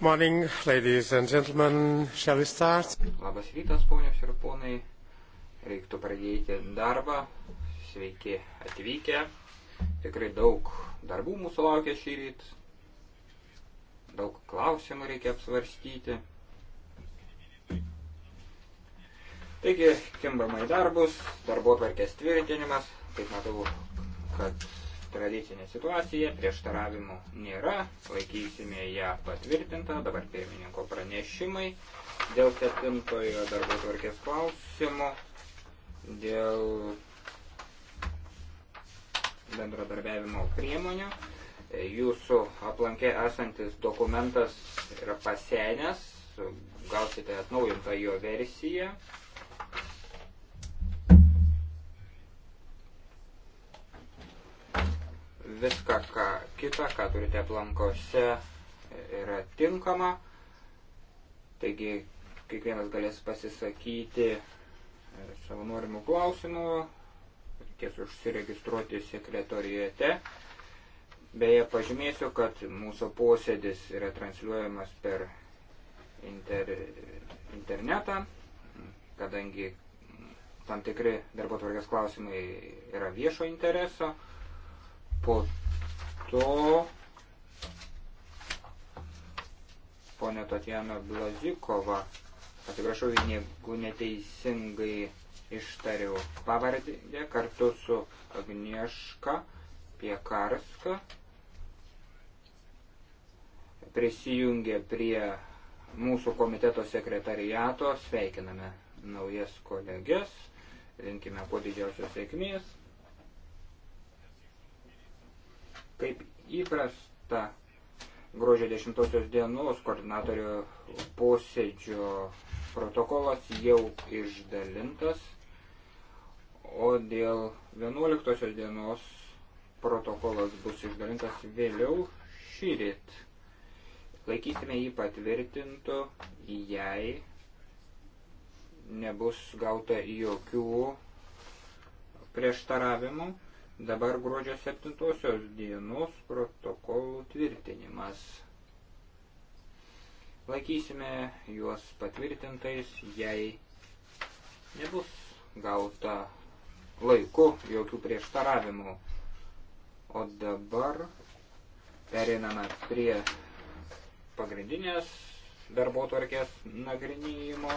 Morning, ladies and gentlemen, shall we start? Labas rytas, ponios ir ponai. Reiktų pradėti darbą. Sveiki atvykę. Tikrai daug darbų mūsų laukia šį rytą. Daug klausimų reikia apsvarstyti. Taigi, kimbama į darbus, darbo tvarkės tvirtinimas. Kaip matau, kad tradicinė situacija, prieštaravimų nėra, laikysime ją patvirtintą, dabar pirmininko pranešimai dėl septintojo darbo tvarkės klausimo, dėl bendradarbiavimo priemonių. Jūsų aplankė esantis dokumentas yra pasenęs, gausite atnaujintą jo versiją. viską, ką kitą, ką turite aplankose, yra tinkama. Taigi kiekvienas galės pasisakyti e, savo norimų klausimų, ties užsiregistruoti sekretorijate. Beje, pažymėsiu, kad mūsų posėdis yra transliuojamas per inter, internetą, kadangi tam tikri darbo tvarkės klausimai yra viešo intereso. Po to ponė Tatjana Blazikova, atsiprašau, jeigu neteisingai ištariau pavardę, kartu su Agnieška Piekarska prisijungė prie mūsų komiteto sekretariato, sveikiname naujas kolegės, linkime po didžiausios sėkmės. Kaip įprasta, gruodžio 10 dienos koordinatorių posėdžio protokolas jau išdalintas, o dėl 11 dienos protokolas bus išdalintas vėliau šį ryt. Laikysime jį patvirtintų, jei nebus gauta jokių prieštaravimų. Dabar gruodžio 7 dienos protokolų tvirtinimas. Laikysime juos patvirtintais, jei nebus gauta laiku jokių prieštaravimų. O dabar periname prie pagrindinės darbo tvarkės nagrinėjimo.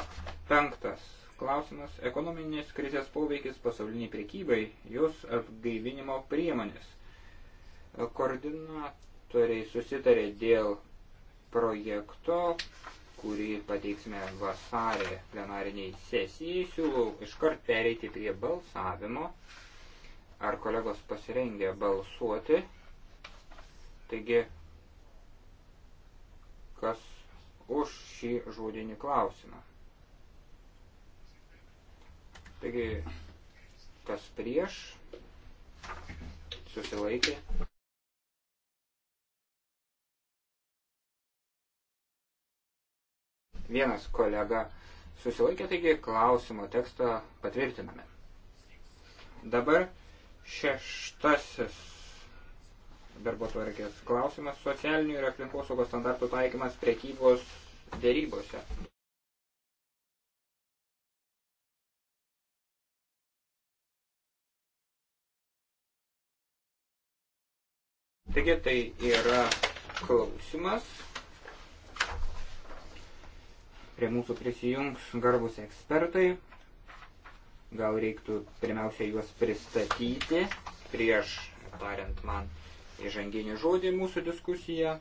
Penktas klausimas – ekonominės krizės poveikis pasauliniai prekybai, jos atgaivinimo priemonės. Koordinatoriai susitarė dėl projekto, kurį pateiksime vasarį plenariniai sesijai. Siūlau iškart pereiti prie balsavimo. Ar kolegos pasirengė balsuoti? Taigi, kas už šį žodinį klausimą? Taigi, kas prieš, susilaikė. Vienas kolega susilaikė, taigi klausimo tekstą patvirtiname. Dabar šeštasis darbo tvarkės klausimas - socialinių ir aplinkosaugos standartų taikymas prekybos dėrybose. Taigi tai yra klausimas. Prie mūsų prisijungs garbus ekspertai. Gal reiktų pirmiausia juos pristatyti prieš tariant man įžanginį žodį mūsų diskusiją.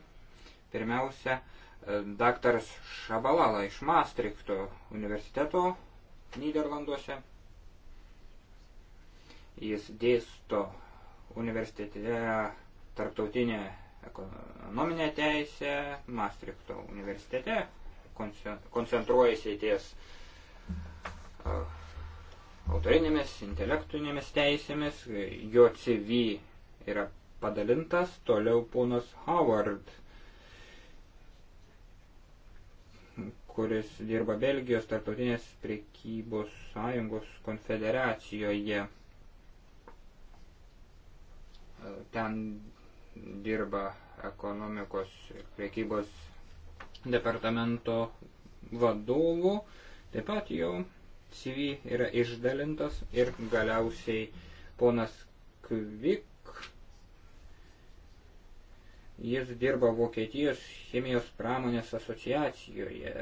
Pirmiausia, e, daktaras Šabalala iš Maastrichto universiteto Niderlanduose. Jis dėsto universitete tarptautinė ekonominė teisė Maastrichto universitete koncentruojasi ties autorinėmis, intelektinėmis teisėmis, jo CV yra padalintas, toliau ponas Howard, kuris dirba Belgijos tarptautinės prekybos sąjungos konfederacijoje. Ten dirba ekonomikos ir priekybos departamento vadovų. Taip pat jau CV yra išdalintas ir galiausiai ponas Kvik. Jis dirba Vokietijos chemijos pramonės asociacijoje.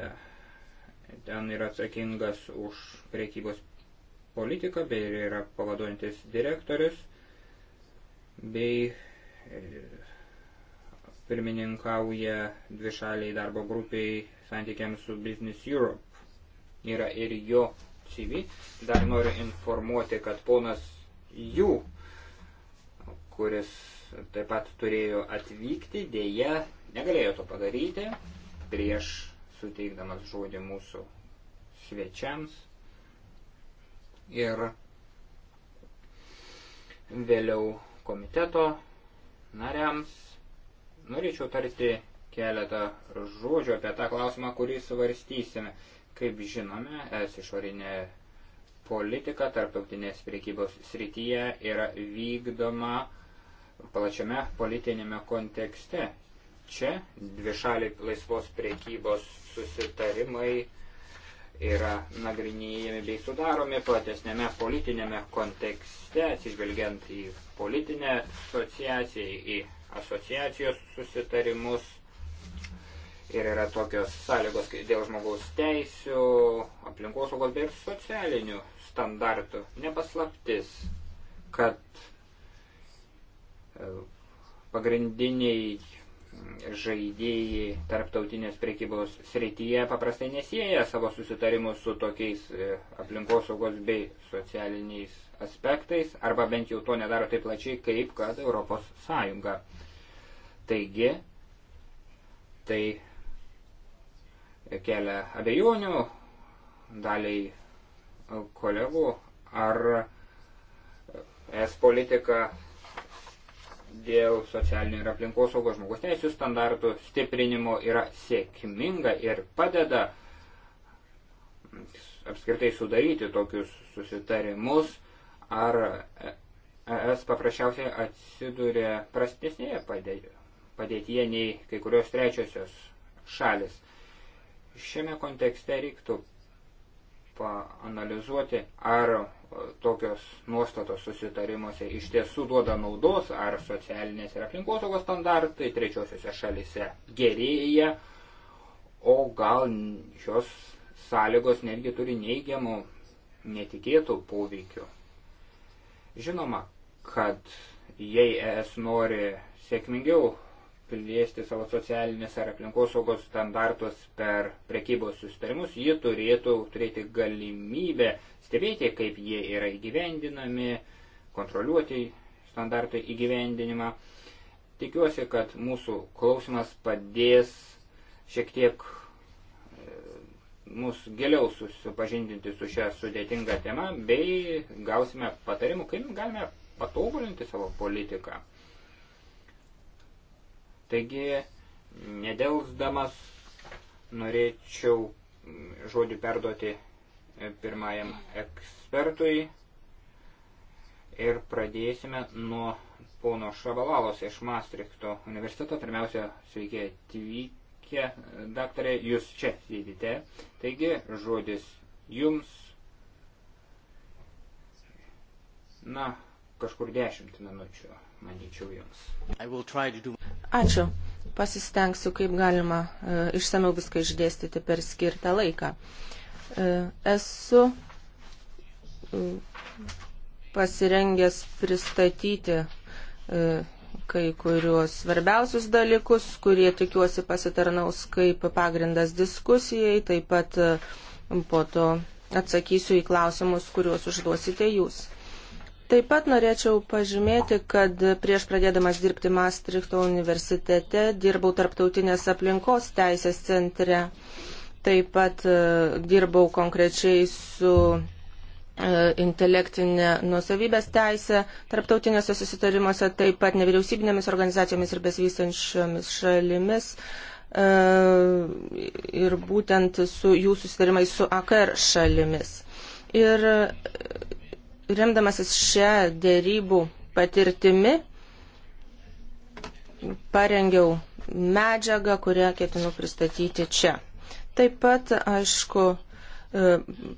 Ten yra atsakingas už priekybos politiką, bei yra pavaduojantis direktorius, bei pirmininkauja dvišaliai darbo grupiai santykiams su Business Europe. Yra ir jo CV. Dar noriu informuoti, kad ponas jų, kuris taip pat turėjo atvykti, dėja negalėjo to padaryti prieš suteikdamas žodį mūsų svečiams. Ir vėliau komiteto nariams. Norėčiau tarti keletą žodžių apie tą klausimą, kurį svarstysime. Kaip žinome, es išorinė politika tarptautinės priekybos srityje yra vykdoma plačiame politinėme kontekste. Čia dvišaliai laisvos priekybos susitarimai yra nagrinėjami bei sudaromi platesnėme politinėme kontekste, atsižvelgiant į politinę asociaciją, į asociacijos susitarimus. Ir yra tokios sąlygos dėl žmogaus teisių, aplinkosaugos bei socialinių standartų. Nepaslaptis, kad e, pagrindiniai žaidėjai tarptautinės prekybos srityje paprastai nesieja savo susitarimus su tokiais e, aplinkosaugos bei socialiniais aspektais, arba bent jau to nedaro taip plačiai, kaip kad Europos Sąjunga. Taigi, tai kelia abejonių daliai kolegų, ar es politika dėl socialinių ir aplinkosaugos žmogus teisų standartų stiprinimo yra sėkminga ir padeda apskritai sudaryti tokius susitarimus, ar ES paprasčiausiai atsiduria prastesnėje padėtyje nei kai kurios trečiosios šalis. Šiame kontekste reiktų paanalizuoti, ar e, tokios nuostatos susitarimuose iš tiesų duoda naudos, ar socialinės ir aplinkosaugos standartai trečiosiuose šalise gerėja, o gal šios sąlygos netgi turi neigiamų, netikėtų poveikių. Žinoma, kad jei ES nori sėkmingiau plėsti savo socialinės ar aplinkosaugos standartus per prekybos sustarimus, ji turėtų turėti galimybę stebėti, kaip jie yra įgyvendinami, kontroliuoti standartų įgyvendinimą. Tikiuosi, kad mūsų klausimas padės šiek tiek e, mus giliau susipažindinti su šią sudėtingą temą bei gausime patarimų, kaip galime patobulinti savo politiką. Taigi, nedelsdamas, norėčiau mm, žodį perduoti e, pirmajam ekspertui ir pradėsime nuo pono Šabalalos iš Maastrichto universiteto. Pirmiausia, sveiki atvykę, daktarė, jūs čia sėdite. Taigi, žodis jums. Na, kažkur dešimt minučių manyčiau, jums. Do... Ačiū. Pasistengsiu, kaip galima e, išsameu viską išdėstyti per skirtą laiką. E, esu e, pasirengęs pristatyti kai kuriuos svarbiausius dalykus, kurie tikiuosi pasitarnaus kaip pagrindas diskusijai, taip pat po to atsakysiu į klausimus, kuriuos užduosite jūs. Taip pat norėčiau pažymėti, kad prieš pradėdamas dirbti Maastrichto universitete dirbau tarptautinės aplinkos teisės centre. Taip pat e, dirbau konkrečiai su e, intelektinė nusavybės teisė tarptautiniuose susitarimuose, taip pat nevyriausybinėmis organizacijomis ir besivystančiomis šalimis e, ir būtent su jų susitarimais su AKR šalimis. Ir remdamasis šią dėrybų patirtimi, parengiau medžiagą, kurią ketinu pristatyti čia. Taip pat, aišku, e,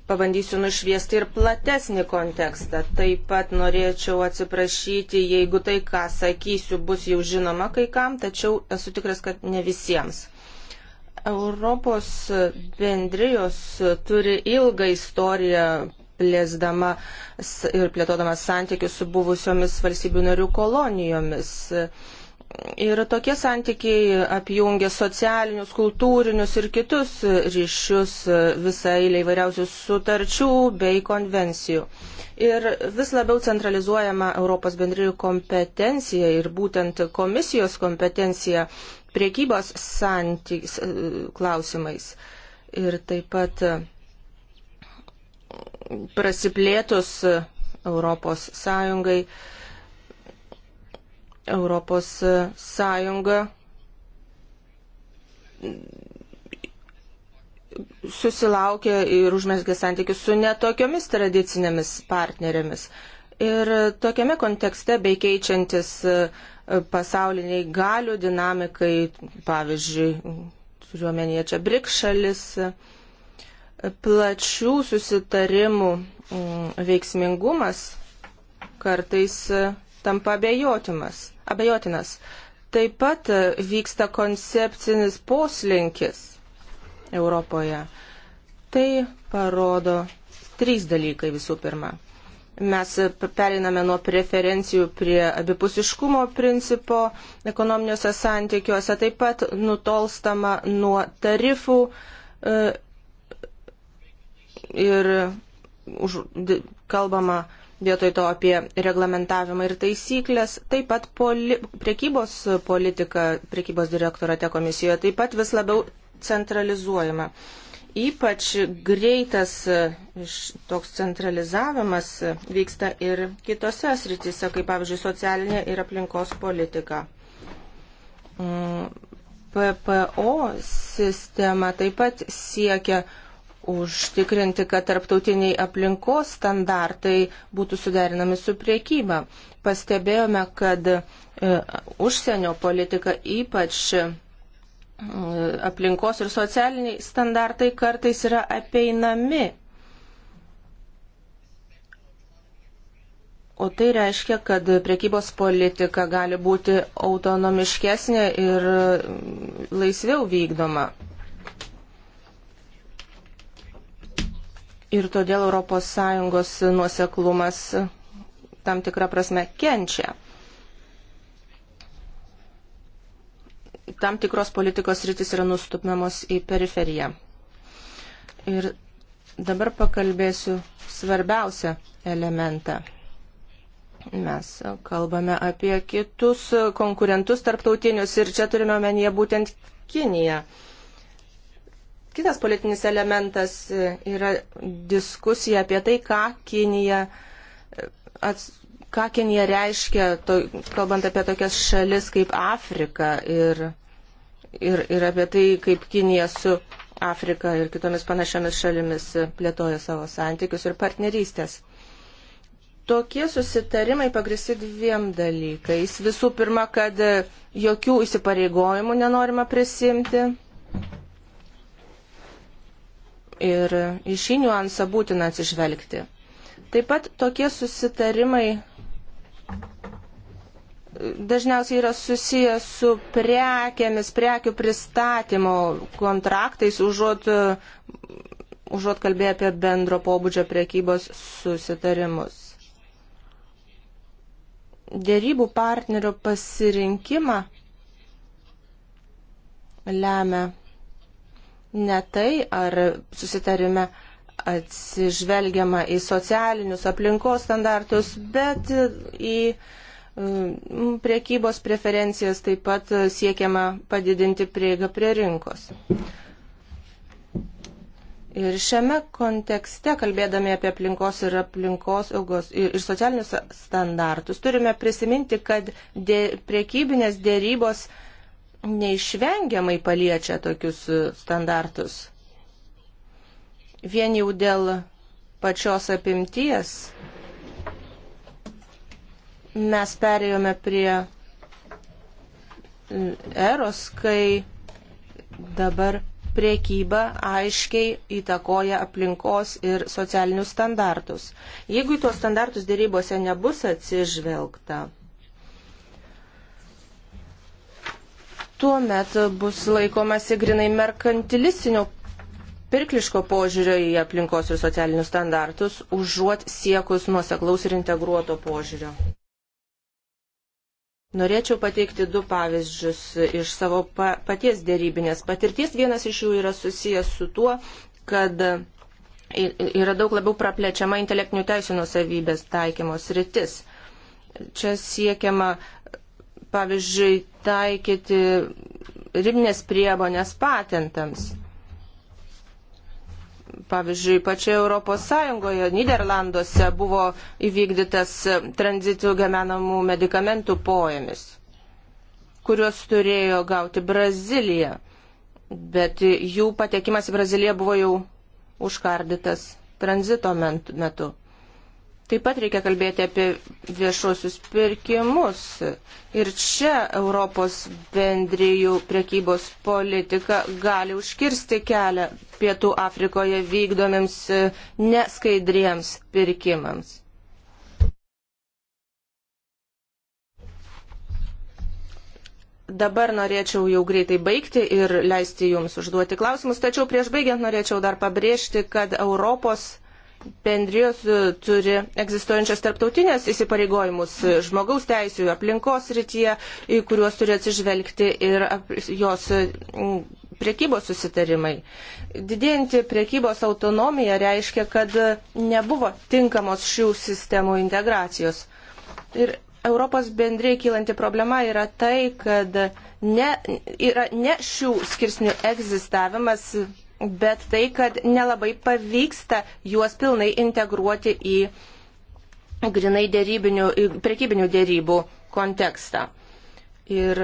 pabandysiu nušviesti ir platesnį kontekstą. Taip pat norėčiau atsiprašyti, jeigu tai, ką sakysiu, bus jau žinoma kai kam, tačiau esu tikras, kad ne visiems. Europos bendrijos turi ilgą istoriją plėsdama ir plėtodama santykius su buvusiomis valstybių narių kolonijomis. Ir tokie santykiai apjungia socialinius, kultūrinius ir kitus ryšius visą eilę įvairiausių sutarčių bei konvencijų. Ir vis labiau centralizuojama Europos bendrijų kompetencija ir būtent komisijos kompetencija priekybos santykis klausimais. Ir taip pat prasiplėtus Europos Sąjungai, Europos Sąjunga susilaukė ir užmesgė santykius su netokiomis tradicinėmis partnerėmis. Ir tokiame kontekste, bei keičiantis pasauliniai galių dinamikai, pavyzdžiui, turiuomenėje čia BRIC šalis, plačių susitarimų mm, veiksmingumas kartais e, tampa abejotimas, abejotinas. Taip pat e, vyksta koncepcinis poslinkis Europoje. Tai parodo trys dalykai visų pirma. Mes e, periname nuo preferencijų prie abipusiškumo principo ekonominiuose santykiuose, taip pat nutolstama nuo tarifų ir už, kalbama vietoj to apie reglamentavimą ir taisyklės, taip pat poli, priekybos politika, priekybos direktorate komisijoje taip pat vis labiau centralizuojama. Ypač greitas e, toks centralizavimas e, vyksta ir kitose srityse, kaip pavyzdžiui socialinė ir aplinkos politika. Mm, PPO sistema taip pat siekia užtikrinti, kad tarptautiniai aplinkos standartai būtų suderinami su priekyba. Pastebėjome, kad e, užsienio politika ypač e, aplinkos ir socialiniai standartai kartais yra apeinami. O tai reiškia, kad priekybos politika gali būti autonomiškesnė ir e, laisviau vykdoma. Ir todėl ES nuoseklumas tam tikrą prasme kenčia. Tam tikros politikos rytis yra nustumiamos į periferiją. Ir dabar pakalbėsiu svarbiausią elementą. Mes kalbame apie kitus konkurentus tarptautinius ir čia turime omenyje būtent Kiniją. Kitas politinis elementas e, yra diskusija apie tai, ką Kinija, e, ats, ką Kinija reiškia, to, kalbant apie tokias šalis kaip Afrika ir, ir, ir apie tai, kaip Kinija su Afrika ir kitomis panašiamis šalimis e, plėtoja savo santykius ir partnerystės. Tokie susitarimai pagristi dviem dalykais. Visų pirma, kad jokių įsipareigojimų nenorima prisimti ir į šį niuansą būtina atsižvelgti. Taip pat tokie susitarimai dažniausiai yra susiję su prekėmis, prekių pristatymo kontraktais, užuot, užuot kalbėję apie bendro pobūdžio prekybos susitarimus. Dėrybų partnerio pasirinkimą lemia ne tai, ar susitarime atsižvelgiama į socialinius aplinkos standartus, bet į mm, priekybos preferencijas taip pat siekiama padidinti prieigą prie rinkos. Ir šiame kontekste, kalbėdami apie aplinkos ir aplinkos saugos ir, ir socialinius standartus, turime prisiminti, kad dė, priekybinės dėrybos neišvengiamai paliečia tokius e, standartus. Vien jau dėl pačios apimties mes perėjome prie e, eros, kai dabar priekyba aiškiai įtakoja aplinkos ir socialinius standartus. Jeigu į tuos standartus dėrybose nebus atsižvelgta, tuo metu bus laikomasi grinai merkantilistinio pirkliško požiūrio į aplinkos ir socialinius standartus, užuot siekus nuoseklaus ir integruoto požiūrio. Norėčiau pateikti du pavyzdžius iš savo pa paties dėrybinės patirties. Vienas iš jų yra susijęs su tuo, kad yra daug labiau praplečiama intelektinių teisų nusavybės taikymos rytis. Čia siekiama, pavyzdžiui, taikyti ribinės priemonės patentams. Pavyzdžiui, pačioje Europos Sąjungoje, Niderlanduose buvo įvykdytas tranzitų gamenamų medikamentų poėmis, kuriuos turėjo gauti Brazilija, bet jų patekimas į Braziliją buvo jau užkardytas tranzito metu. Taip pat reikia kalbėti apie viešuosius pirkimus. Ir čia Europos bendrijų priekybos politika gali užkirsti kelią Pietų Afrikoje vykdomiems e, neskaidriems pirkimams. Dabar norėčiau jau greitai baigti ir leisti Jums užduoti klausimus, tačiau prieš baigiant norėčiau dar pabrėžti, kad Europos bendrijos e, turi egzistuojančias tarptautinės įsipareigojimus e, žmogaus teisų, aplinkos rytyje, į kuriuos turi atsižvelgti ir jos e, priekybos susitarimai. Didėjanti priekybos autonomija reiškia, kad nebuvo tinkamos šių sistemų integracijos. Ir Europos bendrėjai kylanti problema yra tai, kad ne, yra ne šių skirsnių egzistavimas bet tai, kad nelabai pavyksta juos pilnai integruoti į grinai dėrybinių, prekybinių dėrybų kontekstą. Ir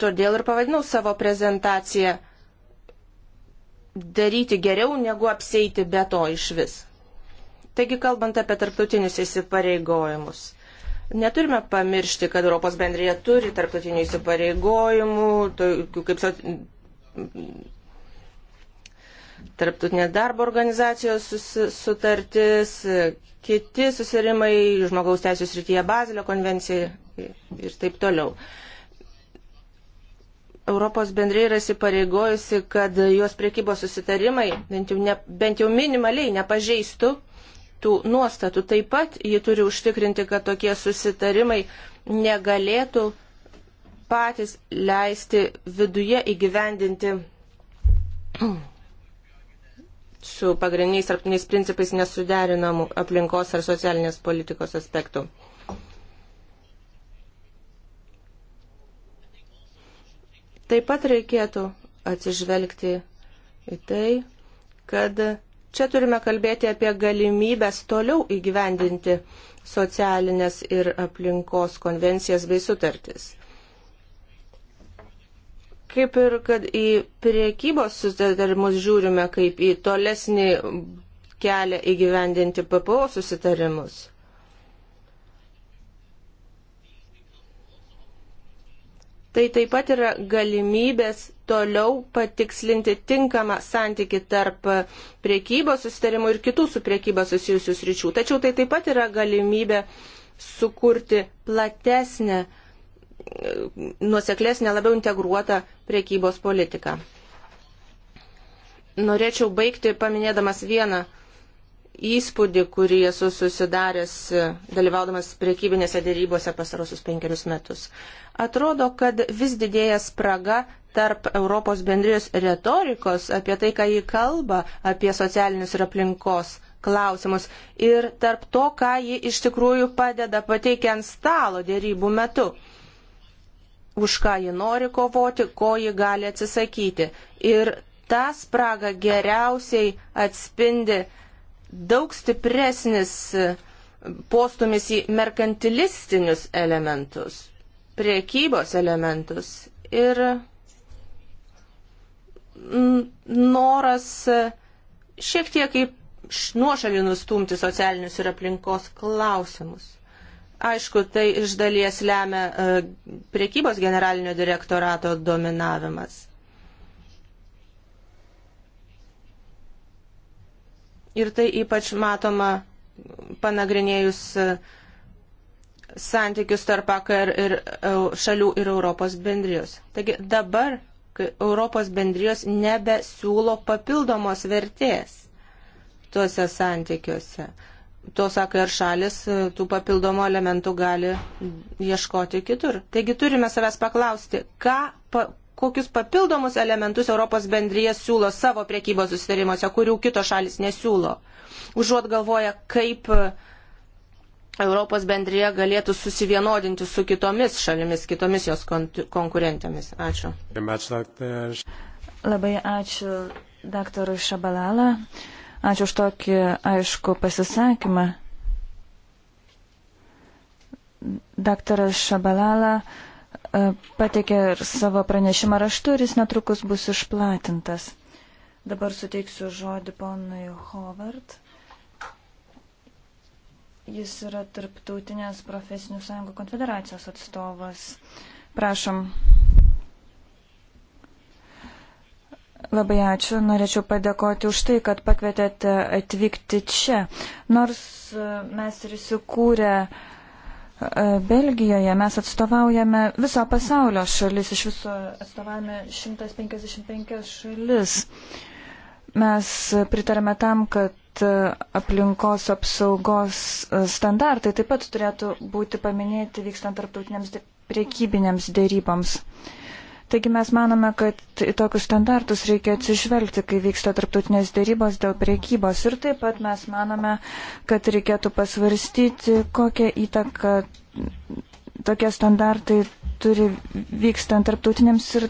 todėl ir pavadinau savo prezentaciją daryti geriau, negu apseiti be to iš vis. Taigi, kalbant apie tarptautinius įsipareigojimus, neturime pamiršti, kad Europos bendrėje turi tarptautinių įsipareigojimų, tokių kaip Tarptautinė darbo organizacijos sutartis, kiti susirimai, žmogaus teisės rytyje Bazilio konvencija ir taip toliau. Europos bendrai yra įsipareigojusi, kad jos priekybos susitarimai bent jau, ne, bent jau minimaliai nepažeistų tų nuostatų. Taip pat ji turi užtikrinti, kad tokie susitarimai negalėtų patys leisti viduje įgyvendinti su pagrindiniais tarptautiniais principais nesuderinamų aplinkos ar socialinės politikos aspektų. Taip pat reikėtų atsižvelgti į tai, kad čia turime kalbėti apie galimybės toliau įgyvendinti socialinės ir aplinkos konvencijas bei sutartis kaip ir kad į priekybos susitarimus žiūrime kaip į tolesnį kelią įgyvendinti PPO susitarimus. Tai taip pat yra galimybės toliau patikslinti tinkamą santyki tarp priekybos susitarimų ir kitų su priekybos susijusių sričių. Tačiau tai taip pat yra galimybė sukurti platesnę uh, nuoseklesnė, labiau integruota priekybos politika. Norėčiau baigti paminėdamas vieną įspūdį, kurį esu susidaręs e, dalyvaudamas priekybinėse dėrybose pasarosius penkerius metus. Atrodo, kad vis didėja spraga tarp Europos bendrijos retorikos apie tai, ką jį kalba apie socialinius ir aplinkos klausimus ir tarp to, ką ji iš tikrųjų padeda pateikia ant stalo dėrybų metu už ką ji nori kovoti, ko ji gali atsisakyti. Ir tą spragą geriausiai atspindi daug stipresnis postumis į merkantilistinius elementus, priekybos elementus ir noras šiek tiek kaip nuošalį nustumti socialinius ir aplinkos klausimus. Aišku, tai iš dalies lemia e, priekybos generalinio direktorato dominavimas. Ir tai ypač matoma panagrinėjus e, santykius tarp AKR ir šalių ir Europos bendrijos. Taigi dabar Europos bendrijos nebesiūlo papildomos vertės tuose santykiuose tos AKR šalis e, tų papildomų elementų gali ieškoti kitur. Taigi turime savęs paklausti, ką, pa, kokius papildomus elementus Europos bendryje siūlo savo priekybos susitarimuose, kurių kitos šalis nesiūlo. Užuot galvoja, kaip e, Europos bendryje galėtų susivienodinti su kitomis šalimis, kitomis jos konkurentėmis. Ačiū. Labai ačiū daktarui Šabalala. Ačiū už tokį aišku pasisakymą. Daktaras Šabalala e, pateikė ir savo pranešimą raštu ir jis netrukus bus išplatintas. Dabar suteiksiu žodį ponui Howard. Jis yra Tarptautinės profesinių sąjungų konfederacijos atstovas. Prašom. Labai ačiū. Norėčiau padėkoti už tai, kad pakvietėte atvykti čia. Nors e, mes ir įsikūrę e, Belgijoje, mes atstovaujame viso pasaulio šalis, iš viso atstovaujame 155 šalis. Mes pritarėme tam, kad e, aplinkos apsaugos standartai taip pat turėtų būti paminėti vykstant tarptautiniams priekybinėms dėryboms. De Taigi mes manome, kad į tokius standartus reikia atsižvelgti, kai vyksta tarptautinės dėrybos dėl priekybos. Ir taip pat mes manome, kad reikėtų pasvarstyti, kokią įtaką tokie standartai turi vykstant tarptautinėms ir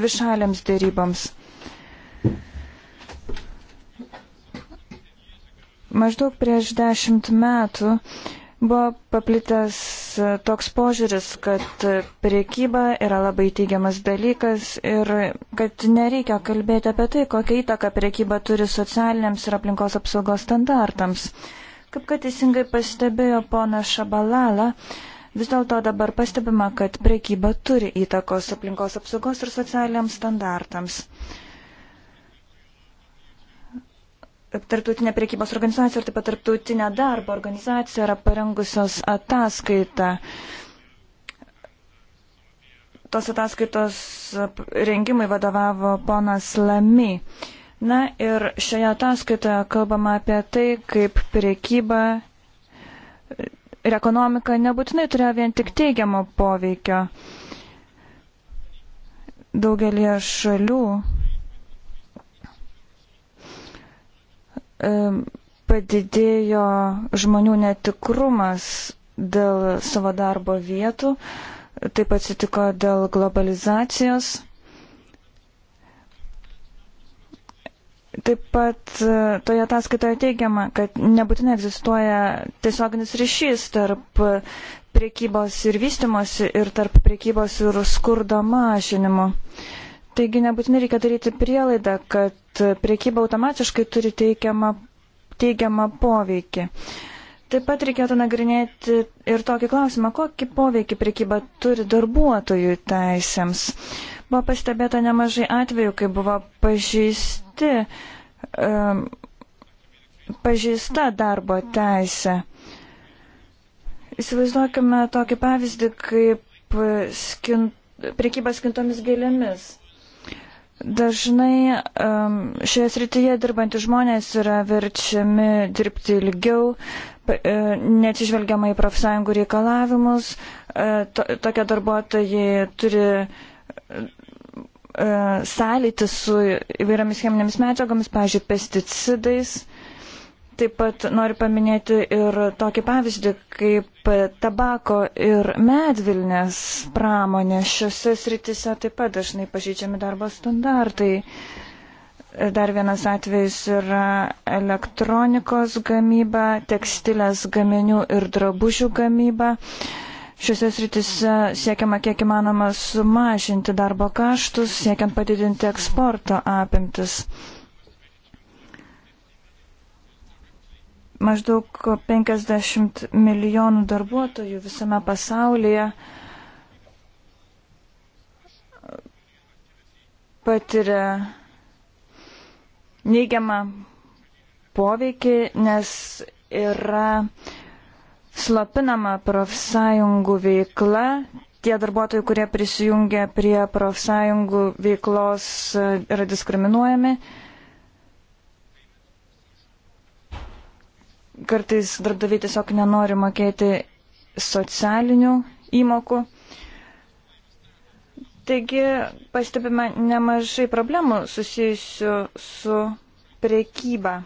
dvišalėms dėryboms. Maždaug prieš dešimt metų uh, Buvo paplitęs e, toks požiūris, kad e, priekyba yra labai teigiamas dalykas ir kad nereikia kalbėti apie tai, kokią įtaką priekyba turi socialiniams ir aplinkos apsaugos standartams. Kaip kad teisingai pastebėjo pona Šabalala, vis dėlto dabar pastebima, kad priekyba turi įtakos aplinkos apsaugos ir socialiniams standartams. Tarptautinė priekybos organizacija ir taip pat Tarptautinė darbo organizacija yra parengusios ataskaitą. Tos ataskaitos rengimai vadovavo ponas Lamy. Na ir šioje ataskaitoje kalbama apie tai, kaip priekyba ir ekonomika nebūtinai turėjo vien tik teigiamo poveikio. Daugelie šalių padidėjo žmonių netikrumas dėl savo darbo vietų, taip atsitiko dėl globalizacijos. Taip pat e, toje ataskaitoje teigiama, kad nebūtinai egzistuoja tiesioginis ryšys tarp priekybos ir vystimosi ir tarp priekybos ir skurdo mažinimo. Uh, Taigi nebūtinai reikia daryti prielaidą, kad priekyba automatiškai turi teikiamą, teigiamą poveikį. Taip pat reikėtų nagrinėti ir tokį klausimą, kokį poveikį priekyba turi darbuotojų teisėms. Buvo pastebėta nemažai atvejų, kai buvo pažįsti, um, pažįsta darbo teisė. Įsivaizduokime tokį pavyzdį kaip skin, priekyba skintomis gėlėmis. Dažnai šioje srityje dirbantys žmonės yra verčiami dirbti ilgiau, e, neatsižvelgiama į profsąjungų reikalavimus, e, tokie darbuotojai turi e, sąlyti su įvairiamis cheminėmis medžiagomis, pavyzdžiui, pesticidais. Taip pat noriu paminėti ir tokį pavyzdį, kaip tabako ir medvilnės pramonė. Šiuose sritise taip pat dažnai pažydžiami darbo standartai. Dar vienas atvejis yra elektronikos gamyba, tekstilės gaminių ir drabužių gamyba. Šiuose sritise siekiama kiek įmanoma sumažinti darbo kaštus, siekiant padidinti eksporto apimtis. maždaug 50 milijonų darbuotojų visame pasaulyje patiria neigiamą poveikį, nes yra slopinama profsąjungų veikla. Tie darbuotojai, kurie prisijungia prie profsąjungų veiklos, yra diskriminuojami. Uh, Kartais darbdaviai tiesiog nenori mokėti socialinių įmokų. Taigi pastebime nemažai problemų susijusių su priekyba.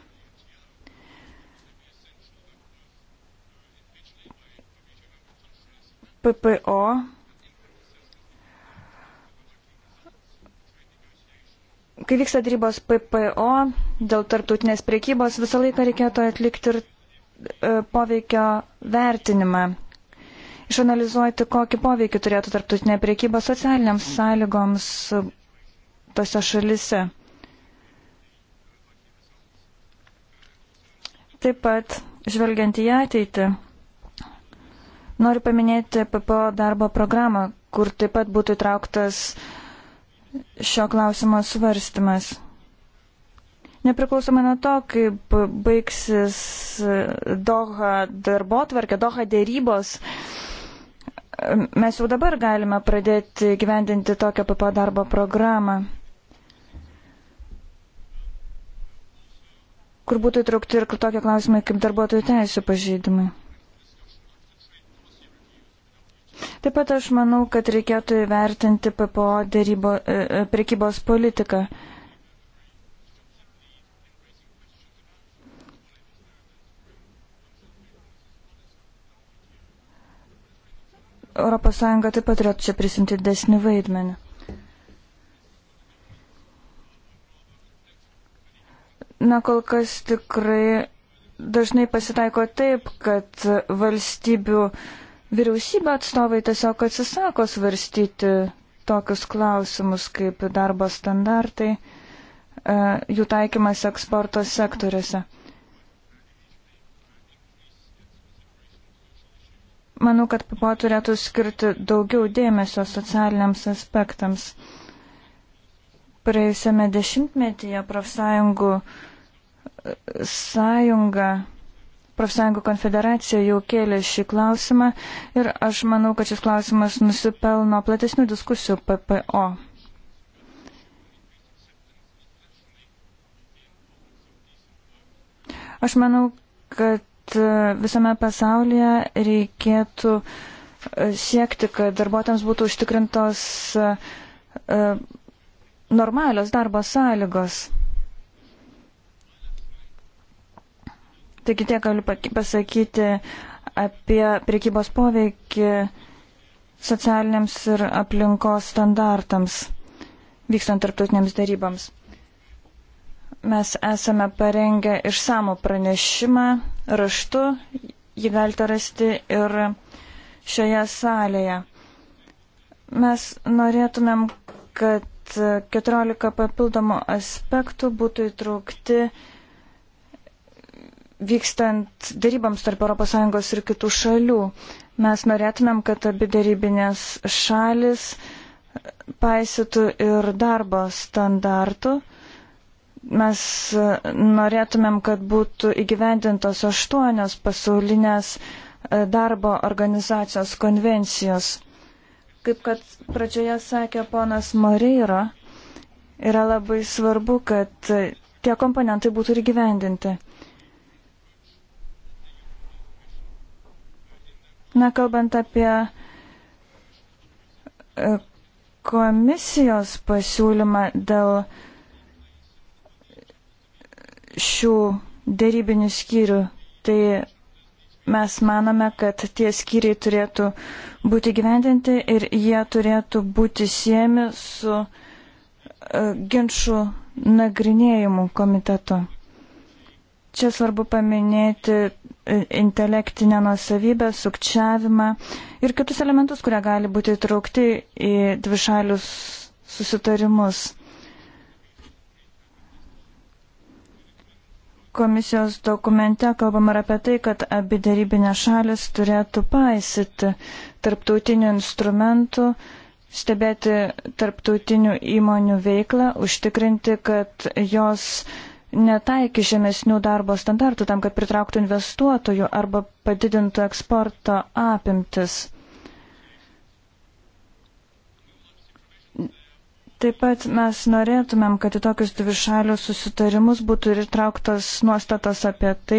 PPO kai vyksta darybos PPO dėl tarptautinės priekybos, visą laiką reikėtų atlikti ir E, poveikio vertinimą, išanalizuoti, kokį poveikį turėtų tarptautinė priekyba socialiniams sąlygoms tose šalise. Taip pat, žvelgiant į ateitį, noriu paminėti PPO darbo programą, kur taip pat būtų įtrauktas šio klausimo svarstymas. Nepriklausomai nuo to, kaip baigsis e, Doha darbo tvarkė, Doha dėrybos, e, mes jau dabar galime pradėti gyvendinti tokią PP darbo programą, kur būtų įtraukti ir tokie klausimai kaip darbuotojų teisų pažeidimai. Taip pat aš manau, kad reikėtų įvertinti PPO dėrybo, e, prekybos politiką. E, ES taip pat turėtų čia prisimti desnį vaidmenį. Na, kol kas tikrai dažnai pasitaiko taip, kad valstybių vyriausybė atstovai tiesiog atsisako svarstyti tokius klausimus kaip darbo standartai, e, jų taikymas eksporto sektoriuose. Manau, kad PPO turėtų skirti daugiau dėmesio socialiniams aspektams. Praėjusiame dešimtmetyje profsąjungų e, sąjunga, profsąjungų konfederacija jau kėlė šį klausimą ir aš manau, kad šis klausimas nusipelno platesnių diskusijų PPO. Aš manau, kad E, visame pasaulyje reikėtų e, siekti, kad darbuotojams būtų užtikrintos e, normalios darbo sąlygos. Taigi tiek galiu pasakyti apie priekybos poveikį socialiniams ir aplinkos standartams vykstant tarptautiniams darybams. Mes esame parengę išsamų pranešimą raštu, jį galite rasti ir šioje salėje. Mes norėtumėm, kad 14 papildomų aspektų būtų įtraukti vykstant darybams tarp ES ir kitų šalių. Mes norėtumėm, kad abi darybinės šalis paisytų ir darbo standartų. Mes norėtumėm, kad būtų įgyvendintos aštuonios pasaulinės e, darbo organizacijos konvencijos. Kaip kad pradžioje sakė ponas Moreira, yra labai svarbu, kad e, tie komponentai būtų ir gyvendinti. Na, kalbant apie e, komisijos pasiūlymą dėl šių dėrybinių skyrių, tai mes manome, kad tie skyriai turėtų būti gyvendinti ir jie turėtų būti siejami su uh, ginčių nagrinėjimų komitetu. Čia svarbu paminėti e, intelektinę nusavybę, sukčiavimą ir kitus elementus, kurie gali būti įtraukti į dvišalius susitarimus. Komisijos dokumente kalbam ir apie tai, kad abi darybinės šalis turėtų paisyti tarptautinių instrumentų, stebėti tarptautinių įmonių veiklą, užtikrinti, kad jos netaiki žemesnių darbo standartų tam, kad pritrauktų investuotojų arba padidintų eksporto apimtis. Taip pat mes norėtumėm, kad į tokius dvišalius susitarimus būtų ir įtrauktas nuostatas apie tai,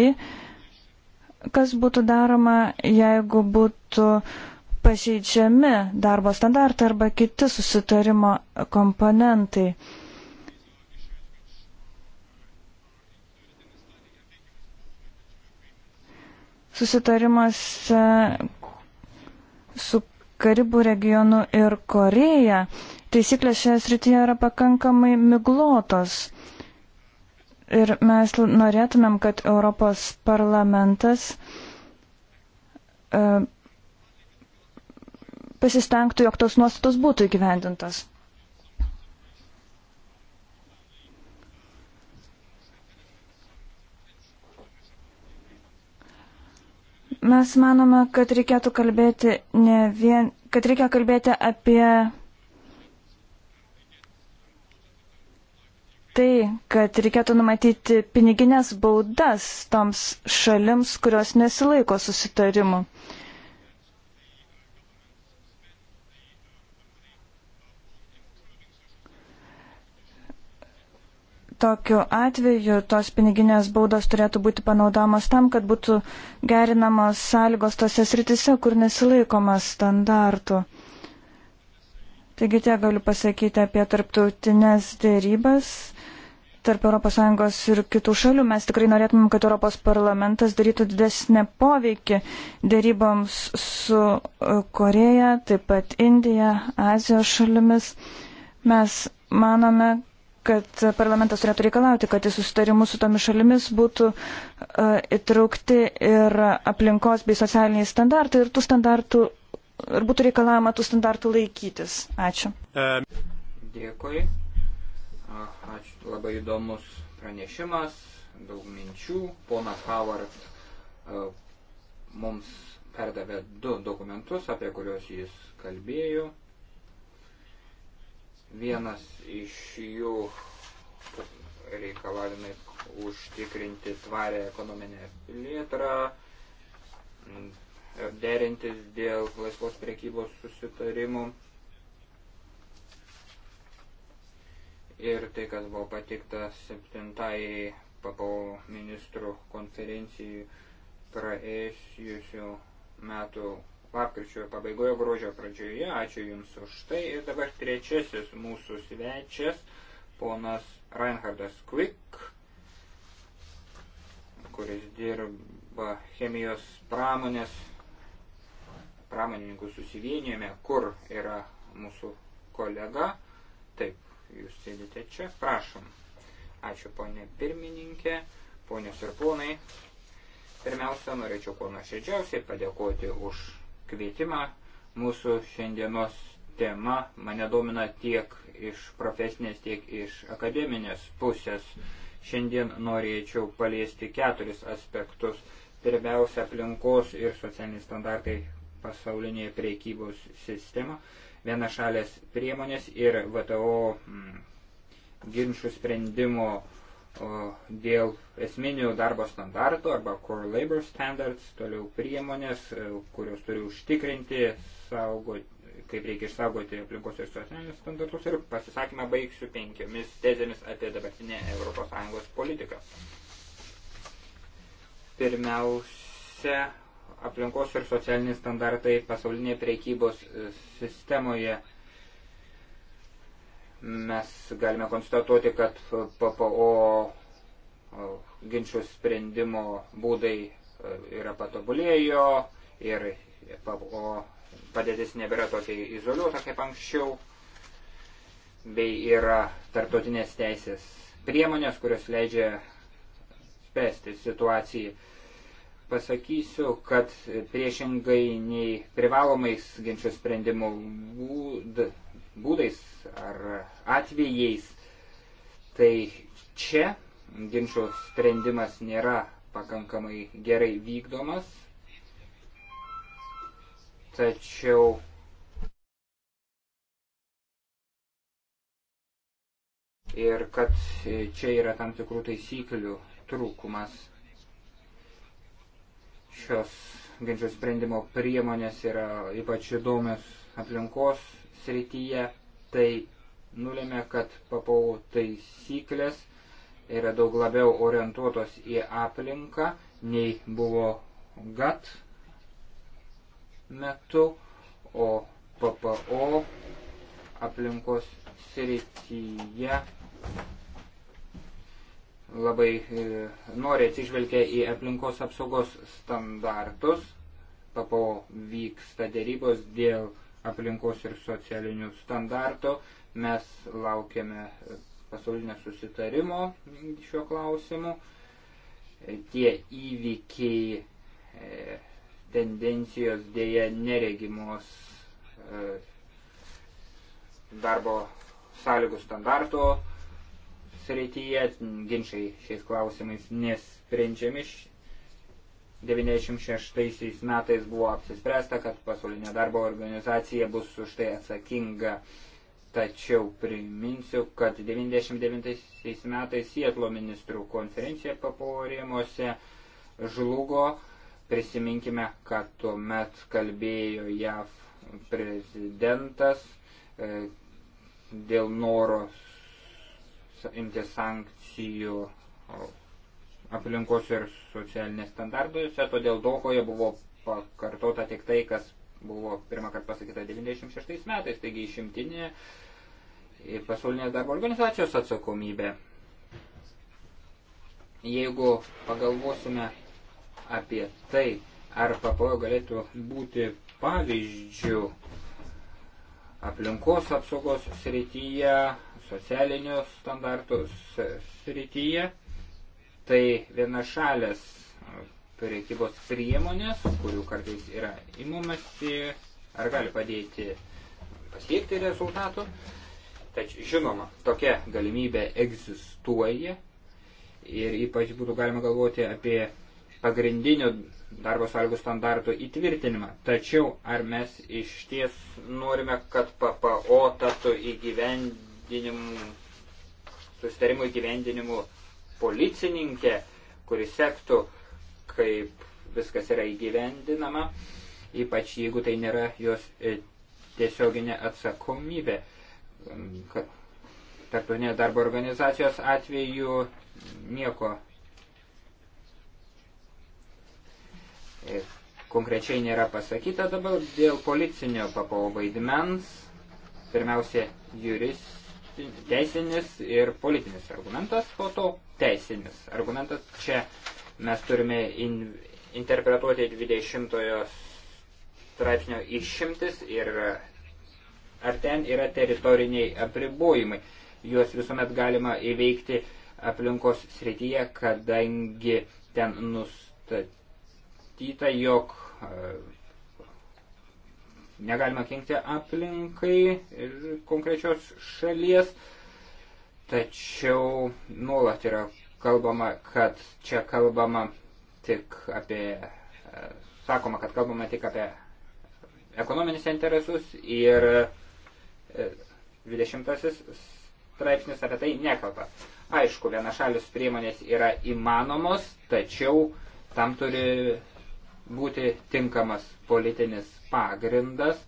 kas būtų daroma, jeigu būtų pažeidžiami darbo standartai arba kiti susitarimo komponentai. Susitarimuose su Karibų regionu ir Koreja taisyklės šioje srityje yra pakankamai miglotos. Ir mes norėtumėm, kad Europos parlamentas e, pasistengtų, jog tos nuostatos būtų įgyvendintos. Mes manome, kad reikėtų kalbėti ne vien, kad reikia kalbėti apie tai, kad reikėtų numatyti piniginės baudas toms šalims, kurios nesilaiko susitarimu. tokiu atveju tos piniginės baudos turėtų būti panaudojamos tam, kad būtų gerinamos sąlygos tose sritise, kur nesilaikomas standartų. Taigi tiek galiu pasakyti apie tarptautinės dėrybas tarp ES ir kitų šalių. Mes tikrai norėtumėm, kad Europos parlamentas darytų didesnį poveikį dėryboms su e, Koreja, taip pat Indija, Azijos šalimis. Mes manome, kad parlamentas turėtų reikalauti, kad į susitarimus su tomis šalimis būtų uh, įtraukti ir aplinkos bei socialiniai standartai ir tų standartų, ir būtų reikalavama tų standartų laikytis. Ačiū. Dėkui. Ačiū Labai įdomus pranešimas, daug minčių. Ponas Howard uh, mums perdavė du dokumentus, apie kuriuos jis kalbėjo. Vienas iš jų reikalavimai užtikrinti tvarę ekonominę plėtrą, derintis dėl laisvos priekybos susitarimų. ir tai, kas buvo patikta septintai papau ministrų konferencijų praėjusių metų lapkričio pabaigoje, gruodžio pradžioje. Ačiū Jums už tai. Ir dabar trečiasis mūsų svečias, ponas Reinhardas Quick, kuris dirba chemijos pramonės, pramonininkų susivienijame, kur yra mūsų kolega. Taip, Jūs sėdite čia, prašom. Ačiū, ponė pirmininkė, ponės ir ponai. Pirmiausia, norėčiau kuo nuoširdžiausiai padėkoti už kvietimą. Mūsų šiandienos tema mane domina tiek iš profesinės, tiek iš akademinės pusės. Šiandien norėčiau paliesti keturis aspektus. Pirmiausia, aplinkos ir socialiniai standartai pasaulinėje priekybos sistemoje viena šalės priemonės ir VTO mm, ginčių sprendimo dėl esminių darbo standartų arba core labor standards, toliau priemonės, e, kurios turi užtikrinti, saugoti, kaip reikia išsaugoti aplinkos ir socialinius standartus ir pasisakymą baigsiu penkiomis tezėmis apie dabartinę ES politiką. Pirmiausia, aplinkos ir socialiniai standartai pasaulinėje priekybos e, sistemoje. Mes galime konstatuoti, kad PPO e, ginčių sprendimo būdai e, yra patobulėjo ir PPO padėtis nebėra tokia izoliuota kaip anksčiau, bei yra tarptautinės teisės priemonės, kurios leidžia spręsti situaciją pasakysiu, kad priešingai nei privalomais ginčių sprendimo būd, būdais ar atvejais, tai čia ginčių sprendimas nėra pakankamai gerai vykdomas, tačiau ir kad čia yra tam tikrų taisyklių trūkumas. Šios ginčių sprendimo priemonės yra ypač įdomios aplinkos srityje. Tai nulėmė, kad papau taisyklės yra daug labiau orientuotos į aplinką, nei buvo GAT metu, o PPO aplinkos srityje labai e, nori atsižvelgia į aplinkos apsaugos standartus. PAPO vyksta dėrybos dėl aplinkos ir socialinių standartų. Mes laukiame pasaulinio susitarimo šiuo klausimu. Tie įvykiai, e, tendencijos dėja neregimos e, darbo sąlygų standartų srityje, ginčiai šiais klausimais nesprendžiami. 96 metais buvo apsispręsta, kad pasaulinė darbo organizacija bus už tai atsakinga. Tačiau priminsiu, kad 99 metais Sietlo ministrų konferencija paporėmose žlugo. Prisiminkime, kad tuomet kalbėjo JAV prezidentas e, dėl noro imti sankcijų aplinkos ir socialinės standartuose, todėl Dohoje buvo pakartota tik tai, kas buvo pirmą kartą pasakyta 96 metais, taigi išimtinė pasaulinės darbo organizacijos atsakomybė. Jeigu pagalvosime apie tai, ar PPO galėtų būti pavyzdžių aplinkos apsaugos srityje, socialinių standartų srityje. Tai viena šalės priekybos priemonės, kurių kartais yra imamasi, ar gali padėti pasiekti rezultatų. Tačiau, žinoma, tokia galimybė egzistuoja ir ypač būtų galima galvoti apie pagrindinių darbo sąlygų standartų įtvirtinimą. Tačiau ar mes iš ties norime, kad PPO taptų įgyvendinti susitarimo įgyvendinimu policininkė, kuris sektų, kaip viskas yra įgyvendinama, ypač jeigu tai nėra jos e, tiesioginė atsakomybė. Kad tarptautinės darbo organizacijos atveju nieko e, konkrečiai nėra pasakyta dabar dėl policinio papo vaidmens. Pirmiausia, juris teisinis ir politinis argumentas, o to teisinis argumentas. Čia mes turime in, interpretuoti 20 straipsnio išimtis ir ar ten yra teritoriniai apribojimai. Juos visuomet galima įveikti aplinkos srityje, kadangi ten nustatyta, jog negalima kenkti aplinkai ir konkrečios šalies, tačiau nuolat yra kalbama, kad čia kalbama tik apie, sakoma, kad kalbama tik apie ekonominis interesus ir 20 e, straipsnis apie tai nekalba. Aišku, vienašalius priemonės yra įmanomos, tačiau tam turi būti tinkamas politinis pagrindas,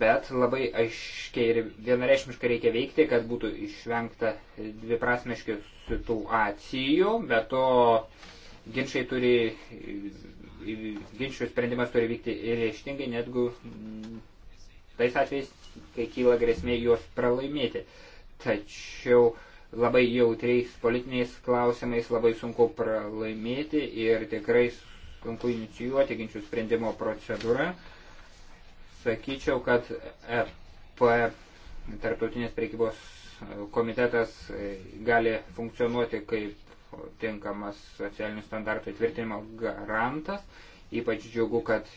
bet labai aiškiai ir vienareišmiškai reikia veikti, kad būtų išvengta dviprasmiškių situacijų, bet to ginčiai turi, ginčių sprendimas turi vykti ir ištingai, netgi tais atvejais, kai kyla grėsmė juos pralaimėti. Tačiau labai jautriais politiniais klausimais labai sunku pralaimėti ir tikrai sunku inicijuoti ginčių sprendimo procedūrą. Sakyčiau, kad EP, Tarptautinės priekybos komitetas, gali funkcionuoti kaip tinkamas socialinių standartų įtvirtinimo garantas. Ypač džiugu, kad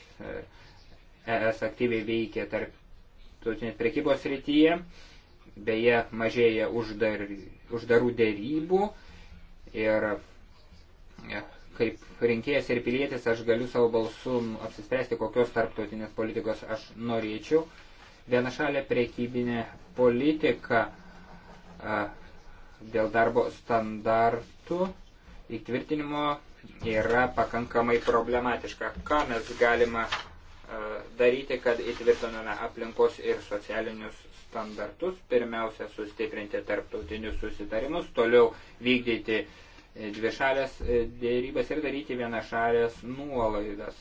ES aktyviai veikia tarptautinės priekybos rytyje. Beje, mažėja uždari uždarų dėrybų ir e, kaip rinkėjas ir pilietis aš galiu savo balsu apsispręsti, kokios tarptautinės politikos aš norėčiau. Vienašalė priekybinė politika e, dėl darbo standartų įtvirtinimo yra pakankamai problematiška. Ką mes galime daryti, kad įtvirtiname aplinkos ir socialinius standartus, pirmiausia, sustiprinti tarptautinius susitarimus, toliau vykdyti e, dvišalės e, dėrybas ir daryti vienašalės nuolaidas.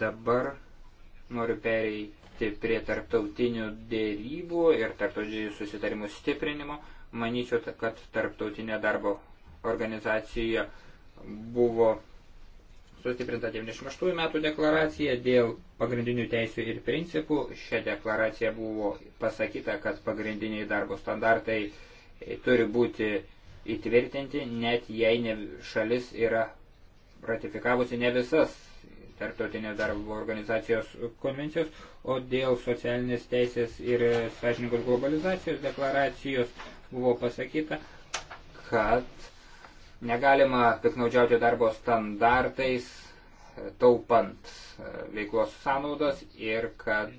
Dabar noriu pereiti prie tarptautinių dėrybų ir tarptautinių susitarimų stiprinimo. Manyčiau, kad tarptautinė darbo organizacija buvo sustiprinta 98 metų deklaracija dėl pagrindinių teisių ir principų. Šią deklaraciją buvo pasakyta, kad pagrindiniai darbo standartai e, turi būti įtvirtinti, net jei ne šalis yra ratifikavusi ne visas tarptautinės darbo organizacijos konvencijos, o dėl socialinės teisės ir sąžininkos globalizacijos deklaracijos buvo pasakyta, kad Negalima piknaudžiauti darbo standartais, e, taupant e, veiklos sąnaudas ir kad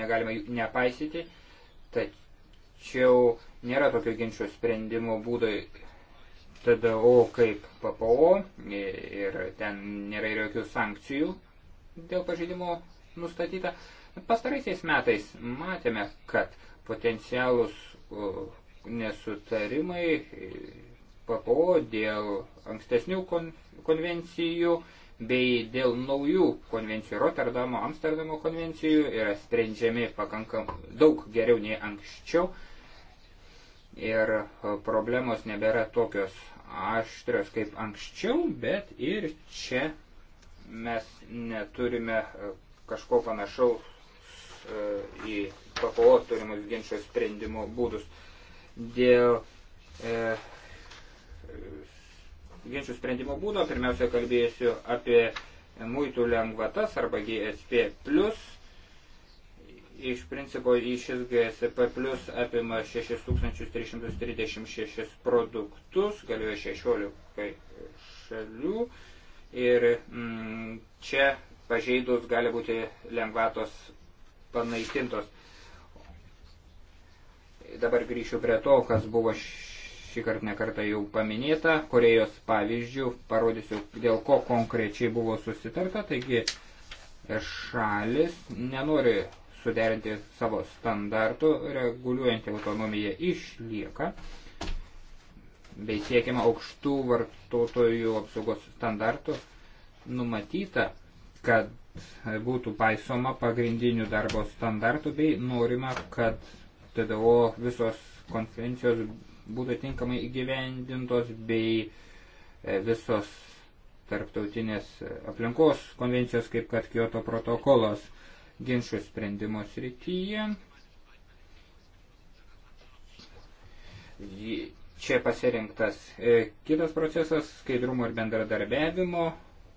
negalima jų nepaisyti, tačiau nėra tokio ginčio sprendimo būdo TDO kaip PPO ir ten nėra ir jokių sankcijų dėl pažeidimo nustatyta. Pastaraisiais metais matėme, kad potencialus nesutarimai po to dėl ankstesnių kon, konvencijų bei dėl naujų konvencijų Rotterdamo, Amsterdamo konvencijų yra sprendžiami pakankam daug geriau nei anksčiau ir problemos nebėra tokios aštrios kaip anksčiau, bet ir čia mes neturime kažko panašaus e, į PPO turimus ginčio sprendimo būdus dėl e, ginčių sprendimo būdo. Pirmiausia, kalbėsiu apie muitų lengvatas arba GSP. Iš principo, šis GSP plus apima 6336 produktus, galioja 16 šalių. Ir mm, čia pažeidus gali būti lengvatos panaikintos. Dabar grįšiu prie to, kas buvo šį kartą nekartą jau paminėta. Korejos pavyzdžių parodysiu, dėl ko konkrečiai buvo susitarta. Taigi šalis nenori suderinti savo standartų, reguliuojantį autonomiją išlieka bei siekiama aukštų vartotojų apsaugos standartų, numatyta, kad būtų paisoma pagrindinių darbo standartų bei norima, kad TDO visos konferencijos būtų tinkamai įgyvendintos bei e, visos tarptautinės e, aplinkos konvencijos, kaip kad Kyoto protokolas ginčių sprendimo srityje. Čia pasirinktas e, kitas procesas - skaidrumo ir bendradarbiavimo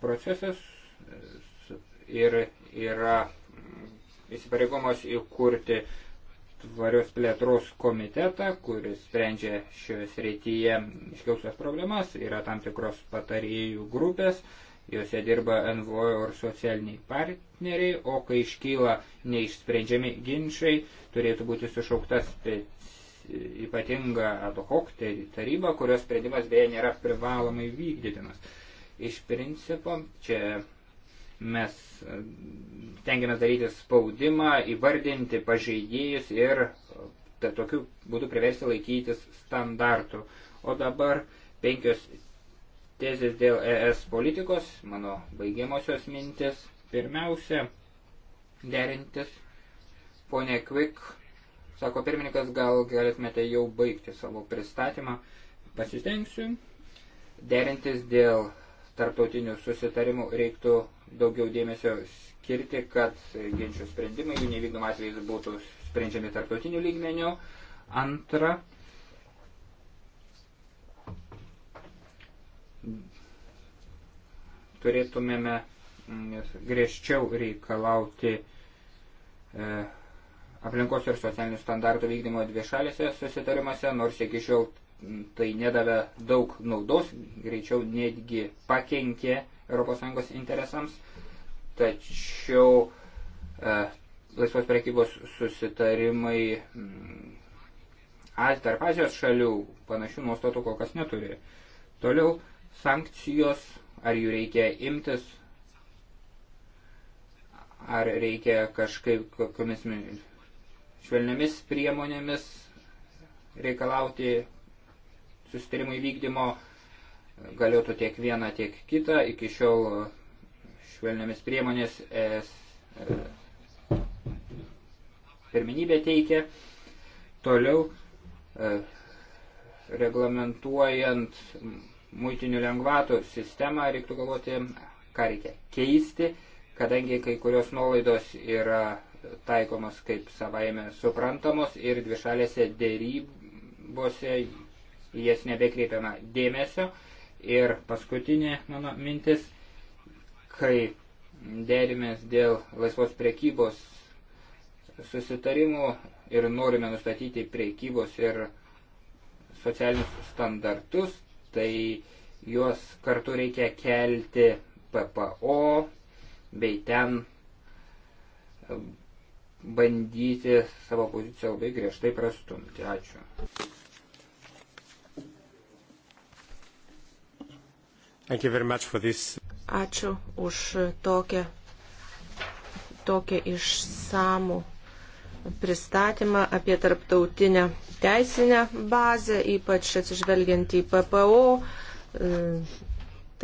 procesas ir yra įsipareigomos įkurti tvarios plėtros komitetą, kuris sprendžia šioje srityje iškiausias problemas, yra tam tikros patarėjų grupės, juose dirba NVO ir socialiniai partneriai, o kai iškyla neišsprendžiami ginčiai, turėtų būti sušaukta ypatinga ad hoc taryba, kurios sprendimas beje nėra privalomai vykdytinas. Iš principo, čia Mes e, tengiamės daryti spaudimą, įvardinti pažeidėjus ir e, ta, tokiu būdu priversti laikytis standartų. O dabar penkios tezės dėl ES politikos, mano baigiamosios mintis. Pirmiausia, derintis. Pone Kvik, sako pirmininkas, gal galėtumėte jau baigti savo pristatymą. Pasistengsiu. Derintis dėl tarptautinių susitarimų reiktų daugiau dėmesio skirti, kad ginčių sprendimai, jų nevykdom atvejais, būtų sprendžiami tarptautiniu lygmeniu. Antra, turėtumėme mm, griežčiau reikalauti e, aplinkos ir socialinių standartų vykdymo dviešalėse susitarimuose, nors iki šiol mm, tai nedavė daug naudos, greičiau netgi pakenkė ES interesams, tačiau e, laisvos prekybos susitarimai mm, tarp Azijos šalių panašių nuostatų kol kas neturi. Toliau sankcijos, ar jų reikia imtis, ar reikia kažkaip kokiamis švelniamis priemonėmis reikalauti susitarimų įvykdymo galėtų tiek vieną, tiek kitą. Iki šiol švelniamis priemonės ES e, pirminybė teikia. Toliau e, reglamentuojant muitinių lengvatų sistemą reiktų galvoti, ką reikia keisti, kadangi kai kurios nuolaidos yra taikomos kaip savaime suprantamos ir dvišalėse dėrybose jas nebekreipiama dėmesio. Ir paskutinė mano mintis, kai derimės dėl laisvos prekybos susitarimų ir norime nustatyti prekybos ir socialinius standartus, tai juos kartu reikia kelti PPO bei ten bandyti savo poziciją labai griežtai prastumti. Ačiū. Ačiū už tokią, tokią išsamų pristatymą apie tarptautinę teisinę bazę, ypač atsižvelgiant į PPO, e,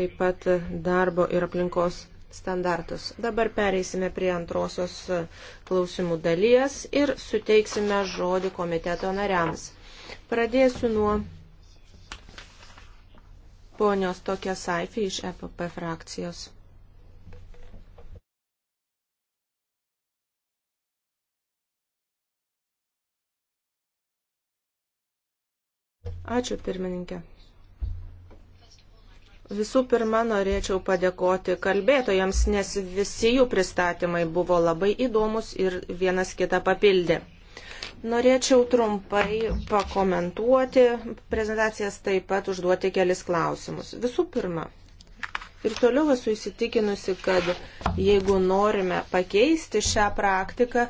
taip pat darbo ir aplinkos standartus. Dabar pereisime prie antrosios klausimų dalies ir suteiksime žodį komiteto nariams. Pradėsiu nuo ponios tokia Saifi iš EPP frakcijos. Ačiū pirmininkė. Visų pirma, norėčiau padėkoti kalbėtojams, nes visi jų pristatymai buvo labai įdomus ir vienas kitą papildė. Norėčiau trumpai pakomentuoti prezentacijas taip pat užduoti kelis klausimus. Visų pirma, ir toliau esu įsitikinusi, kad jeigu norime pakeisti šią praktiką,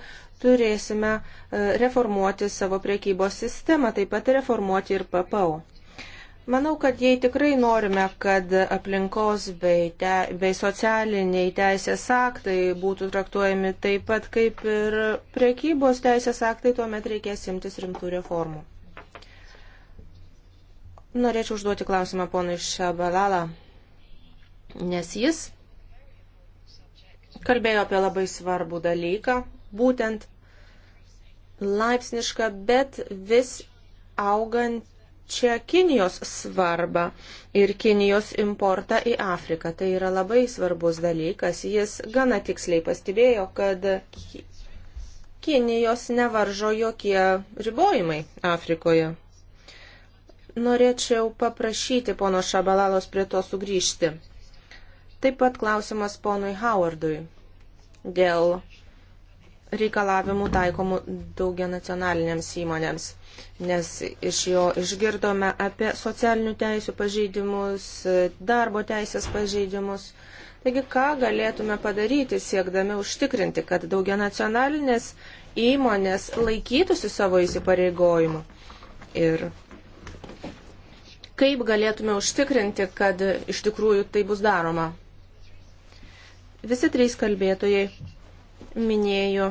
turėsime e, reformuoti savo priekybos sistemą, taip pat reformuoti ir PPO. Manau, kad jei tikrai norime, kad aplinkos bei, te, bei socialiniai teisės aktai būtų traktuojami taip pat kaip ir priekybos teisės aktai, tuomet reikės imtis rimtų reformų. Norėčiau užduoti klausimą ponui Šabalala, nes jis kalbėjo apie labai svarbų dalyką, būtent laipsnišką, bet vis augant čia Kinijos svarbą ir Kinijos importą į Afriką. Tai yra labai svarbus dalykas. Jis gana tiksliai pastebėjo, kad Kinijos nevaržo jokie ribojimai Afrikoje. Norėčiau paprašyti pono Šabalalos prie to sugrįžti. Taip pat klausimas ponui Howardui dėl reikalavimų taikomų daugia nacionalinėms įmonėms, nes iš jo išgirdome apie socialinių teisų pažeidimus, darbo teisės pažeidimus. Taigi, ką galėtume padaryti, siekdami užtikrinti, kad daugia nacionalinės įmonės laikytųsi savo įsipareigojimų ir kaip galėtume užtikrinti, kad iš tikrųjų tai bus daroma. Visi trys kalbėtojai minėjo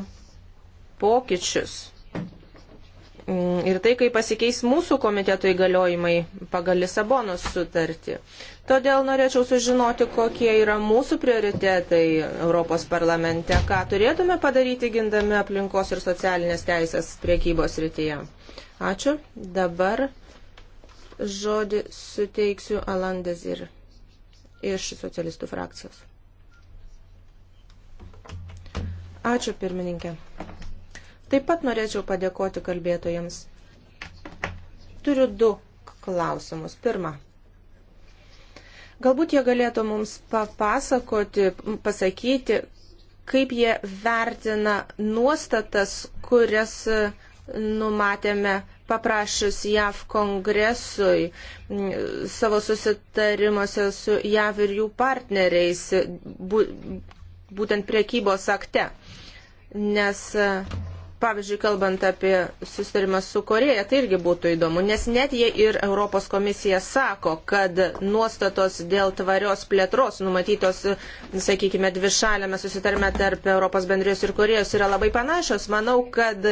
pokyčius mm, ir tai, kaip pasikeis mūsų komiteto įgaliojimai pagal Lisabonos sutartį. Todėl norėčiau sužinoti, kokie yra mūsų prioritetai Europos parlamente, ką turėtume padaryti gindami aplinkos ir socialinės teisės priekybos rytyje. Ačiū. Dabar žodį suteiksiu Alandezir iš socialistų frakcijos. Ačiū pirmininkė. Taip pat norėčiau padėkoti kalbėtojams. Turiu du klausimus. Pirma. Galbūt jie galėtų mums papasakoti, pasakyti, kaip jie vertina nuostatas, kurias e, numatėme paprašius JAV kongresui savo susitarimuose su JAV ir jų partneriais, būtent priekybos akte nes e, pavyzdžiui, kalbant apie susitarimą su Koreja, tai irgi būtų įdomu, nes net jie ir Europos komisija sako, kad nuostatos dėl tvarios plėtros numatytos, e, sakykime, dvišalėme susitarime tarp Europos bendrijos ir Korejos yra labai panašios. Manau, kad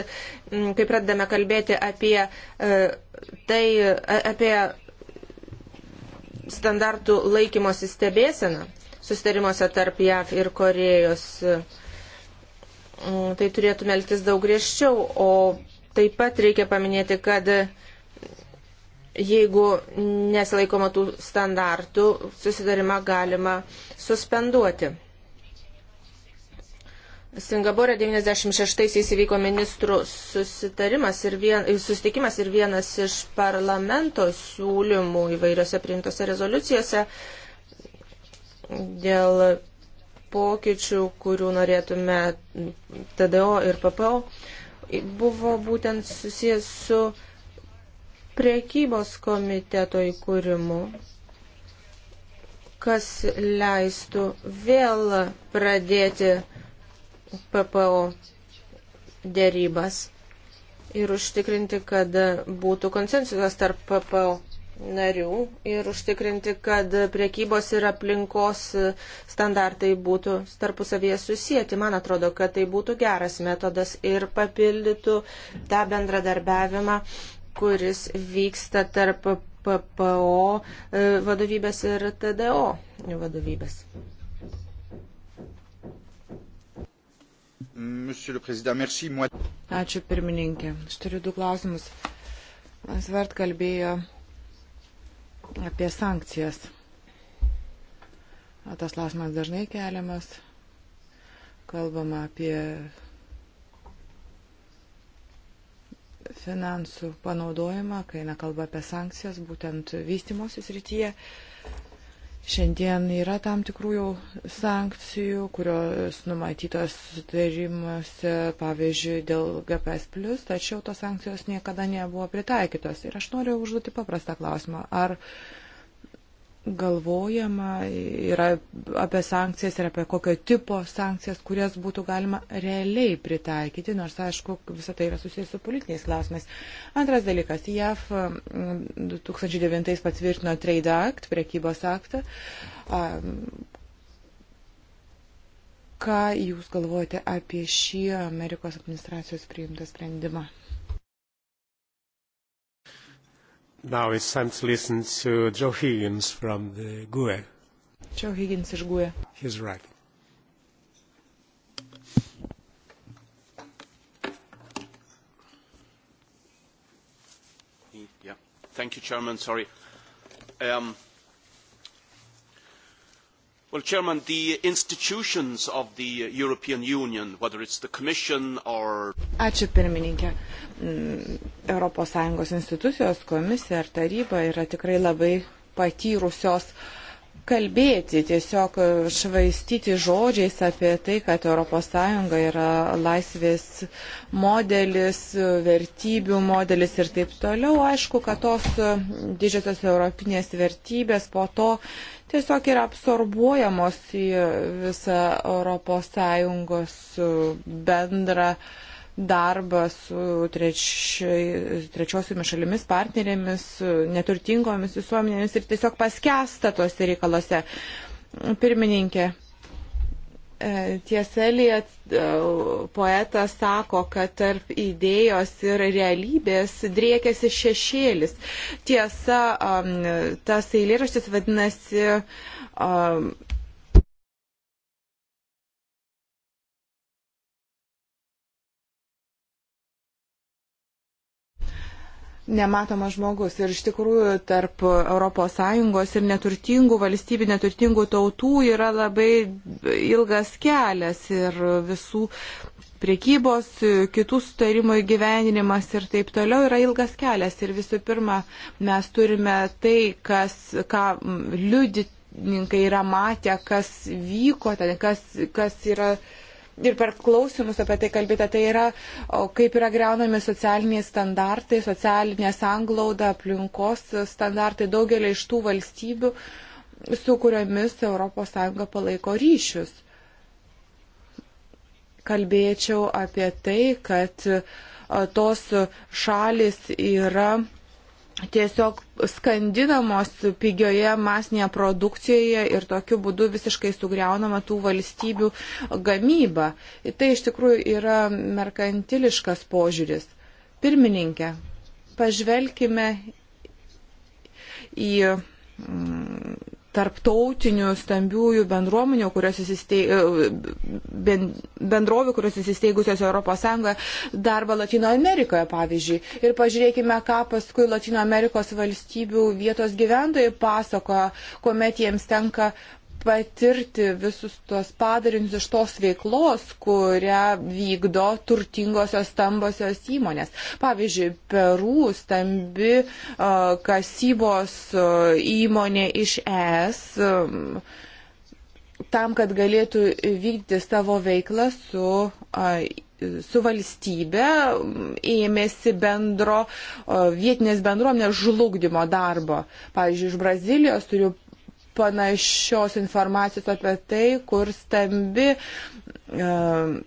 kai pradedame kalbėti apie e, tai, apie standartų laikymosi stebėseną susitarimuose tarp JAV ir Korejos Mm, tai turėtume elgtis daug griežčiau, o taip pat reikia paminėti, kad jeigu nesilaikoma tų standartų, susidarimą galima suspenduoti. Singapūrė 96-aisiais įvyko ministrų susitarimas ir vien, susitikimas ir vienas iš parlamento siūlymų įvairiose priimtose rezoliucijose dėl pokyčių, kurių norėtume TDO ir PPO, buvo būtent susijęs su priekybos komiteto įkūrimu, kas leistų vėl pradėti PPO dėrybas ir užtikrinti, kad būtų konsensusas tarp PPO narių ir užtikrinti, kad priekybos ir aplinkos standartai būtų tarpusavėje susijęti. Man atrodo, kad tai būtų geras metodas ir papildytų tą bendradarbiavimą, kuris vyksta tarp PPO e, vadovybės ir TDO vadovybės. Ačiū pirmininkė. Aš turiu du klausimus. Svart kalbėjo apie sankcijas. Tas klausimas dažnai keliamas. Kalbama apie finansų panaudojimą, kai nekalba apie sankcijas, būtent vystimosi srityje. Uh, Šiandien yra tam tikrų jau sankcijų, kurios numatytos sutarimuose, pavyzdžiui, dėl GPS, tačiau tos sankcijos niekada nebuvo pritaikytos. Ir aš noriu užduoti paprastą klausimą. Ar uh, galvojama yra apie sankcijas ir apie kokio tipo sankcijas, kurias būtų galima realiai pritaikyti, nors aišku, visą tai yra susijęs su politiniais klausimais. Antras dalykas, JAV mm, 2009 patvirtino Trade Act, priekybos aktą. Ką Jūs galvojate apie šį Amerikos administracijos priimtą sprendimą? Now it's time to listen to Joe Higgins from the GUE. Joe Higgins iš GUE. He's right. Yeah. Thank you, Chairman. Sorry. Um, well, Chairman, the institutions of the European Union, whether it's the Commission or... Ačiū, pirmininkė. ES institucijos, komisija ar taryba yra tikrai labai patyrusios kalbėti, tiesiog švaistyti žodžiais apie tai, kad ES yra laisvės modelis, vertybių modelis ir taip toliau. Aišku, kad tos didžiosios europinės vertybės po to tiesiog yra absorbuojamos į visą ES bendrą uh, darbą su trečiai, trečiosiomis šalimis, partnerėmis, neturtingomis visuomenėmis ir tiesiog paskesta tuose reikaluose. Pirmininkė, e, tieselė e, poetas sako, kad tarp idėjos ir realybės driekiasi šešėlis. Tiesa, tas eilėraštis vadinasi nematomas žmogus. Ir iš tikrųjų tarp ES ir neturtingų valstybių, neturtingų tautų yra labai ilgas kelias ir visų priekybos, kitų sutarimų įgyveninimas ir taip toliau yra ilgas kelias. Ir visų pirma, mes turime tai, kas, ką liudininkai yra matę, kas vyko ten, kas, kas yra ir per klausimus apie tai kalbėta, tai yra, kaip yra greunami socialiniai standartai, socialinė sanglauda, aplinkos standartai daugelį iš tų valstybių, su kuriomis ES palaiko ryšius. Kalbėčiau apie tai, kad tos šalis yra tiesiog skandinamos pigioje masinėje produkcijoje ir tokiu būdu visiškai sugriaunama tų valstybių gamyba. Tai iš tikrųjų yra merkantiliškas požiūris. Pirmininkė, pažvelkime į mm, tarptautinių stambiųjų bendruomenių, kurios e, bendrovių, kurios įsisteigusios Europos Sąjungoje, darbą Latino Amerikoje, pavyzdžiui. Ir pažiūrėkime, ką paskui Latino Amerikos valstybių vietos gyventojai pasako, kuomet jiems tenka patirti visus tuos padarinius iš tos veiklos, kurią vykdo turtingosios stambosios įmonės. Pavyzdžiui, Peru stambi uh, kasybos uh, įmonė iš ES. Um, tam, kad galėtų vykdyti savo veiklą su. Uh, su valstybe ėmėsi bendro vietinės bendruomenės žlugdymo darbo. Pavyzdžiui, iš Brazilijos turiu panašios informacijos apie tai, kur stambi. Uh,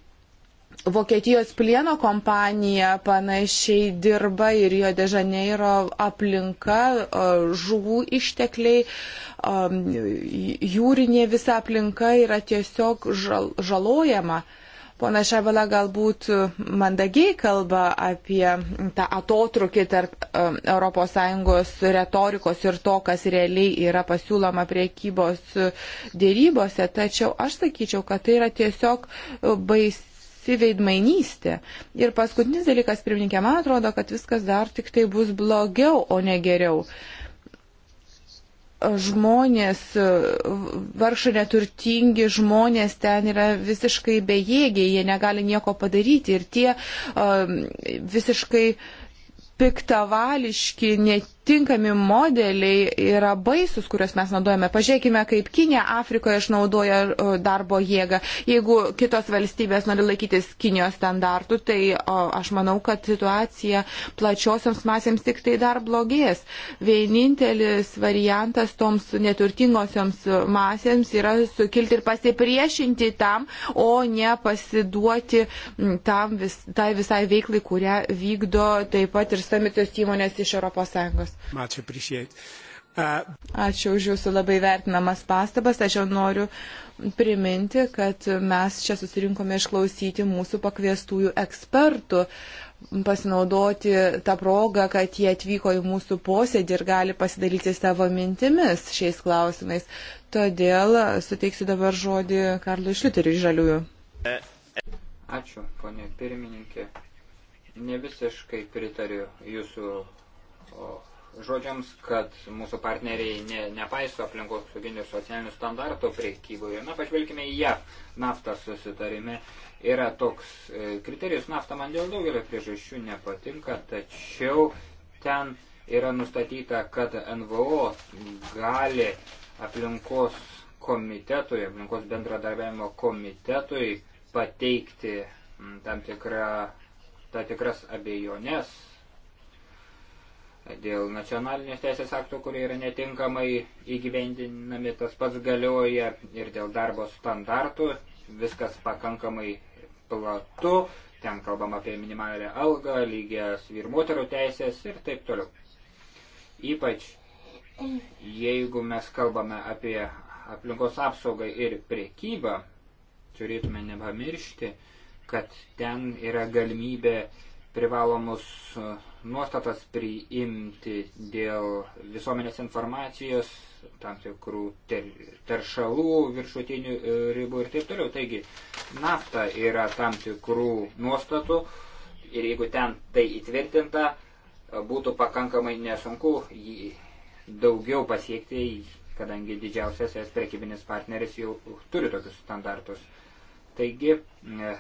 Vokietijos plieno kompanija panašiai dirba ir jo dežaneiro aplinka, e, žuvų ištekliai, e, jūrinė visa aplinka yra tiesiog žalojama. Pona Šebela galbūt mandagiai kalba apie tą atotrukį tarp um, ES retorikos ir to, kas realiai yra pasiūloma priekybos dėrybose, tačiau aš sakyčiau, kad tai yra tiesiog baisi esi veidmainystė. Ir paskutinis dalykas, pirmininkė, man atrodo, kad viskas dar tik tai bus blogiau, o ne geriau. Uh, žmonės, vargšai neturtingi žmonės ten yra visiškai bejėgiai, jie negali nieko padaryti ir tie um, visiškai piktavališki, net tinkami modeliai yra baisus, kuriuos mes naudojame. Pažiūrėkime, kaip Kinė Afrikoje išnaudoja darbo jėgą. Jeigu kitos valstybės nori laikytis Kinijos standartų, tai o, aš manau, kad situacija plačiosioms masėms tik tai dar blogės. Vienintelis variantas toms neturtingosioms masėms yra sukilti ir pasipriešinti tam, o ne pasiduoti tam vis, tai visai veiklai, kurią vykdo taip pat ir samitos įmonės iš ES. Much appreciate. Uh, Ačiū už Jūsų labai vertinamas pastabas. Aš jau noriu priminti, kad mes čia susirinkome išklausyti mūsų pakviestųjų ekspertų, pasinaudoti tą progą, kad jie atvyko į mūsų posėdį ir gali pasidalyti savo mintimis šiais klausimais. Todėl suteiksiu dabar žodį Karlui Šliuteriui Žaliųjų. Ačiū, ponė pirmininkė. Ne visiškai pritariu Jūsų. O žodžiams, kad mūsų partneriai ne, nepaiso aplinkos sauginių socialinių standartų priekyboje. Na, pažvelkime į JAV naftą susitarime. Yra toks e, kriterijus, nafta man dėl daugelio priežasčių nepatinka, tačiau ten yra nustatyta, kad NVO gali aplinkos komitetui, aplinkos bendradarbiavimo komitetui pateikti tam tikrą, tam tikras abejonės dėl nacionalinės teisės aktų, kurie yra netinkamai įgyvendinami, tas pats galioja ir dėl darbo standartų, viskas pakankamai platu, ten kalbam apie minimalę algą, lygias vyr moterų teisės ir taip toliau. Ypač jeigu mes kalbame apie aplinkos apsaugą ir priekybą, turėtume nepamiršti, kad ten yra galimybė privalomus nuostatas priimti dėl visuomenės informacijos, tam tikrų ter, teršalų, viršutinių e, ribų ir taip toliau. Taigi, nafta yra tam tikrų nuostatų ir jeigu ten tai įtvirtinta, būtų pakankamai nesunku jį daugiau pasiekti, kadangi didžiausias es prekybinis partneris jau turi tokius standartus. Taigi, e,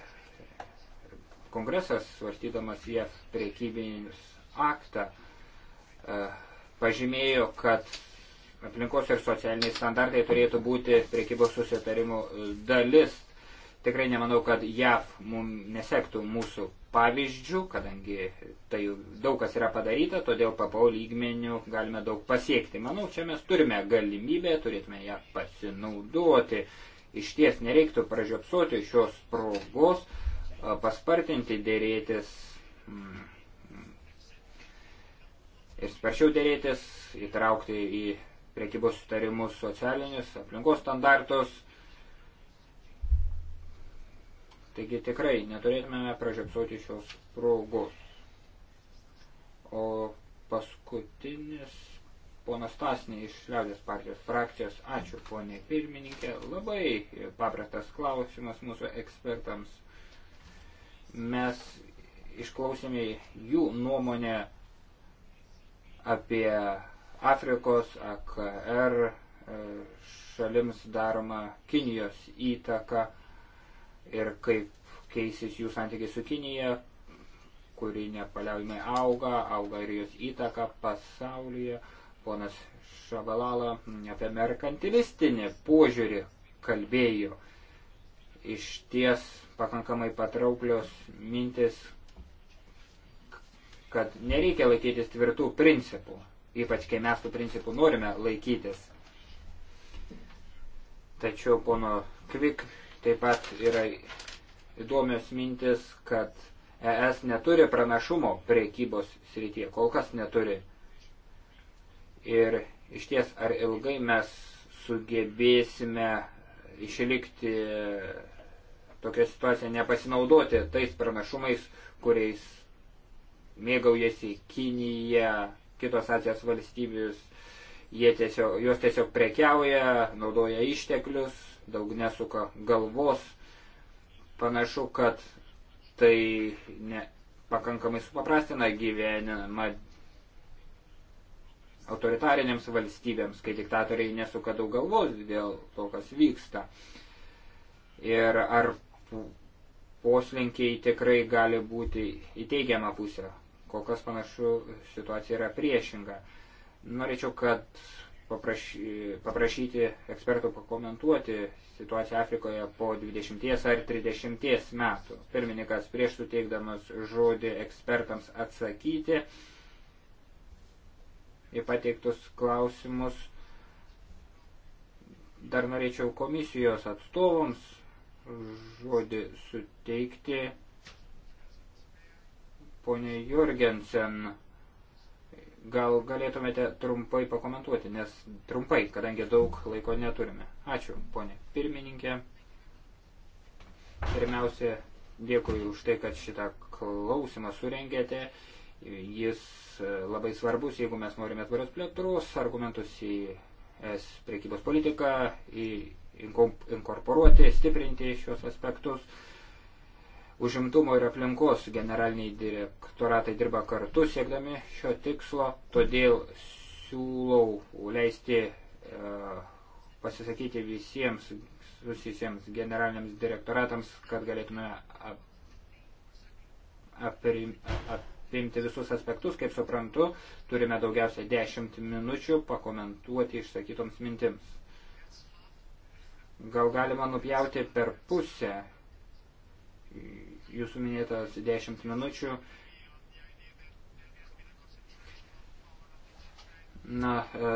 kongresas, svarstydamas JAV priekybinius aktą e, pažymėjo, kad aplinkos ir socialiniai standartai turėtų būti priekybos susitarimų e, dalis. Tikrai nemanau, kad JAV mum nesektų mūsų pavyzdžių, kadangi tai daug kas yra padaryta, todėl PPO lygmenių galime daug pasiekti. Manau, čia mes turime galimybę, turėtume ją pasinaudoti. Iš ties nereiktų pražiopsoti šios progos, e, paspartinti dėrėtis. Hmm ir sparčiau dėrėtis, įtraukti į priekybos sutarimus socialinius, aplinkos standartus. Taigi tikrai neturėtume pražiopsoti šios progos. O paskutinis ponas Tasnė iš Liaudės partijos frakcijos. Ačiū, ponė pirmininkė. Labai paprastas klausimas mūsų ekspertams. Mes išklausėme jų nuomonę apie Afrikos, AKR e, šalims daroma Kinijos įtaka ir kaip keisis jų santykiai su Kinija, kuri nepaliaujamai auga, auga ir jos įtaka pasaulyje. Ponas Šabalala apie merkantilistinį požiūrį kalbėjo. Iš ties pakankamai patrauklios mintis, kad nereikia laikytis tvirtų principų, ypač kai mes tų principų norime laikytis. Tačiau pono Kvik taip pat yra įdomios mintis, kad ES neturi pranašumo priekybos srityje, kol kas neturi. Ir iš ties, ar ilgai mes sugebėsime išlikti tokią situaciją, nepasinaudoti tais pranašumais, kuriais mėgaujasi Kinija, kitos Azijos valstybės, jie tiesiog, jos tiesiog prekiauja, naudoja išteklius, daug nesuka galvos. Panašu, kad tai ne, pakankamai supaprastina gyvenimą autoritarinėms valstybėms, kai diktatoriai nesuka daug galvos dėl to, kas vyksta. Ir ar poslinkiai tikrai gali būti į teigiamą pusę. Kol kas panašu situacija yra priešinga. Norėčiau, kad paprašy, paprašyti ekspertų pakomentuoti situaciją Afrikoje po 20 ar 30 metų. Pirmininkas prieš suteikdamas žodį ekspertams atsakyti į pateiktus klausimus. Dar norėčiau komisijos atstovams žodį suteikti Pone Jurgensen, gal galėtumėte trumpai pakomentuoti, nes trumpai, kadangi daug laiko neturime. Ačiū, ponė pirmininkė. Pirmiausia, dėkui už tai, kad šitą klausimą surengėte. Jis e, labai svarbus, jeigu mes norime tvarios plėtros, argumentus į es priekybos politiką, į inkorporuoti, stiprinti šios aspektus. Užimtumo ir aplinkos generaliniai direktoratai dirba kartu siekdami šio tikslo, todėl siūlau leisti e, pasisakyti visiems susijusiems generaliniams direktoratams, kad galėtume ap, aprim, apimti visus aspektus. Kaip suprantu, turime daugiausia 10 minučių pakomentuoti išsakytoms mintims. Gal galima nupjauti per pusę jūsų minėtas 10 minučių. Na, e,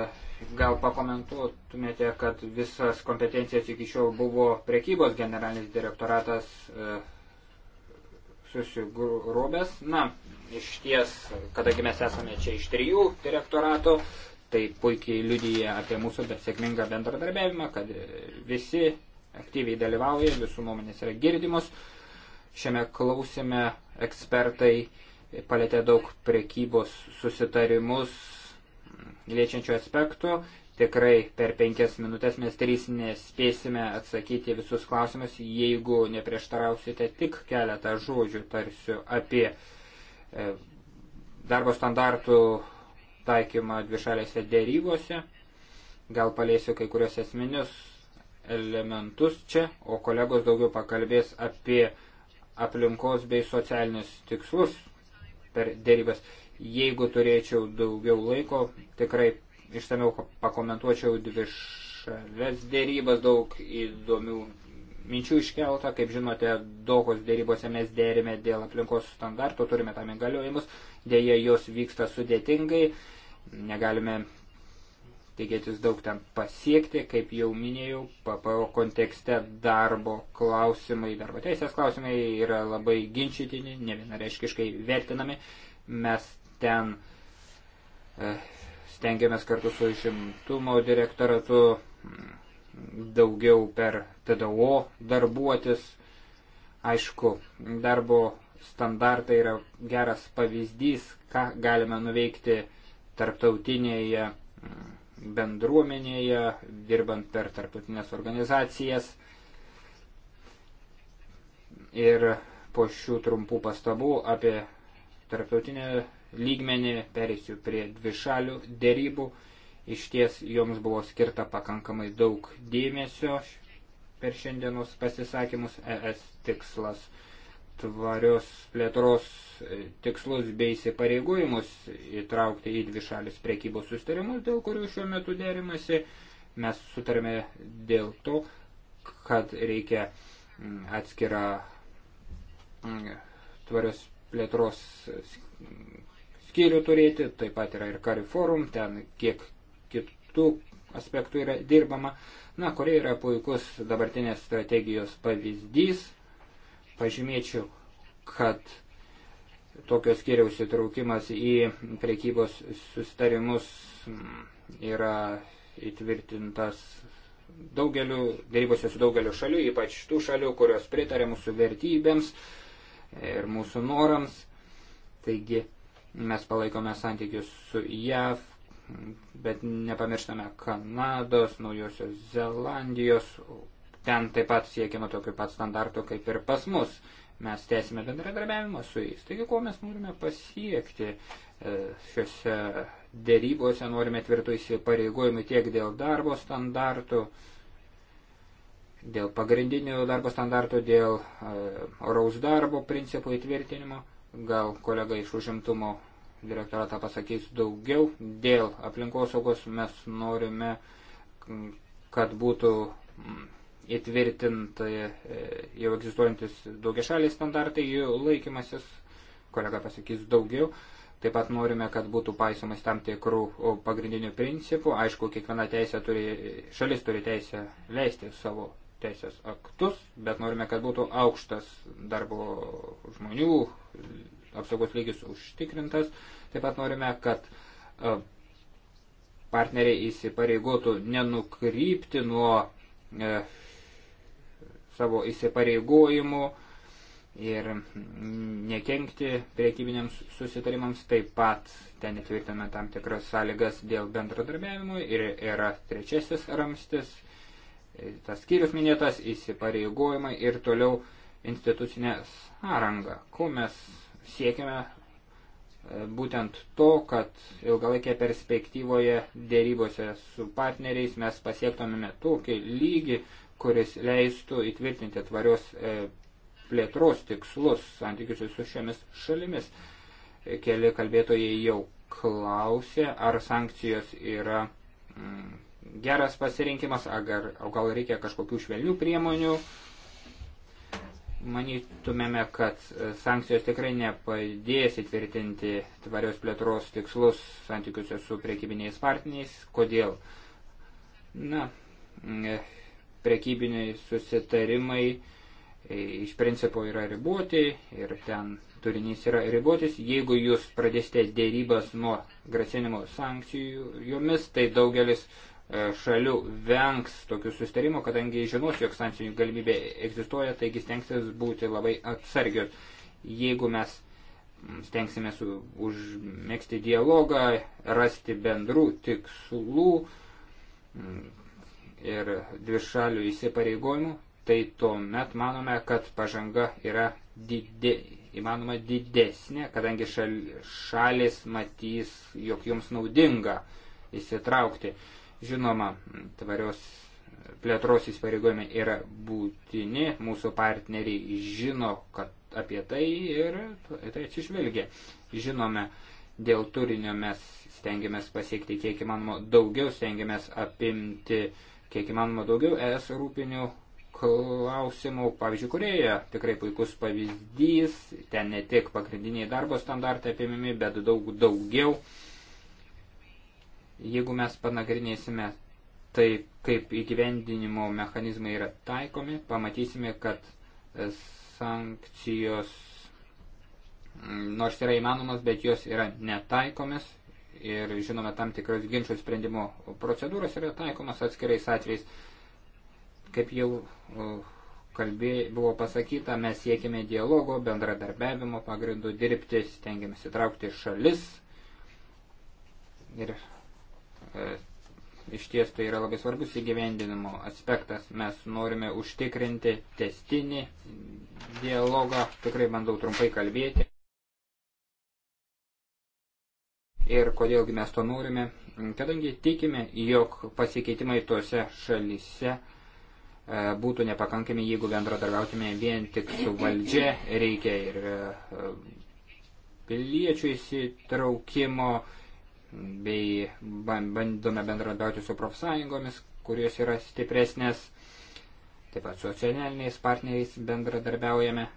gal pakomentuotumėte, kad visas kompetencijas iki šiol buvo prekybos generalinis direktoratas e, susigrobęs. Na, iš ties, kadangi mes esame čia iš trijų direktorato, tai puikiai liudyja apie mūsų sėkmingą bendradarbiavimą, kad visi aktyviai dalyvauja, visų nuomonės yra girdimos. Šiame klausime ekspertai palėtė daug prekybos susitarimus liečiančių aspektų. Tikrai per penkias minutės mes trys nespėsime atsakyti visus klausimus, jeigu neprieštarausite tik keletą žodžių tarsiu apie e, darbo standartų taikymą dvišalėse dėrybose. Gal paliesiu kai kurios esminius elementus čia, o kolegos daugiau pakalbės apie aplinkos bei socialinius tikslus per dėrybas. Jeigu turėčiau daugiau laiko, tikrai išsameu pakomentuočiau dvi šalės dėrybas, daug įdomių minčių iškelta. Kaip žinote, daugos dėrybose mes dėrime dėl aplinkos standartų, turime tam įgaliojimus, dėja jos vyksta sudėtingai, negalime tikėtis daug ten pasiekti, kaip jau minėjau, PPO kontekste darbo klausimai, darbo teisės klausimai yra labai ginčytini, ne vienareiškiškai vertinami. Mes ten e, stengiamės kartu su išimtumo direktoratu daugiau per TDO darbuotis. Aišku, darbo standartai yra geras pavyzdys, ką galime nuveikti tarptautinėje bendruomenėje, dirbant per tarptautinės organizacijas. Ir po šių trumpų pastabų apie tarptautinę lygmenį perėsiu prie dvišalių dėrybų. Iš ties joms buvo skirta pakankamai daug dėmesio per šiandienos pasisakymus. ES tikslas tvarios plėtros tikslus bei įsipareigojimus įtraukti į dvi šalis prekybos sustarimus, dėl kurių šiuo metu derimasi. Mes sutarėme dėl to, kad reikia mm, atskirą mm, tvarios plėtros skyrių turėti, taip pat yra ir Kari Forum, ten kiek kitų aspektų yra dirbama. Na, kurie yra puikus dabartinės strategijos pavyzdys – pažymėčiau, kad tokios skiriaus įtraukimas į prekybos sustarimus yra įtvirtintas daugeliu, dėrybose su daugeliu šalių, ypač tų šalių, kurios pritarė mūsų vertybėms ir mūsų norams. Taigi mes palaikome santykius su JAV, bet nepamirštame Kanados, Naujosios Zelandijos, Ten taip pat siekime tokių pat standartų kaip ir pas mus. Mes tęsime bendradarbiavimą su jais. Taigi, ko mes norime pasiekti e, šiuose dėrybose, norime tvirtų įsipareigojimų tiek dėl darbo standartų, dėl pagrindinių darbo standartų, dėl e, oraus darbo principų įtvirtinimo. Gal kolega iš užimtumo direktoratą pasakys daugiau. Dėl aplinkosaugos mes norime, kad būtų įtvirtinti e, jau egzistuojantis daugiašaliai standartai, jų laikymasis, kolega pasakys daugiau. Taip pat norime, kad būtų paisomas tam tikrų pagrindinių principų. Aišku, kiekviena teisė turi, šalis turi teisę leisti savo teisės aktus, bet norime, kad būtų aukštas darbo žmonių apsaugos lygis užtikrintas. Taip pat norime, kad e, partneriai įsipareigotų nenukrypti nuo e, savo įsipareigojimų ir nekenkti priekybiniams susitarimams. Taip pat ten įtvirtiname tam tikras sąlygas dėl bendradarbiavimo ir yra trečiasis ramstis, tas skyrius minėtas, įsipareigojimai ir toliau institucinė sąranga, ko mes siekiame būtent to, kad ilgalaikėje perspektyvoje dėrybose su partneriais mes pasiektumėme tokį lygį, kuris leistų įtvirtinti tvarios e, plėtros tikslus santykiuose su šiomis šalimis. Keli kalbėtojai jau klausė, ar sankcijos yra mm, geras pasirinkimas, ar, o gal reikia kažkokių švelnių priemonių. Manytumėme, kad e, sankcijos tikrai nepadės įtvirtinti tvarios plėtros tikslus santykiuose su priekybiniais partneriais. Kodėl? Na, e, prekybiniai susitarimai e, iš principo yra riboti ir ten turinys yra ribotis. Jeigu jūs pradėsite dėrybas nuo grasinimo sankcijų jomis, tai daugelis e, šalių vengs tokių sustarimų, kadangi žinos, jog sankcijų galimybė egzistuoja, taigi stengsis būti labai atsargios. Jeigu mes stengsime su, užmėgsti dialogą, rasti bendrų tikslų, ir dvišalių įsipareigojimų, tai tuomet manome, kad pažanga yra didė, įmanoma didesnė, kadangi šal, šalis matys, jog joms naudinga įsitraukti. Žinoma, tvarios plėtros įsipareigojimai yra būtini, mūsų partneriai žino, kad apie tai ir tai atsižvelgia. Žinome, dėl turinio mes stengiamės pasiekti kiek įmanoma daugiau, stengiamės apimti uh, kiek įmanoma daugiau ES rūpinių klausimų. Pavyzdžiui, Koreja tikrai puikus pavyzdys, ten ne tik pagrindiniai darbo standartai apimimi, bet daug daugiau. Jeigu mes panagrinėsime tai, kaip įgyvendinimo mechanizmai yra taikomi, pamatysime, kad e, sankcijos nors yra įmanomas, bet jos yra netaikomis ir žinome tam tikras ginčių sprendimo procedūros yra taikomas atskirais atvejais. Kaip jau kalbė, buvo pasakyta, mes siekime dialogo, bendradarbiavimo pagrindų dirbti, stengiamės įtraukti šalis ir e, iš ties tai yra labai svarbus įgyvendinimo aspektas. Mes norime užtikrinti testinį dialogą, tikrai bandau trumpai kalbėti. ir kodėlgi mes to norime, kadangi tikime, jog pasikeitimai tose šalyse e, būtų nepakankami, jeigu bendradarbiautume vien tik su valdžia, reikia ir e, piliečių įsitraukimo, bei bandome bendradarbiauti su profsąjungomis, kurios yra stipresnės, taip pat su socialiniais partneriais bendradarbiaujame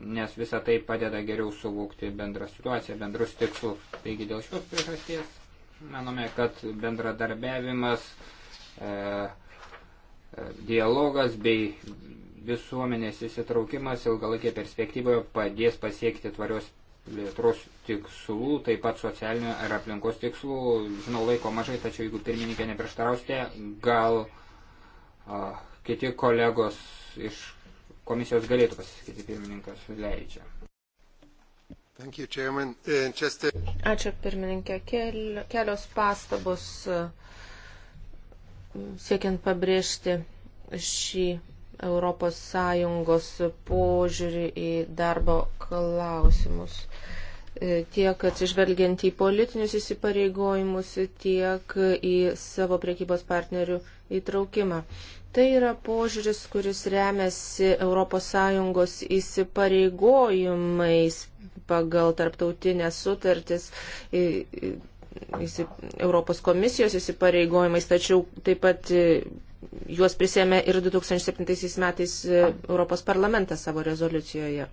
nes visa tai padeda geriau suvokti bendrą situaciją, bendrus tikslus. Taigi dėl šios priežasties manome, kad bendradarbiavimas, e, e, dialogas bei visuomenės įsitraukimas ilgalaikė perspektyvoje padės pasiekti tvarios plėtros tikslų, taip pat socialinio ir aplinkos tikslų. Žinau, laiko mažai, tačiau jeigu pirmininkė neprieštarausite, gal a, kiti kolegos iš komisijos galėtų pasiskirti pirmininkas leidžia. Uh, Ačiū pirmininkė. Kel, kelios pastabos uh, siekiant pabrėžti šį ES požiūrį į darbo klausimus. Uh, tiek atsižvelgiant į politinius įsipareigojimus, tiek į savo priekybos partnerių įtraukimą. Tai yra požiūris, kuris remiasi ES įsipareigojimais pagal tarptautinės sutartis. Europos komisijos įsipareigojimais, tačiau taip pat e, juos prisėmė ir 2007 metais e, Europos parlamentas savo rezoliucijoje e,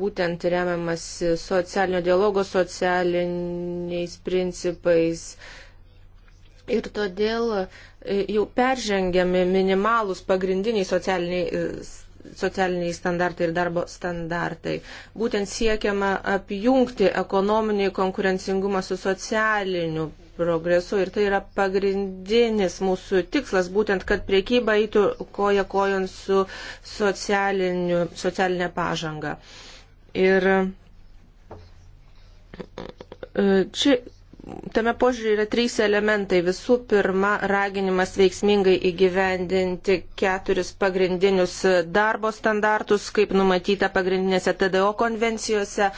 būtent remiamas socialinio dialogo socialiniais principais. Ir todėl E, jau peržengiami minimalūs pagrindiniai socialiniai, e, socialiniai standartai ir darbo standartai. Būtent siekiama apjungti ekonominį konkurencingumą su socialiniu progresu ir tai yra pagrindinis mūsų tikslas, būtent, kad priekyba eitų koja kojon su socialinė pažanga. Ir e, čia tame požiūrį yra trys elementai. Visų pirma, raginimas veiksmingai įgyvendinti keturis pagrindinius darbo standartus, kaip numatyta pagrindinėse TDO konvencijose.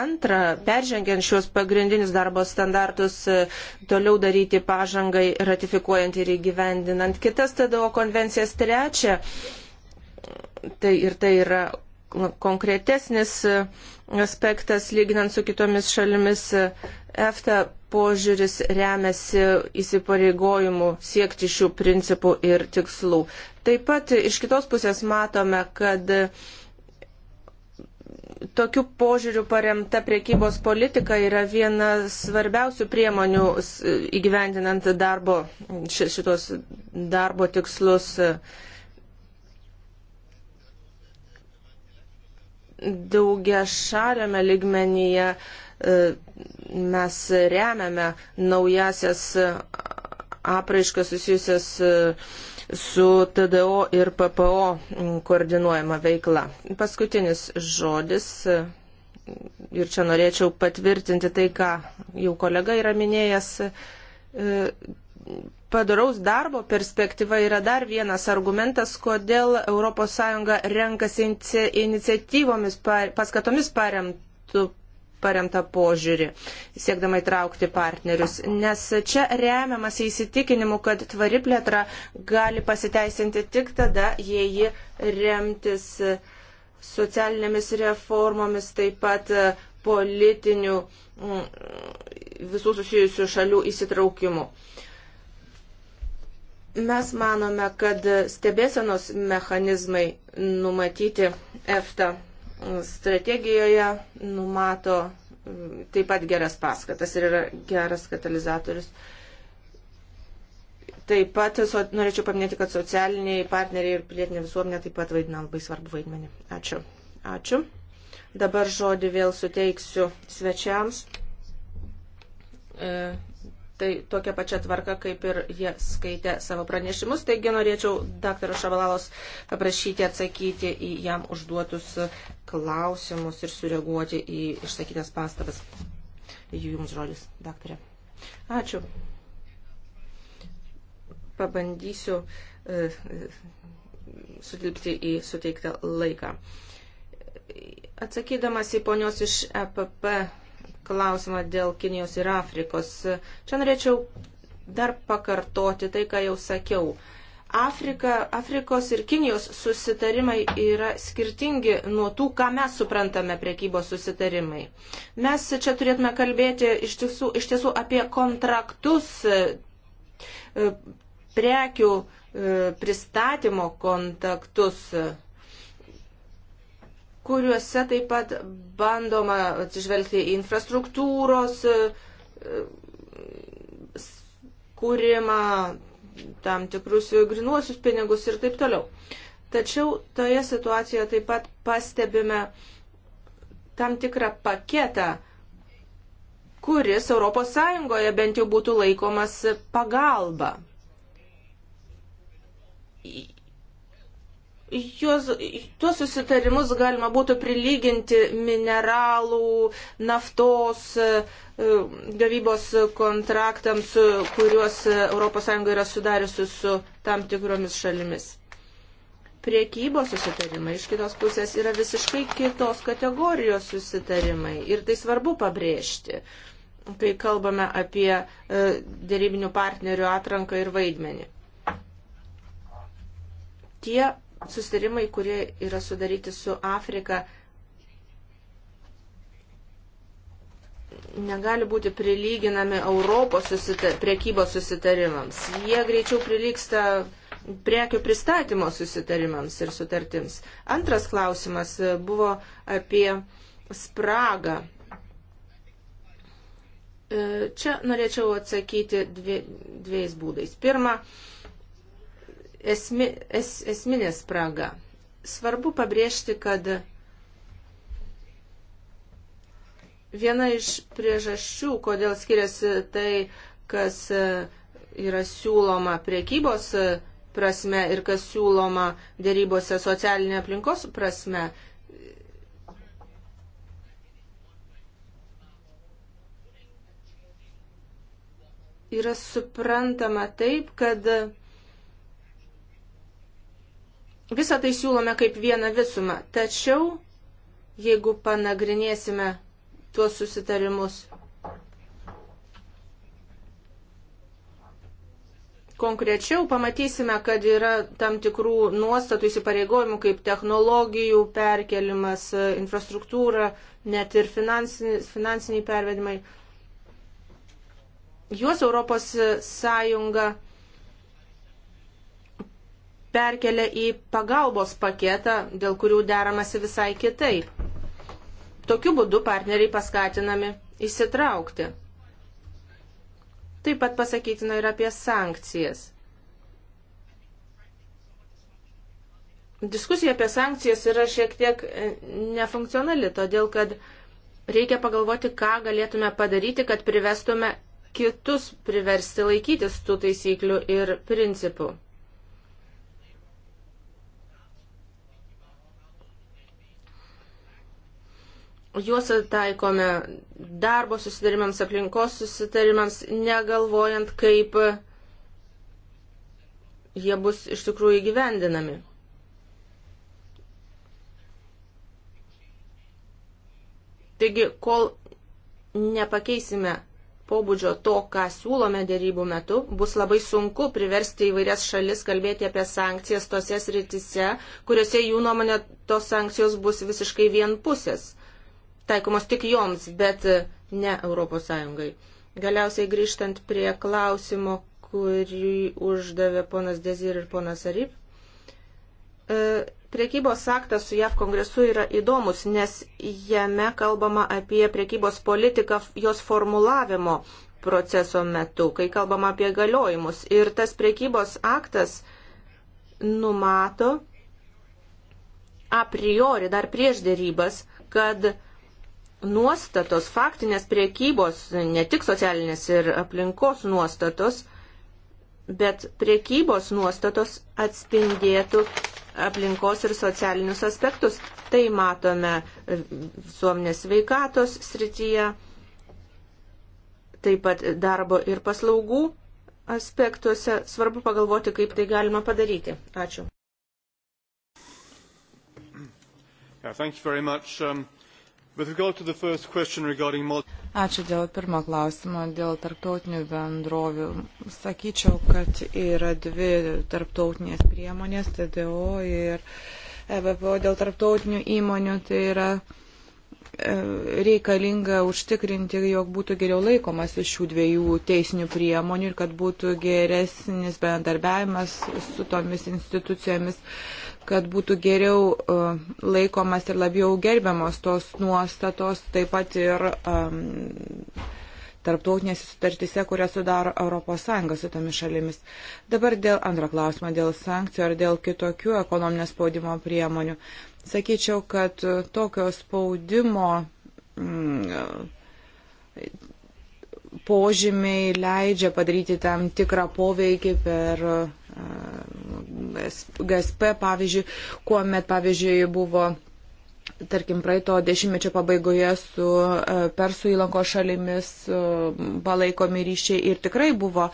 Antra, peržengiant šios pagrindinius darbo standartus, toliau daryti pažangai, ratifikuojant ir įgyvendinant kitas TDO konvencijas. Trečia, tai ir tai yra konkretesnis e, aspektas lyginant su kitomis šalimis. E, EFTA požiūris remiasi įsipareigojimu siekti šių principų ir tikslų. Taip pat iš kitos pusės matome, kad tokiu požiūriu paremta priekybos politika yra viena svarbiausių priemonių įgyvendinant darbo, šitos darbo tikslus daugia šaliame ligmenyje e, mes remiame naujasias apraiškas susijusias e, su TDO ir PPO koordinuojama veikla. Paskutinis žodis e, ir čia norėčiau patvirtinti tai, ką jau kolega yra minėjęs, padaraus darbo perspektyva yra dar vienas argumentas, kodėl ES renkasi iniciatyvomis, paskatomis paremtų paremta požiūrį, siekdama įtraukti partnerius. Nes čia remiamas įsitikinimu, kad tvari plėtra gali pasiteisinti tik tada, jei ji remtis socialinėmis reformomis, taip pat politinių mm, visų susijusių šalių įsitraukimu. Uh, Mes manome, kad stebėsenos mechanizmai numatyti EFTA strategijoje numato mm, taip pat geras paskatas ir yra geras katalizatorius. Taip pat so, norėčiau paminėti, kad socialiniai partneriai ir pilietinė visuomenė taip pat vaidina labai svarbu vaidmenį. Ačiū. Ačiū. Dabar žodį vėl suteiksiu svečiams. E, tai tokia pačia tvarka, kaip ir jie skaitė savo pranešimus. Taigi norėčiau daktaro Šabalalos paprašyti atsakyti į jam užduotus klausimus ir sureaguoti į išsakytas pastabas. Jums žodis, daktarė. Ačiū. Pabandysiu e, e, sutilpti į suteiktą laiką. Atsakydamas į ponios iš EPP klausimą dėl Kinijos ir Afrikos. Čia norėčiau dar pakartoti tai, ką jau sakiau. Afrika, Afrikos ir Kinijos susitarimai yra skirtingi nuo tų, ką mes suprantame priekybos susitarimai. Mes čia turėtume kalbėti iš tiesų, iš tiesų apie kontraktus, e, prekių e, pristatymo kontaktus, kuriuose taip pat bandoma atsižvelgti į infrastruktūros e, kūrimą, tam tikrus grinuosius pinigus ir taip toliau. Tačiau toje situacijoje taip pat pastebime tam tikrą paketą, kuris ES bent jau būtų laikomas pagalba. Juos, tuos susitarimus galima būtų prilyginti mineralų, naftos e, e, gavybos kontraktams, kuriuos ES yra sudariusi su tam tikromis šalimis. Priekybos susitarimai iš kitos pusės yra visiškai kitos kategorijos susitarimai ir tai svarbu pabrėžti, kai kalbame apie e, dėrybinių partnerių atranką ir vaidmenį. Tie susitarimai, kurie yra sudaryti su Afrika, negali būti prilyginami Europos susita priekybos susitarimams. Jie greičiau prilyksta prekių pristatymo susitarimams ir sutartims. Antras klausimas buvo apie spragą. E, čia norėčiau atsakyti dvie, dviejais būdais. Pirma, esmi, es, esminė spraga. Svarbu pabrėžti, kad viena iš priežasčių, kodėl skiriasi tai, kas yra siūloma priekybos prasme ir kas siūloma dėrybose socialinė aplinkos prasme. Yra suprantama taip, kad Visą tai siūlome kaip vieną visumą, tačiau jeigu panagrinėsime tuos susitarimus konkrečiau, pamatysime, kad yra tam tikrų nuostatų įsipareigojimų kaip technologijų perkelimas, infrastruktūra, net ir finansiniai, finansiniai pervedimai. Juos Europos Sąjunga perkelia į pagalbos paketą, dėl kurių deramasi visai kitaip. Tokiu būdu partneriai paskatinami įsitraukti. Taip pat pasakytina ir apie sankcijas. Diskusija apie sankcijas yra šiek tiek e, nefunkcionali, todėl kad reikia pagalvoti, ką galėtume padaryti, kad privestume kitus priversti laikytis tų taisyklių ir principų. Juos taikome darbo susitarimams, aplinkos susitarimams, negalvojant, kaip jie bus iš tikrųjų įgyvendinami. Taigi, kol nepakeisime pobūdžio to, ką siūlome dėrybų metu, bus labai sunku priversti įvairias šalis kalbėti apie sankcijas tose sritise, kuriuose jų nuomonė tos sankcijos bus visiškai vienpusės taikomos tik joms, bet ne Europos Sąjungai. Galiausiai grįžtant prie klausimo, kurį uždavė ponas Dezir ir ponas Arip. E, priekybos aktas su JAV kongresu yra įdomus, nes jame kalbama apie priekybos politiką jos formulavimo proceso metu, kai kalbama apie galiojimus. Ir tas priekybos aktas numato a priori, dar prieš dėrybas, kad nuostatos, faktinės priekybos, ne tik socialinės ir aplinkos nuostatos, bet priekybos nuostatos atspindėtų aplinkos ir socialinius aspektus. Tai matome e, suomenės veikatos srityje, taip pat darbo ir paslaugų aspektuose. Svarbu pagalvoti, kaip tai galima padaryti. Ačiū. Yeah, thank you very much. Um... Ačiū dėl pirmo klausimo, dėl tarptautinių bendrovių. Sakyčiau, kad yra dvi tarptautinės priemonės, TDO ir EBPO dėl tarptautinių įmonių. Tai yra e, reikalinga užtikrinti, jog būtų geriau laikomas iš šių dviejų teisinių priemonių ir kad būtų geresnis bendarbiavimas su tomis institucijomis. Uh, kad būtų geriau e, laikomas ir labiau gerbiamos tos nuostatos, taip pat ir um, tarptautinėse sutartyse, kurias sudaro ES su tomis šalimis. Dabar dėl antro klausimo, dėl sankcijų ar dėl kitokių ekonominės spaudimo priemonių. Sakyčiau, kad tokio spaudimo. Mm, požymiai leidžia padaryti tam tikrą poveikį per e, GSP, pavyzdžiui, kuomet, pavyzdžiui, buvo tarkim, praeito dešimtmečio pabaigoje su e, Persų įlanko šalimis e, palaikomi ryšiai ir tikrai buvo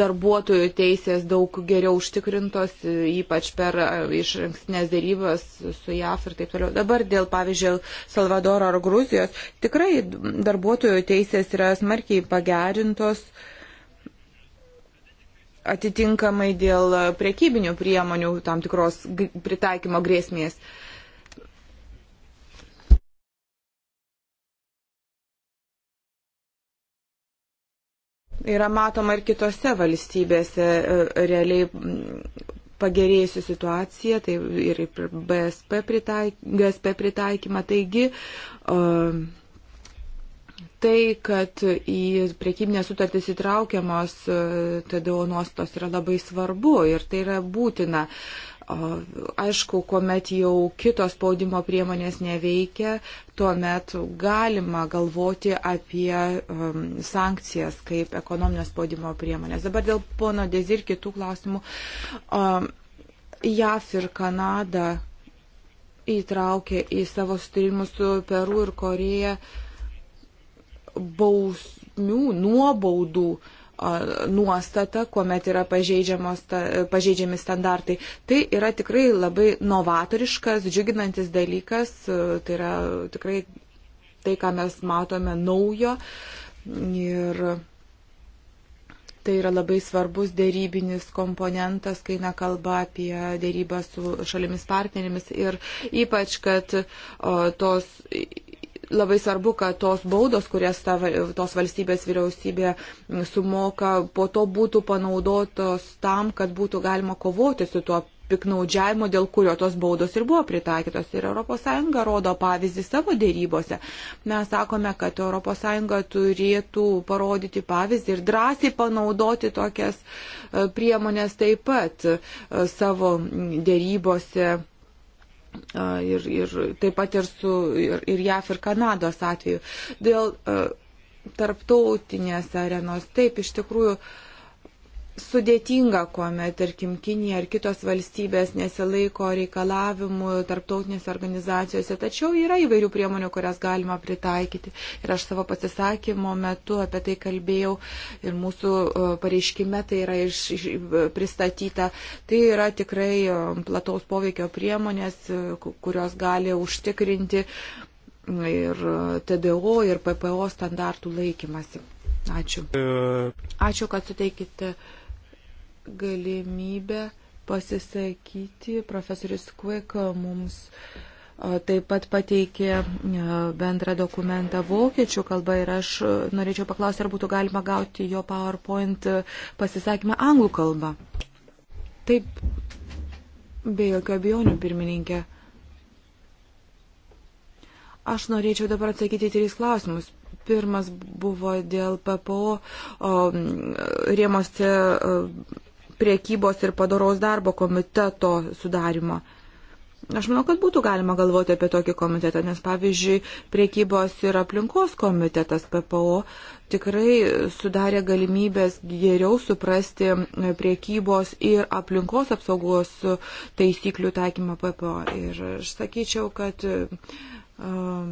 darbuotojų teisės daug geriau užtikrintos, e, ypač per iš ankstinės dėrybas su JAF ir taip toliau. Dabar dėl, pavyzdžiui, Salvadoro ar Gruzijos, tikrai darbuotojų teisės yra smarkiai pagerintos atitinkamai dėl priekybinių priemonių tam tikros pritaikymo grėsmės. Uh, yra matoma ir kitose valstybėse e, realiai pagerėjusi situacija, tai ir BSP, pritaik, BSP pritaikymą. Taigi, e, tai, kad į priekybinę sutartį įtraukiamos e, TDO nuostos yra labai svarbu ir tai yra būtina. Aišku, kuomet jau kitos spaudimo priemonės neveikia, tuomet galima galvoti apie um, sankcijas kaip ekonominio spaudimo priemonės. Dabar dėl pono Dezir kitų klausimų. Um, JAF ir Kanada įtraukė į savo sutarimus su Peru ir Koreja bausmių, nuobaudų uh, nuostata, kuomet yra pažeidžiami standartai. Tai yra tikrai labai novatoriškas, džiuginantis dalykas, tai yra tikrai tai, ką mes matome naujo. Ir tai yra labai svarbus dėrybinis komponentas, kai eina kalba apie dėrybą su šalimis partnerėmis ir ypač, kad o, tos labai svarbu, kad tos baudos, kurias ta, tos valstybės vyriausybė sumoka, po to būtų panaudotos tam, kad būtų galima kovoti su tuo piknaudžiavimo, dėl kurio tos baudos ir buvo pritaikytos. Ir ES rodo pavyzdį savo dėrybose. Mes sakome, kad ES turėtų parodyti pavyzdį ir drąsiai panaudoti tokias e, priemonės taip pat e, savo dėrybose ir, ir taip pat ir su ir, ir JAF ir Kanados atveju. Dėl tarptautinės arenos, taip, iš tikrųjų, uh, sudėtinga, kuomet, tarkim, Kinija ar kitos valstybės nesilaiko reikalavimų tarptautinėse organizacijose, tačiau yra įvairių priemonių, kurias galima pritaikyti. Ir aš savo pasisakymo metu apie tai kalbėjau ir mūsų e, pareiškime tai yra iš, iš, pristatyta. Tai yra tikrai e, plataus poveikio priemonės, e, kurios gali užtikrinti ir TDO, ir PPO standartų laikymasi. Ačiū. Ačiū, kad suteikite galimybę pasisakyti. Profesorius Kvik mums taip pat pateikė bendrą dokumentą vokiečių kalba ir aš norėčiau paklausti, ar būtų galima gauti jo PowerPoint pasisakymą anglų kalba. Taip, be jokių abejonių, pirmininkė. Aš norėčiau dabar atsakyti tris klausimus. Pirmas buvo dėl PPO rėmose priekybos ir padaraus darbo komiteto sudarimą. Aš manau, kad būtų galima galvoti apie tokį komitetą, nes pavyzdžiui, priekybos ir aplinkos komitetas PPO tikrai sudarė galimybės geriau suprasti priekybos ir aplinkos apsaugos taisyklių taikymą PPO. Ir aš sakyčiau, kad. Um,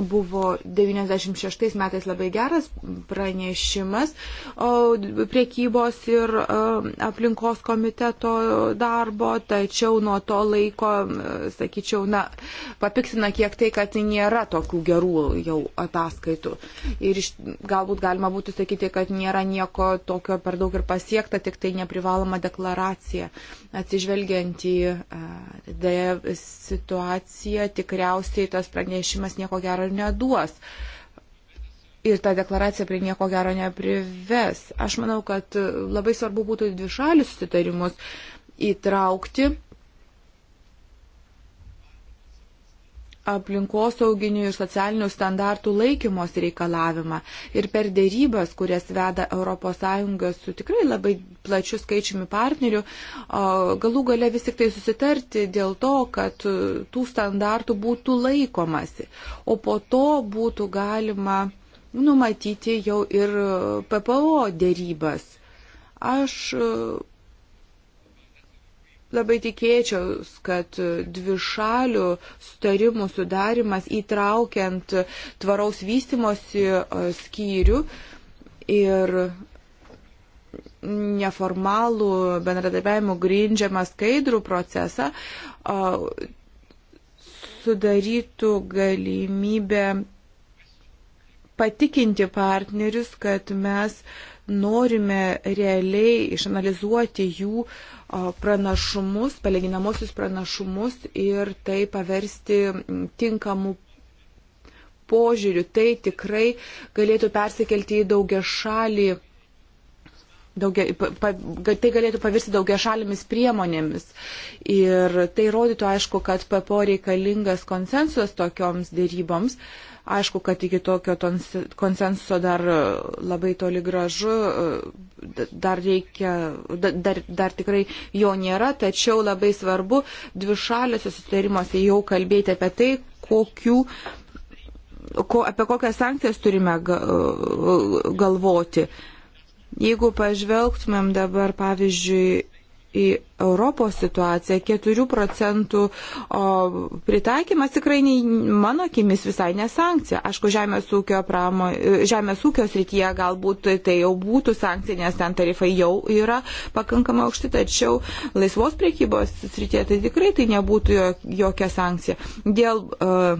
buvo 96 metais labai geras pranešimas priekybos ir e, aplinkos komiteto darbo, tačiau nuo to laiko, e, sakyčiau, na, papiksina kiek tai, kad nėra tokių gerų jau ataskaitų. Ir iš, galbūt galima būtų sakyti, kad nėra nieko tokio per daug ir pasiekta, tik tai neprivaloma deklaracija. Atsižvelgiant į e, situaciją, tikriausiai tas pranešimas nieko gero gero neduos. Ir ta deklaracija prie nieko gero neprives. Aš manau, kad labai svarbu būtų dvišalius susitarimus įtraukti aplinkosauginių ir socialinių standartų laikymos reikalavimą. Ir per dėrybas, kurias veda ES su tikrai labai plačiu skaičiumi partnerių, galų gale vis tik tai susitarti dėl to, kad tų standartų būtų laikomasi. O po to būtų galima numatyti jau ir PPO dėrybas. Aš Labai tikėčiau, kad dvišalių sutarimų sudarimas įtraukiant tvaraus vystimosi e, skyrių ir neformalų bendradarbiavimų grindžiamą skaidrų procesą e, sudarytų galimybę patikinti partnerius, kad mes uh, norime realiai išanalizuoti jų pranašumus, palyginamosius pranašumus ir tai paversti tinkamų požiūrių. Tai tikrai galėtų persikelti į daugia šalį. Daugia, pa, tai galėtų pavirsti daugia šalimis priemonėmis. Ir tai rodytų, aišku, kad PPO reikalingas konsensus tokioms dėryboms. Uh, Aišku, kad iki tokio konsensuso dar e, labai toli gražu, e, dar reikia, dar, dar tikrai jo nėra, tačiau labai svarbu dvišalėse susitarimuose jau kalbėti apie tai, kokių ko, apie kokias sankcijas turime e, galvoti. Jeigu pažvelgtumėm dabar, pavyzdžiui, į Europos situaciją, 4 procentų pritaikymas tikrai nei, mano akimis visai nesankcija. Aišku, žemės ūkio, pramo, žemės ūkio srityje galbūt tai jau būtų sankcija, nes ten tarifai jau yra pakankamai aukšti, tačiau laisvos priekybos srityje tai tikrai tai nebūtų jokia sankcija. Dėl, e,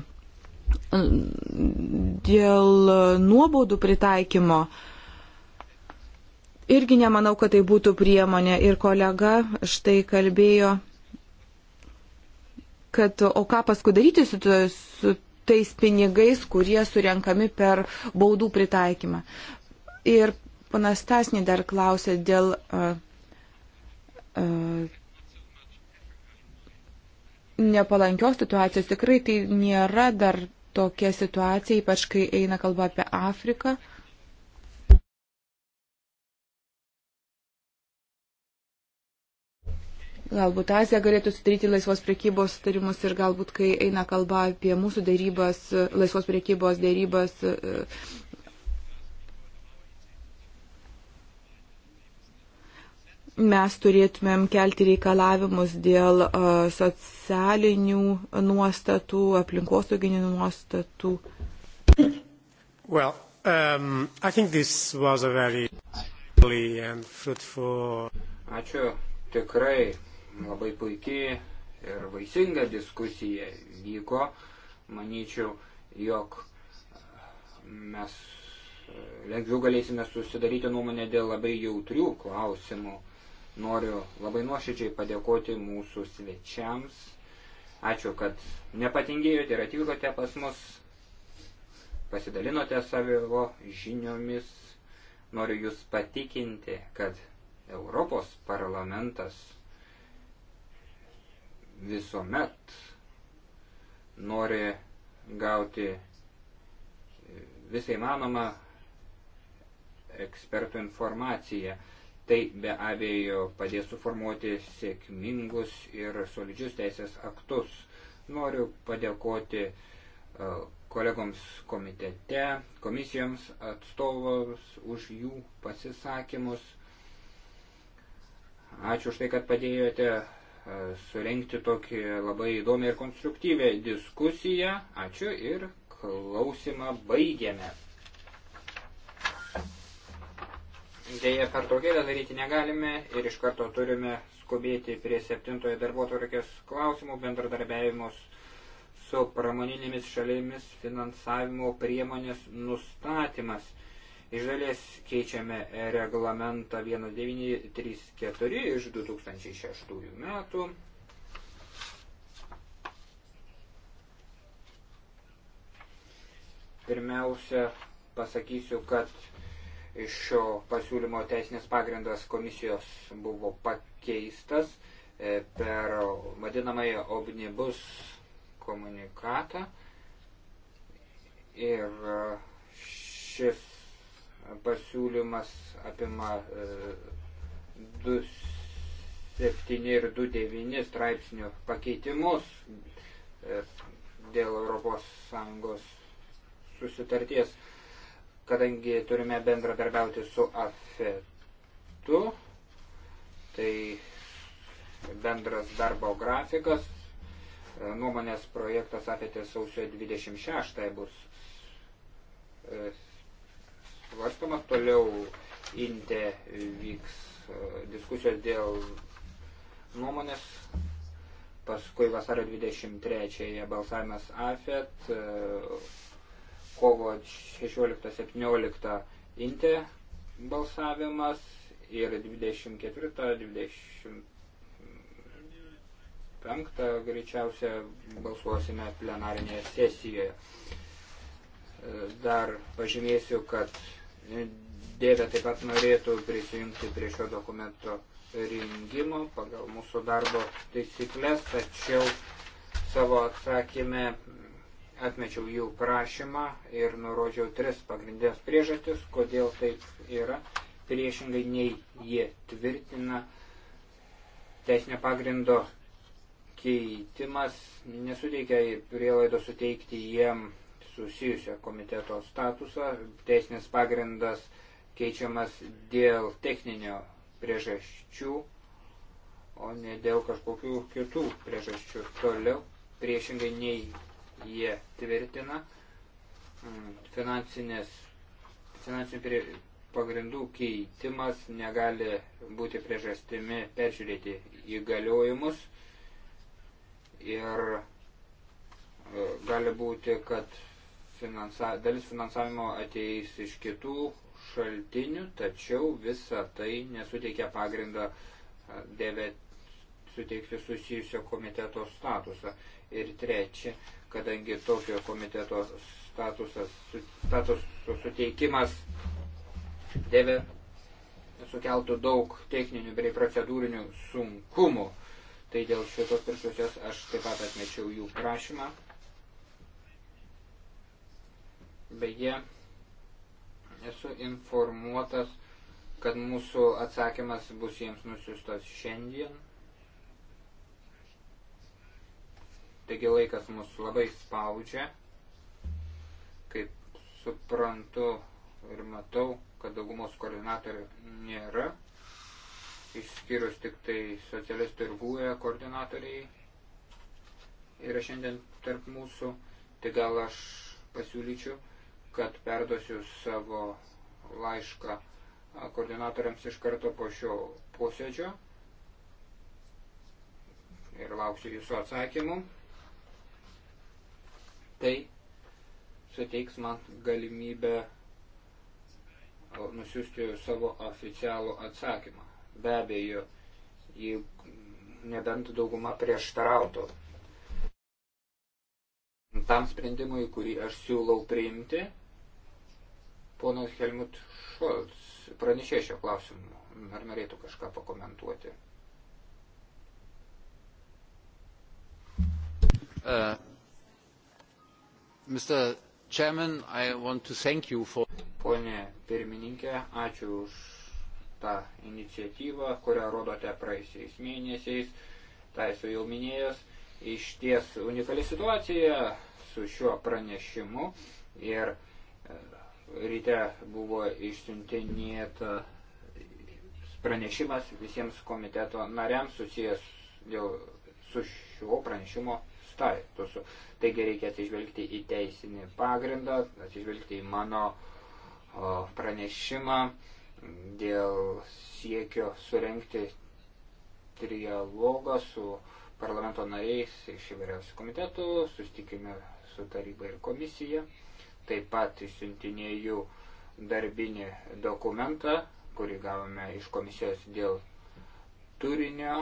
dėl nuobaudų pritaikymo uh, Irgi nemanau, kad tai būtų priemonė. Ir kolega štai kalbėjo, kad o ką paskui daryti su, su tais pinigais, kurie surenkami per baudų pritaikymą. Ir panas Tasnė dar klausė dėl. Uh, uh, Nepalankios situacijos tikrai tai nėra dar tokia situacija, ypač kai eina kalba apie Afriką. Uh, Galbūt Azija galėtų sudaryti laisvos priekybos sutarimus ir galbūt, kai eina kalba apie mūsų dėrybas, laisvos priekybos dėrybas. Mes turėtumėm kelti reikalavimus dėl socialinių nuostatų, aplinkosauginių nuostatų. Well, um, very... Ačiū. Tikrai labai puikiai ir vaisinga diskusija vyko. Manyčiau, jog e, mes e, lengviau galėsime susidaryti nuomonę dėl labai jautrių klausimų. Noriu labai nuoširdžiai padėkoti mūsų svečiams. Ačiū, kad nepatingėjote ir atvykote pas mus, pasidalinote savo žiniomis. Noriu Jūs patikinti, kad Europos parlamentas visuomet nori gauti visai manoma ekspertų informaciją. Tai be abejo padės suformuoti sėkmingus ir solidžius teisės aktus. Noriu padėkoti e, kolegoms komitete, komisijoms atstovams už jų pasisakymus. Ačiū už tai, kad padėjote surenkti tokį labai įdomią ir konstruktyvę diskusiją. Ačiū ir klausimą baigiame. Dėja, per traukėlę daryti negalime ir iš karto turime skubėti prie septintojo darbo tvarkės klausimų bendradarbiavimus su pramoninėmis šalėmis finansavimo priemonės nustatymas. Iš dalies keičiame reglamentą 1934 iš 2006 metų. Pirmiausia, pasakysiu, kad iš šio pasiūlymo teisinės pagrindas komisijos buvo pakeistas e, per vadinamąją omnibus komunikatą ir e, šis pasiūlymas apima 2.7 e, ir 2.9 straipsnių pakeitimus e, dėl ES susitarties, kadangi turime bendradarbiauti su AFETu, tai bendras darbo grafikas, e, nuomonės projektas apie tai sausio 26 bus svarstoma. Toliau Inte vyks e, diskusijos dėl nuomonės. Paskui vasario 23-ąją balsavimas AFET, e, kovo 16-17 Inte balsavimas ir 24-25 greičiausia balsuosime plenarinėje sesijoje dar pažymėsiu, kad Dėvė taip pat norėtų prisijungti prie šio dokumento rengimo pagal mūsų darbo taisyklės, tačiau savo atsakymę atmečiau jų prašymą ir nurodžiau tris pagrindės priežastis, kodėl taip yra, priešingai nei jie tvirtina teisinio pagrindo keitimas nesuteikia prielaido suteikti jiem susijusio komiteto statusą. Teisinis pagrindas keičiamas dėl techninio priežasčių, o ne dėl kažkokių kitų priežasčių. Toliau, priešingai nei jie tvirtina, mm, finansinės, finansinių prie, pagrindų keitimas negali būti priežastimi peržiūrėti įgaliojimus ir e, gali būti, kad finansa, dalis finansavimo ateis iš kitų šaltinių, tačiau visa tai nesuteikia pagrindą dėvė suteikti susijusio komiteto statusą. Ir trečia, kadangi tokio komiteto statusas, statuso suteikimas dėvė sukeltų daug techninių bei procedūrinių sunkumų. Tai dėl šitos priežasties aš taip pat atmečiau jų prašymą. Beje, esu informuotas, kad mūsų atsakymas bus jiems nusiustas šiandien. Taigi laikas mus labai spaudžia. Kaip suprantu ir matau, kad daugumos koordinatorių nėra. Išskyrus tik tai socialistų ir gūja koordinatoriai yra šiandien tarp mūsų. Tai gal aš pasiūlyčiau kad perduosiu savo laišką koordinatoriams iš karto po šio posėdžio ir lauksiu jūsų atsakymų. Tai suteiks man galimybę nusiųsti savo oficialų atsakymą. Be abejo, jei nebent dauguma prieštarautų tam sprendimui, kurį aš siūlau priimti, Ponas Helmut Šolc, pranešė šio klausimu, ar norėtų kažką pakomentuoti? Uh, Mr. Chairman, I want to thank you for... Pone pirmininkė, ačiū už tą iniciatyvą, kurią rodote praeisiais mėnesiais. Tai esu jau minėjęs. Iš ties unikali situacija su šiuo pranešimu ir uh, ryte buvo išsiuntinėta pranešimas visiems komiteto nariams susijęs dėl su šiuo pranešimo statusu. Taigi reikia atsižvelgti į teisinį pagrindą, atsižvelgti į mano pranešimą dėl siekio surenkti trialogą su parlamento nariais iš įvairiausių komitetų, sustikime su taryba ir komisija. Taip pat išsiuntinėjau darbinį dokumentą, kurį gavome iš komisijos dėl turinio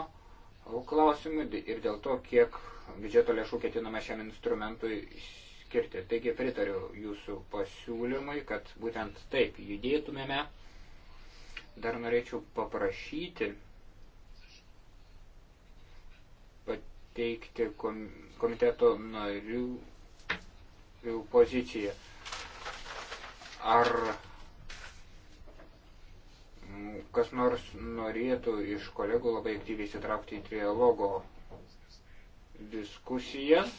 klausimų ir dėl to, kiek biudžeto lėšų ketiname šiam instrumentui skirti. Taigi pritariu jūsų pasiūlymui, kad būtent taip judėtumėme. Dar norėčiau paprašyti pateikti komiteto narių poziciją. Ar kas nors norėtų iš kolegų labai aktyviai įsitraukti į trialogo diskusijas?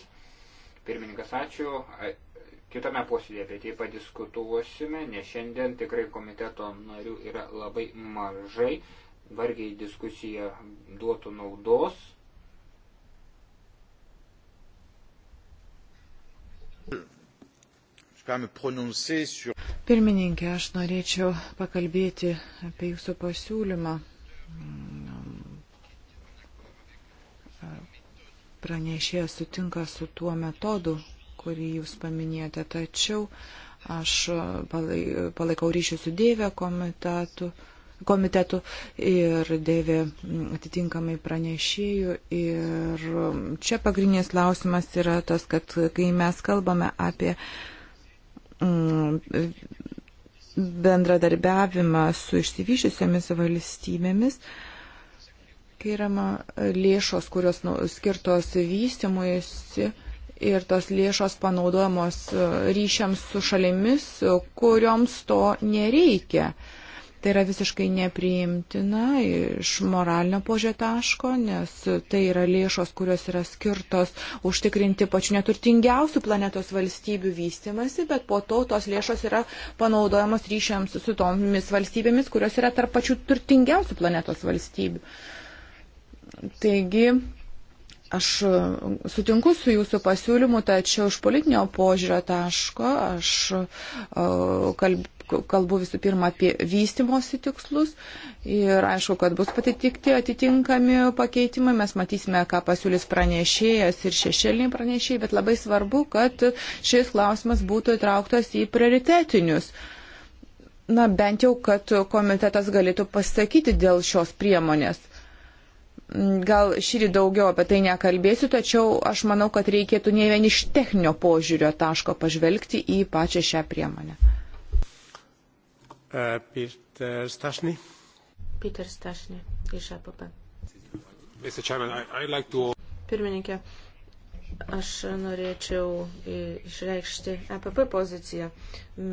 Pirmininkas, ačiū. Kitame posėdėje apie tai padiskutuosime, nes šiandien tikrai komiteto narių yra labai mažai. Vargiai diskusija duotų naudos. Pirmininkė, aš norėčiau pakalbėti apie jūsų pasiūlymą pranešėjas sutinka su tuo metodu, kurį jūs paminėjote, tačiau aš palaikau ryšį su Dėvė komitetu, komitetu ir Dėvė atitinkamai pranešėjų. Ir čia pagrindinis klausimas yra tas, kad kai mes kalbame apie uh, bendradarbiavimą su išsivyšiusiamis valstybėmis, kai yra lėšos, kurios nu, skirtos vystimuisi ir tos lėšos panaudojamos ryšiams su šalimis, kurioms to nereikia. Uh, Tai yra visiškai nepriimtina iš moralinio požiūrio taško, nes tai yra lėšos, kurios yra skirtos užtikrinti pačių neturtingiausių planetos valstybių vystimasi, bet po to tos lėšos yra panaudojamos ryšiams su tomis valstybėmis, kurios yra tarp pačių turtingiausių planetos valstybių. Taigi, Aš sutinku su jūsų pasiūlymu, tačiau iš politinio požiūrio taško aš e, kalb, kalbu visų pirma apie vystimosi tikslus ir aišku, kad bus patitikti atitinkami pakeitimai, mes matysime, ką pasiūlys pranešėjas ir šešėliniai pranešėjai, bet labai svarbu, kad šis klausimas būtų įtrauktas į prioritetinius. Na, bent jau, kad komitetas galėtų pasakyti dėl šios priemonės gal šį daugiau apie tai nekalbėsiu, tačiau aš manau, kad reikėtų ne vien iš techninio požiūrio taško pažvelgti į pačią šią priemonę. Peter Staszny. Peter Staszny iš APP. Pirmininkė, aš norėčiau išreikšti APP poziciją.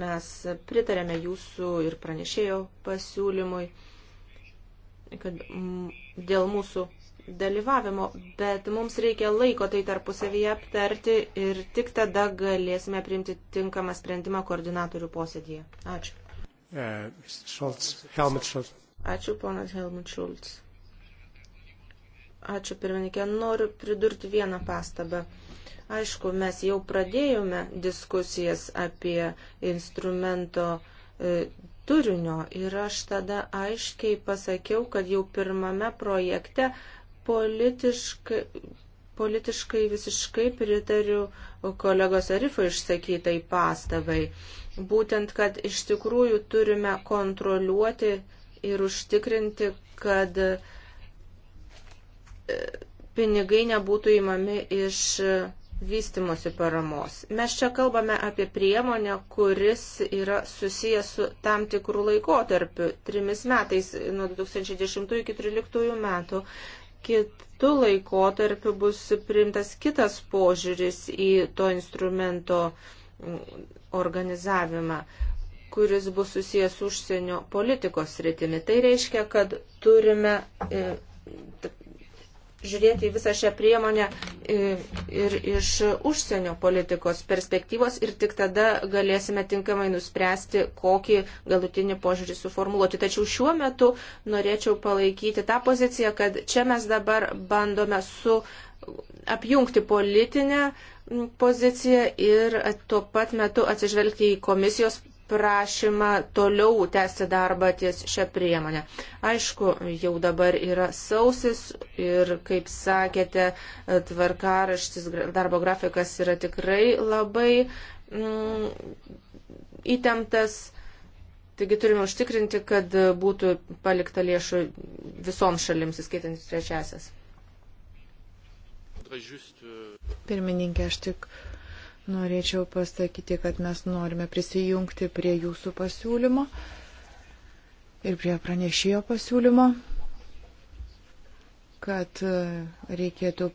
Mes pritarėme jūsų ir pranešėjo pasiūlymui, kad dėl mūsų dalyvavimo, bet mums reikia laiko tai tarpusavyje aptarti ir tik tada galėsime priimti tinkamą sprendimą koordinatorių posėdėje. Ačiū. Mr. Uh, Šolts, Helmut Šolts. Ačiū, ponas Helmut Šulc. Ačiū, pirmininkė. Noriu pridurti vieną pastabą. Aišku, mes jau pradėjome diskusijas apie instrumento e, turinio ir aš tada aiškiai pasakiau, kad jau pirmame projekte politiškai, politiškai visiškai pritariu kolegos Arifo išsakytai pastabai. E, būtent, kad iš tikrųjų turime kontroliuoti ir užtikrinti, kad e, pinigai nebūtų įmami iš vystimosi paramos. Mes čia kalbame apie priemonę, kuris yra susijęs su tam tikrų laikotarpiu, trimis metais nuo 2010 iki 2013 metų. Kitu laikotarpiu bus priimtas kitas požiūris į to instrumento organizavimą, kuris bus susijęs užsienio politikos rytimi. Tai reiškia, kad turime e, žiūrėti į visą šią priemonę e, ir iš užsienio politikos perspektyvos ir tik tada galėsime tinkamai nuspręsti, kokį galutinį požiūrį suformuoluoti. Tačiau šiuo metu norėčiau palaikyti tą poziciją, kad čia mes dabar bandome su apjungti politinę poziciją ir tuo pat metu atsižvelgti į komisijos prašymą toliau tęsti darbą ties šią priemonę. Aišku, jau dabar yra sausis ir, kaip sakėte, tvarkaraštis, darbo grafikas yra tikrai labai mm, įtemptas. Taigi turime užtikrinti, kad būtų palikta lėšų visoms šalims, įskaitant trečiasias. Just, uh Pirmininkė, aš tik norėčiau pasakyti, kad mes norime prisijungti prie jūsų pasiūlymo ir prie pranešėjo pasiūlymo, kad e, reikėtų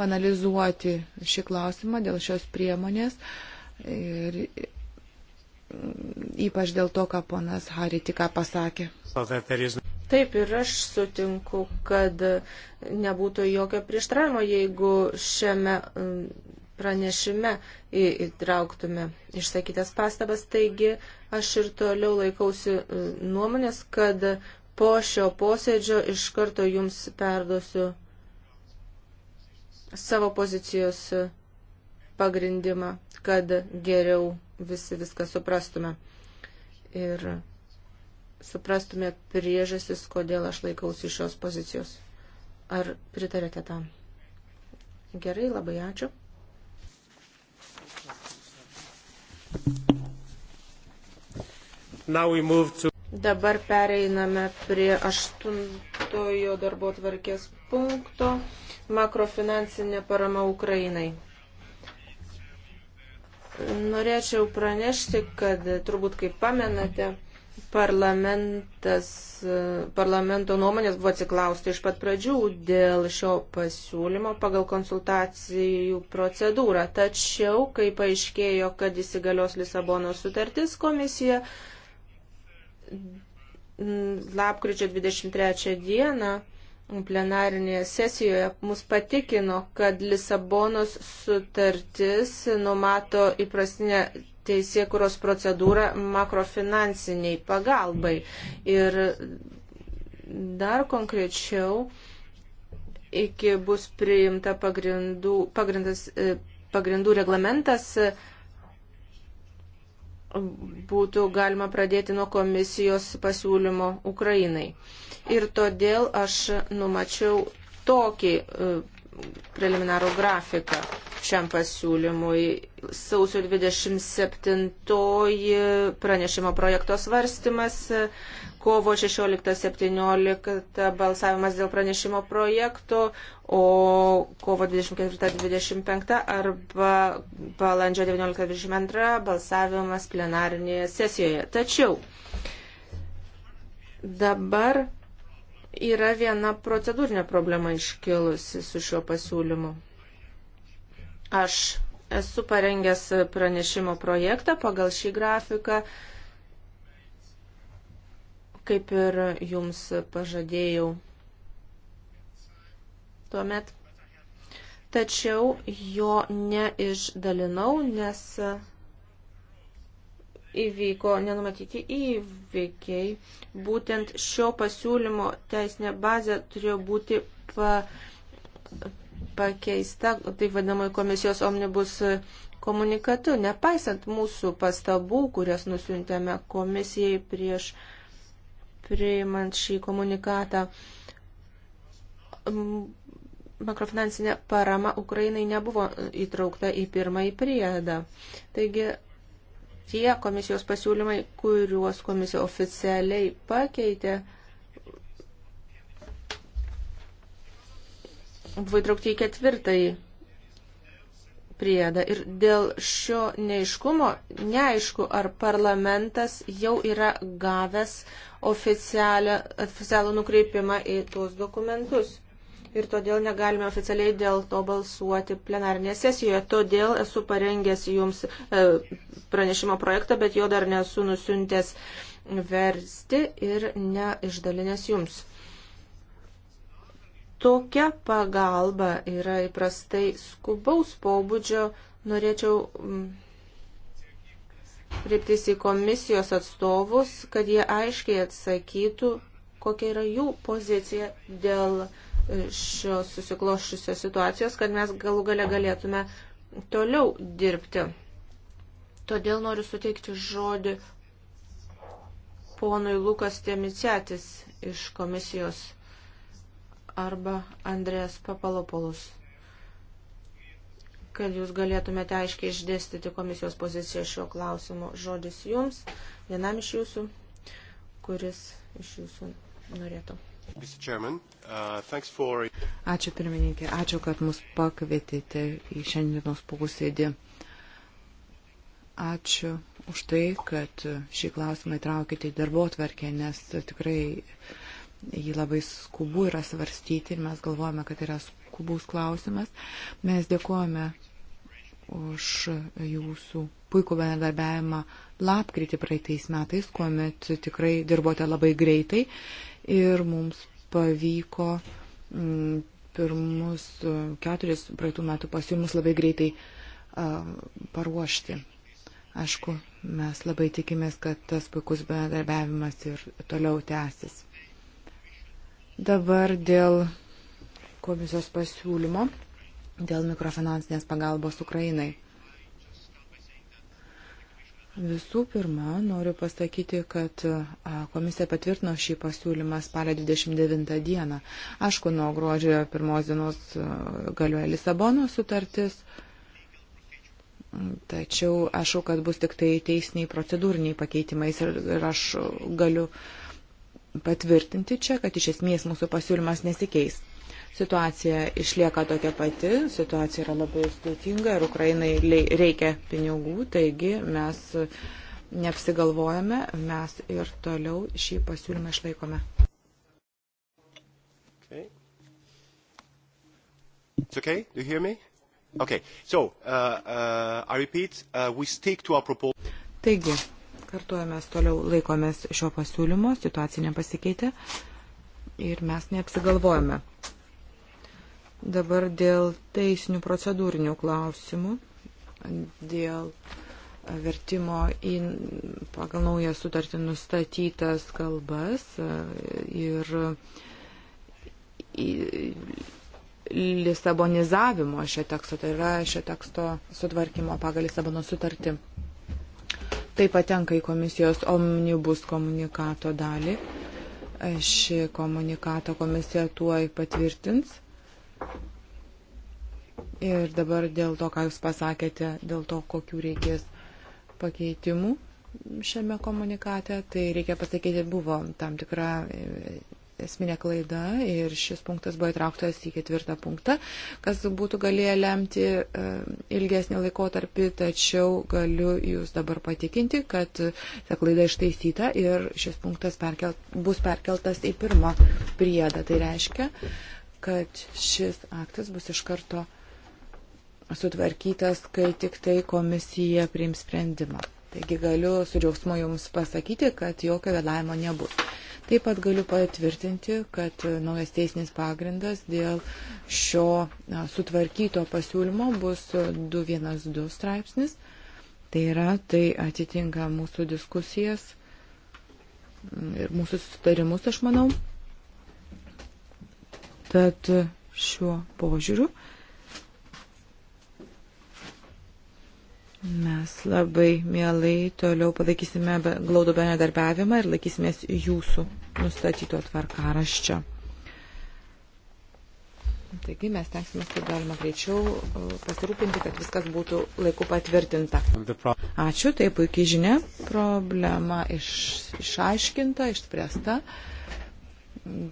panalizuoti šį klausimą dėl šios priemonės ir mm, ypač dėl to, ką ponas Hari tik ką pasakė. Taip ir aš sutinku, kad nebūtų jokio prieštaravimo, jeigu šiame mm, pranešime įtrauktume išsakytas pastabas. Taigi aš ir toliau laikausi mm, nuomonės, kad po šio posėdžio iš karto jums perduosiu savo pozicijos pagrindimą, kad geriau visi viską suprastume. Ir suprastume priežasis, kodėl aš laikausi šios pozicijos. Ar pritarėte tam? Gerai, labai ačiū. To... Dabar pereiname prie aštuntojo darbo tvarkės punkto - makrofinansinė parama Ukrainai. Norėčiau pranešti, kad turbūt kaip pamenate, Parlamentas, parlamento nuomonės buvo atsiklausti iš pat pradžių dėl šio pasiūlymo pagal konsultacijų procedūrą. Tačiau, kai paaiškėjo, kad įsigalios Lisabono sutartis komisija, lapkričio 23 dieną plenarinėje sesijoje mus patikino, kad Lisabonos sutartis numato įprastinę teisėkuros procedūrą makrofinansiniai pagalbai. Ir dar konkrečiau, iki bus priimta pagrindų, pagrindas, e, pagrindų reglamentas, e, būtų galima pradėti nuo komisijos pasiūlymo Ukrainai. Ir todėl aš numačiau tokį e, preliminarų grafiką šiam pasiūlymui. Sausio 27 pranešimo projekto svarstymas, kovo 16-17 balsavimas dėl pranešimo projekto, o kovo 24-25 arba balandžio 19-22 balsavimas plenarinėje sesijoje. Tačiau dabar Yra viena procedūrinė problema iškilusi su šiuo pasiūlymu. Aš esu parengęs pranešimo projektą pagal šį grafiką. Kaip ir jums pažadėjau tuomet. Tačiau jo neišdalinau, nes įvyko nenumatyti įvykiai. Būtent šio pasiūlymo teisinė bazė turėjo būti pa, pakeista, taip vadinamai komisijos omnibus komunikatu, nepaisant mūsų pastabų, kurias nusiuntėme komisijai prieš priimant šį komunikatą. Makrofinansinė parama Ukrainai nebuvo įtraukta į pirmąjį priedą. Taigi tie komisijos pasiūlymai, kuriuos komisija oficialiai pakeitė, buvo įtraukti į ketvirtąjį priedą. Ir dėl šio neiškumo neaišku, ar parlamentas jau yra gavęs oficialų nukreipimą į tuos dokumentus ir todėl negalime oficialiai dėl to balsuoti plenarinėje sesijoje. Todėl esu parengęs jums e, pranešimo projektą, bet jo dar nesu nusiuntęs versti ir neišdalinęs jums. Tokia pagalba yra įprastai skubaus pobūdžio. Norėčiau mm, kreiptis į komisijos atstovus, kad jie aiškiai atsakytų, kokia yra jų pozicija dėl uh, šios susiklošusios situacijos, kad mes galų gale galėtume toliau dirbti. Todėl noriu suteikti žodį ponui Lukas Temiciatis iš komisijos arba Andrės Papalopolus, kad jūs galėtumėte aiškiai išdėstyti komisijos poziciją šiuo klausimu. Žodis jums, vienam iš jūsų, kuris iš jūsų norėtų. Uh, ačiū pirmininkė, ačiū, kad mus pakvietėte į šiandienos posėdį. Ačiū už tai, kad šį klausimą įtraukite į darbo tvarkę, nes tikrai jį labai skubu yra svarstyti ir mes galvojame, kad yra skubus klausimas. Mes dėkojame už jūsų puikų bendarbiavimą lapkritį praeitais metais, kuomet tikrai dirbote labai greitai ir mums pavyko mm, pirmus e, keturis praeitų metų pasiūlymus labai greitai paruošti. Aišku, mes labai tikimės, kad tas puikus bendarbiavimas ir toliau tęsis. Dabar dėl komisijos pasiūlymo dėl mikrofinansinės pagalbos Ukrainai. Visų pirma, noriu pasakyti, kad komisija patvirtino šį pasiūlymą spalio 29 dieną. Aišku, nuo gruodžio pirmos dienos galioja Lisabono sutartis, tačiau ašku, kad bus tik tai teisiniai procedūriniai pakeitimais ir, ir aš galiu patvirtinti čia, kad iš esmės mūsų pasiūlymas nesikeis. Situacija išlieka tokia pati, situacija yra labai sudėtinga ir Ukrainai reikia pinigų, taigi mes neapsigalvojame, mes ir toliau šį pasiūlymą išlaikome. Okay. It's okay? Do you hear me? Okay. So, uh, uh, I repeat, uh, we stick to our proposal. Taigi, kartuojamės toliau laikomės šio pasiūlymo, situacija nepasikeitė ir mes neapsigalvojame. Dabar dėl teisinių procedūrinių klausimų, dėl vertimo į pagal naują sutartį nustatytas kalbas e, ir lisabonizavimo šio teksto, tai yra šio teksto sutvarkymo pagal Lisabono sutartį. Tai patenka į komisijos omnibus komunikato dalį. Ši komunikato komisija tuoj patvirtins. Ir dabar dėl to, ką Jūs pasakėte, dėl to, kokių reikės pakeitimų šiame komunikate, tai reikia pasakyti, buvo tam tikra e, esminė klaida ir šis punktas buvo įtrauktas į ketvirtą punktą, kas būtų galėję lemti e, ilgesnį laikotarpį, tačiau galiu Jūs dabar patikinti, kad ta klaida ištaisyta ir šis punktas perkelt, bus perkeltas į pirmą priedą. Tai reiškia, kad šis aktas bus iš karto sutvarkytas, kai tik tai komisija priims sprendimą. Taigi galiu su džiaugsmu Jums pasakyti, kad jokio vėlavimo nebus. Taip pat galiu patvirtinti, kad naujas teisinis pagrindas dėl šio sutvarkyto pasiūlymo bus 212 straipsnis. Tai yra, tai atitinka mūsų diskusijas ir mūsų sutarimus, aš manau. Tad šiuo požiūriu mes labai mielai toliau padakysime glaudo bendradarbiavimą ir laikysimės jūsų nustatyto tvarkaraščio. Taigi mes tenksime, kaip galima greičiau pasirūpinti, kad viskas būtų laiku patvirtinta. Ačiū, tai puikiai žinia, problema iš, išaiškinta, išspręsta.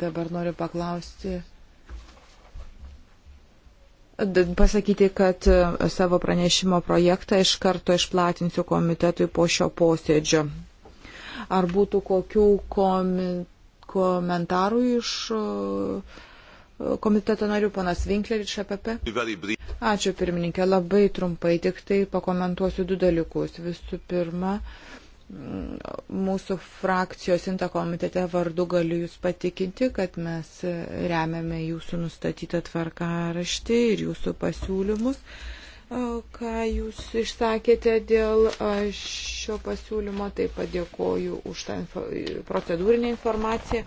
Dabar noriu paklausti, pasakyti, kad e, savo pranešimo projektą iš karto išplatinsiu komitetui po šio posėdžio. Ar būtų kokių komi komentarų iš e, komiteto narių, ponas Vinkleris APP? E Ačiū pirmininkė, labai trumpai tik tai pakomentuosiu du dalykus. Visų pirma, uh, mūsų frakcijos intakomitete vardu galiu Jūs patikinti, kad mes remiame Jūsų nustatytą tvarkaraštį ir Jūsų pasiūlymus. Ką Jūs išsakėte dėl šio pasiūlymo, taip pat dėkoju už tą info, procedūrinę informaciją,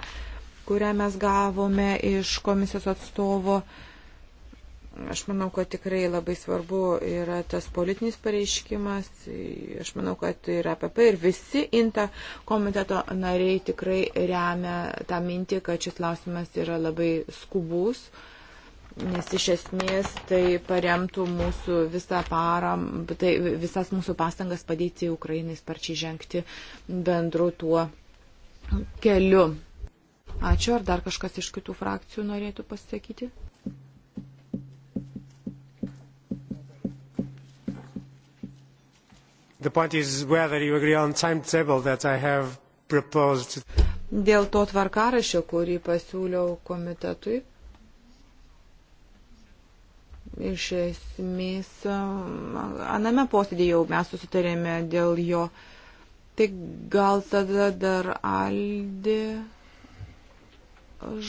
kurią mes gavome iš komisijos atstovo uh, Aš manau, kad tikrai labai svarbu yra tas politinis pareiškimas. Aš manau, kad ir APP, ir visi INTA komiteto nariai tikrai remia tą mintį, kad šis klausimas yra labai skubus nes iš esmės tai paremtų mūsų visą param, tai visas mūsų pastangas padėti Ukrainai sparčiai žengti bendru tuo keliu. Ačiū, ar dar kažkas iš kitų frakcijų norėtų pasisakyti? The point is whether you agree on timetable that I have proposed. Dėl to tvarkarašio, kurį pasiūliau komitetui, iš esmės, aname posėdėje jau mes susitarėme dėl jo. Tai gal tada dar Aldi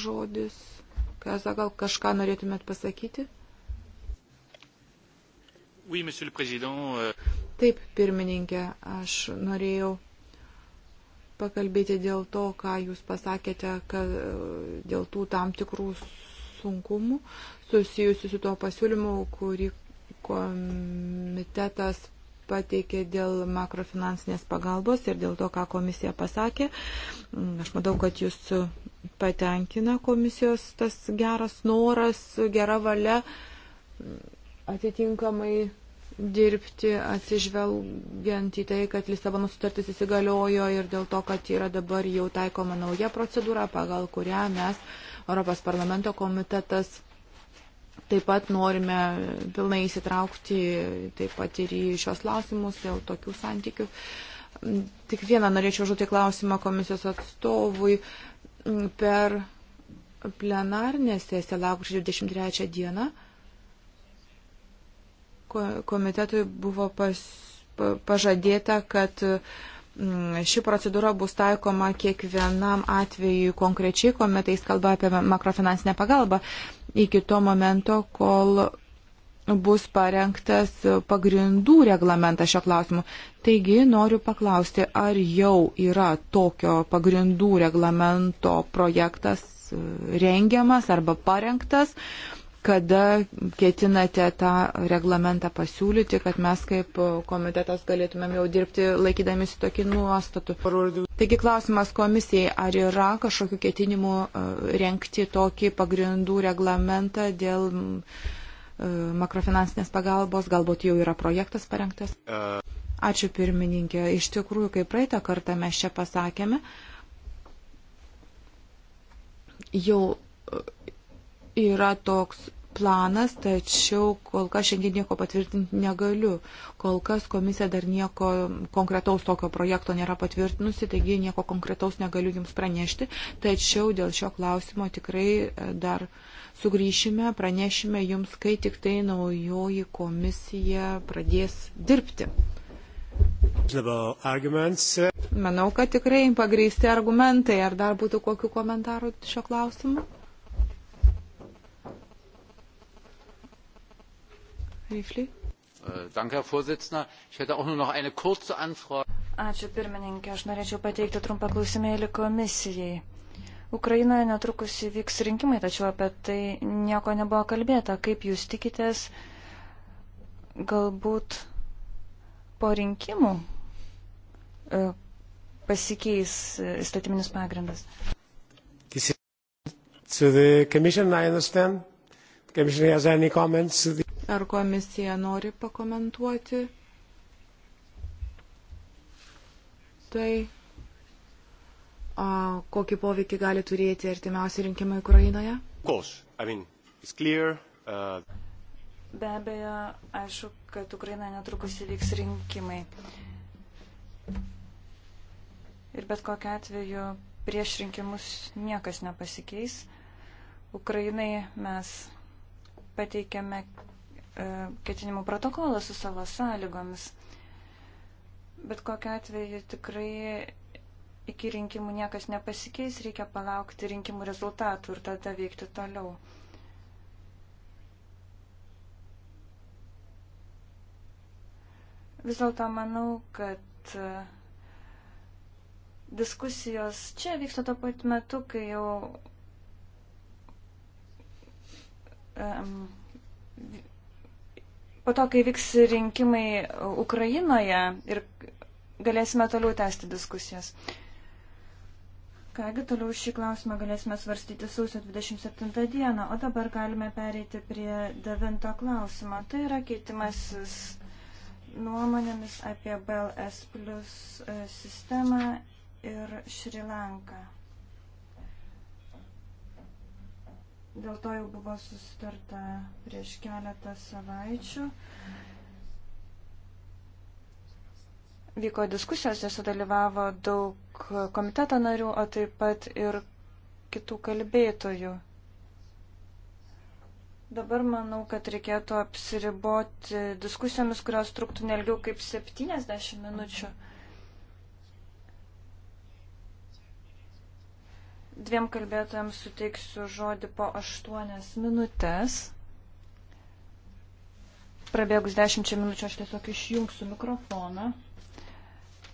žodis. Kas, gal kažką norėtumėt pasakyti? Oui, monsieur le président. Euh, Taip, pirmininkė, aš norėjau pakalbėti dėl to, ką jūs pasakėte, kad dėl tų tam tikrų sunkumų susijusių su tuo pasiūlymu, kurį komitetas pateikė dėl makrofinansinės pagalbos ir dėl to, ką komisija pasakė. Aš matau, kad jūs patenkina komisijos tas geras noras, gera valia atitinkamai dirbti atsižvelgiant į tai, kad Lisabono sutartis įsigaliojo ir dėl to, kad yra dabar jau taikoma nauja procedūra, pagal kurią mes, Europos parlamento komitetas, taip pat norime pilnai įsitraukti taip pat ir į šios klausimus dėl tokių santykių. Tik vieną norėčiau žodį klausimą komisijos atstovui per plenarnę sesiją, lakučio 23 dieną komitetui buvo pas, pažadėta, kad mm, ši procedūra bus taikoma kiekvienam atvejui konkrečiai, kuomet jis kalba apie makrofinansinę pagalbą, iki to momento, kol bus parengtas pagrindų reglamentas šio klausimu. Taigi noriu paklausti, ar jau yra tokio pagrindų reglamento projektas e, rengiamas arba parengtas, kada ketinate tą reglamentą pasiūlyti, kad mes kaip komitetas galėtumėm jau dirbti laikydamėsi tokių nuostatų. Taigi klausimas komisijai, ar yra kažkokiu ketinimu e, renkti tokį pagrindų reglamentą dėl e, makrofinansinės pagalbos, galbūt jau yra projektas parengtas. Ačiū pirmininkė. Iš tikrųjų, kaip praeitą kartą mes čia pasakėme, jau yra toks planas, tačiau kol kas šiandien nieko patvirtinti negaliu. Kol kas komisija dar nieko konkretaus tokio projekto nėra patvirtinusi, taigi nieko konkretaus negaliu Jums pranešti. Tačiau dėl šio klausimo tikrai e, dar sugrįšime, pranešime Jums, kai tik tai naujoji komisija pradės dirbti. Manau, kad tikrai pagrįsti argumentai. Ar dar būtų kokių komentarų šio klausimu? Äh, Ačiū pirmininkė, aš norėčiau pateikti trumpą klausimėlį komisijai. Ukrainoje netrukus įvyks rinkimai, tačiau apie tai nieko nebuvo kalbėta. Kaip jūs tikitės, galbūt po rinkimų e, pasikeis e, įstatyminis pagrindas? To the Commission, I understand. The Commission has any comments? To the Ar komisija nori pakomentuoti? Tai a, kokį poveikį gali turėti artimiausi rinkimai Ukrainoje? I mean, clear, uh... Be abejo, aišku, kad Ukraina netrukus įvyks rinkimai. Ir bet kokiu atveju prieš rinkimus niekas nepasikeis. Ukrainai mes pateikėme E, ketinimų protokolą su savo sąlygomis. Bet kokiu atveju tikrai iki rinkimų niekas nepasikeis, reikia palaukti rinkimų rezultatų ir tada veikti toliau. Vis dėlto manau, kad e, diskusijos čia vyksta to pat metu, kai jau um, po to, kai vyks rinkimai Ukrainoje ir galėsime toliau tęsti diskusijas. Kągi, toliau šį klausimą galėsime svarstyti sausio 27 dieną, o dabar galime pereiti prie devinto klausimo. Tai yra keitimasis nuomonėmis apie BLS plus e, sistemą ir Šri Lanką. Dėl to jau buvo susitarta prieš keletą savaičių. Vyko diskusijos, jose dalyvavo daug komiteto narių, o taip pat ir kitų kalbėtojų. Dabar manau, kad reikėtų apsiriboti diskusijomis, kurios truktų nelgiau kaip 70 minučių. Mm. Dviem kalbėtojams suteiksiu žodį po aštuonias minutės. Prabėgus dešimčia minučių aš tiesiog išjungsiu mikrofoną.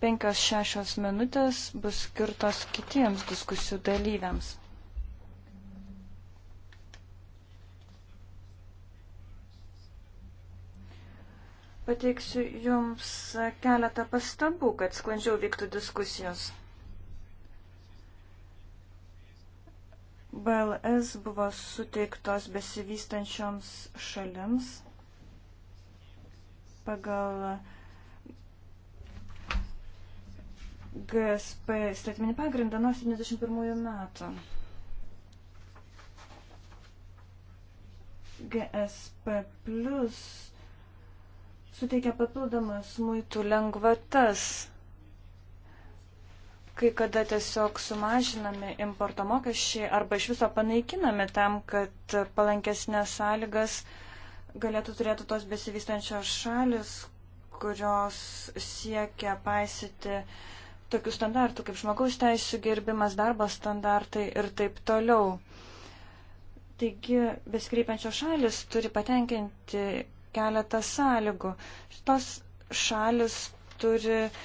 Penkios šešios minutės bus skirtos kitiems diskusijų dalyviams. Pateiksiu Jums keletą pastabų, kad sklandžiau vyktų diskusijos. BLS buvo suteiktos besivystančioms šalims pagal GSP statyminį pagrindą nuo 71 metų. GSP plus suteikia papildomas muitų lengvatas kai kada tiesiog sumažinami importo mokesčiai arba iš viso panaikinami tam, kad palankesnės sąlygas galėtų turėti tos besivystančios šalis, kurios siekia paisyti tokių standartų kaip žmogaus teisų gerbimas, darbo standartai ir taip toliau. Taigi, beskreipiančios šalis turi patenkinti keletą sąlygų. Šitos šalis turi uh,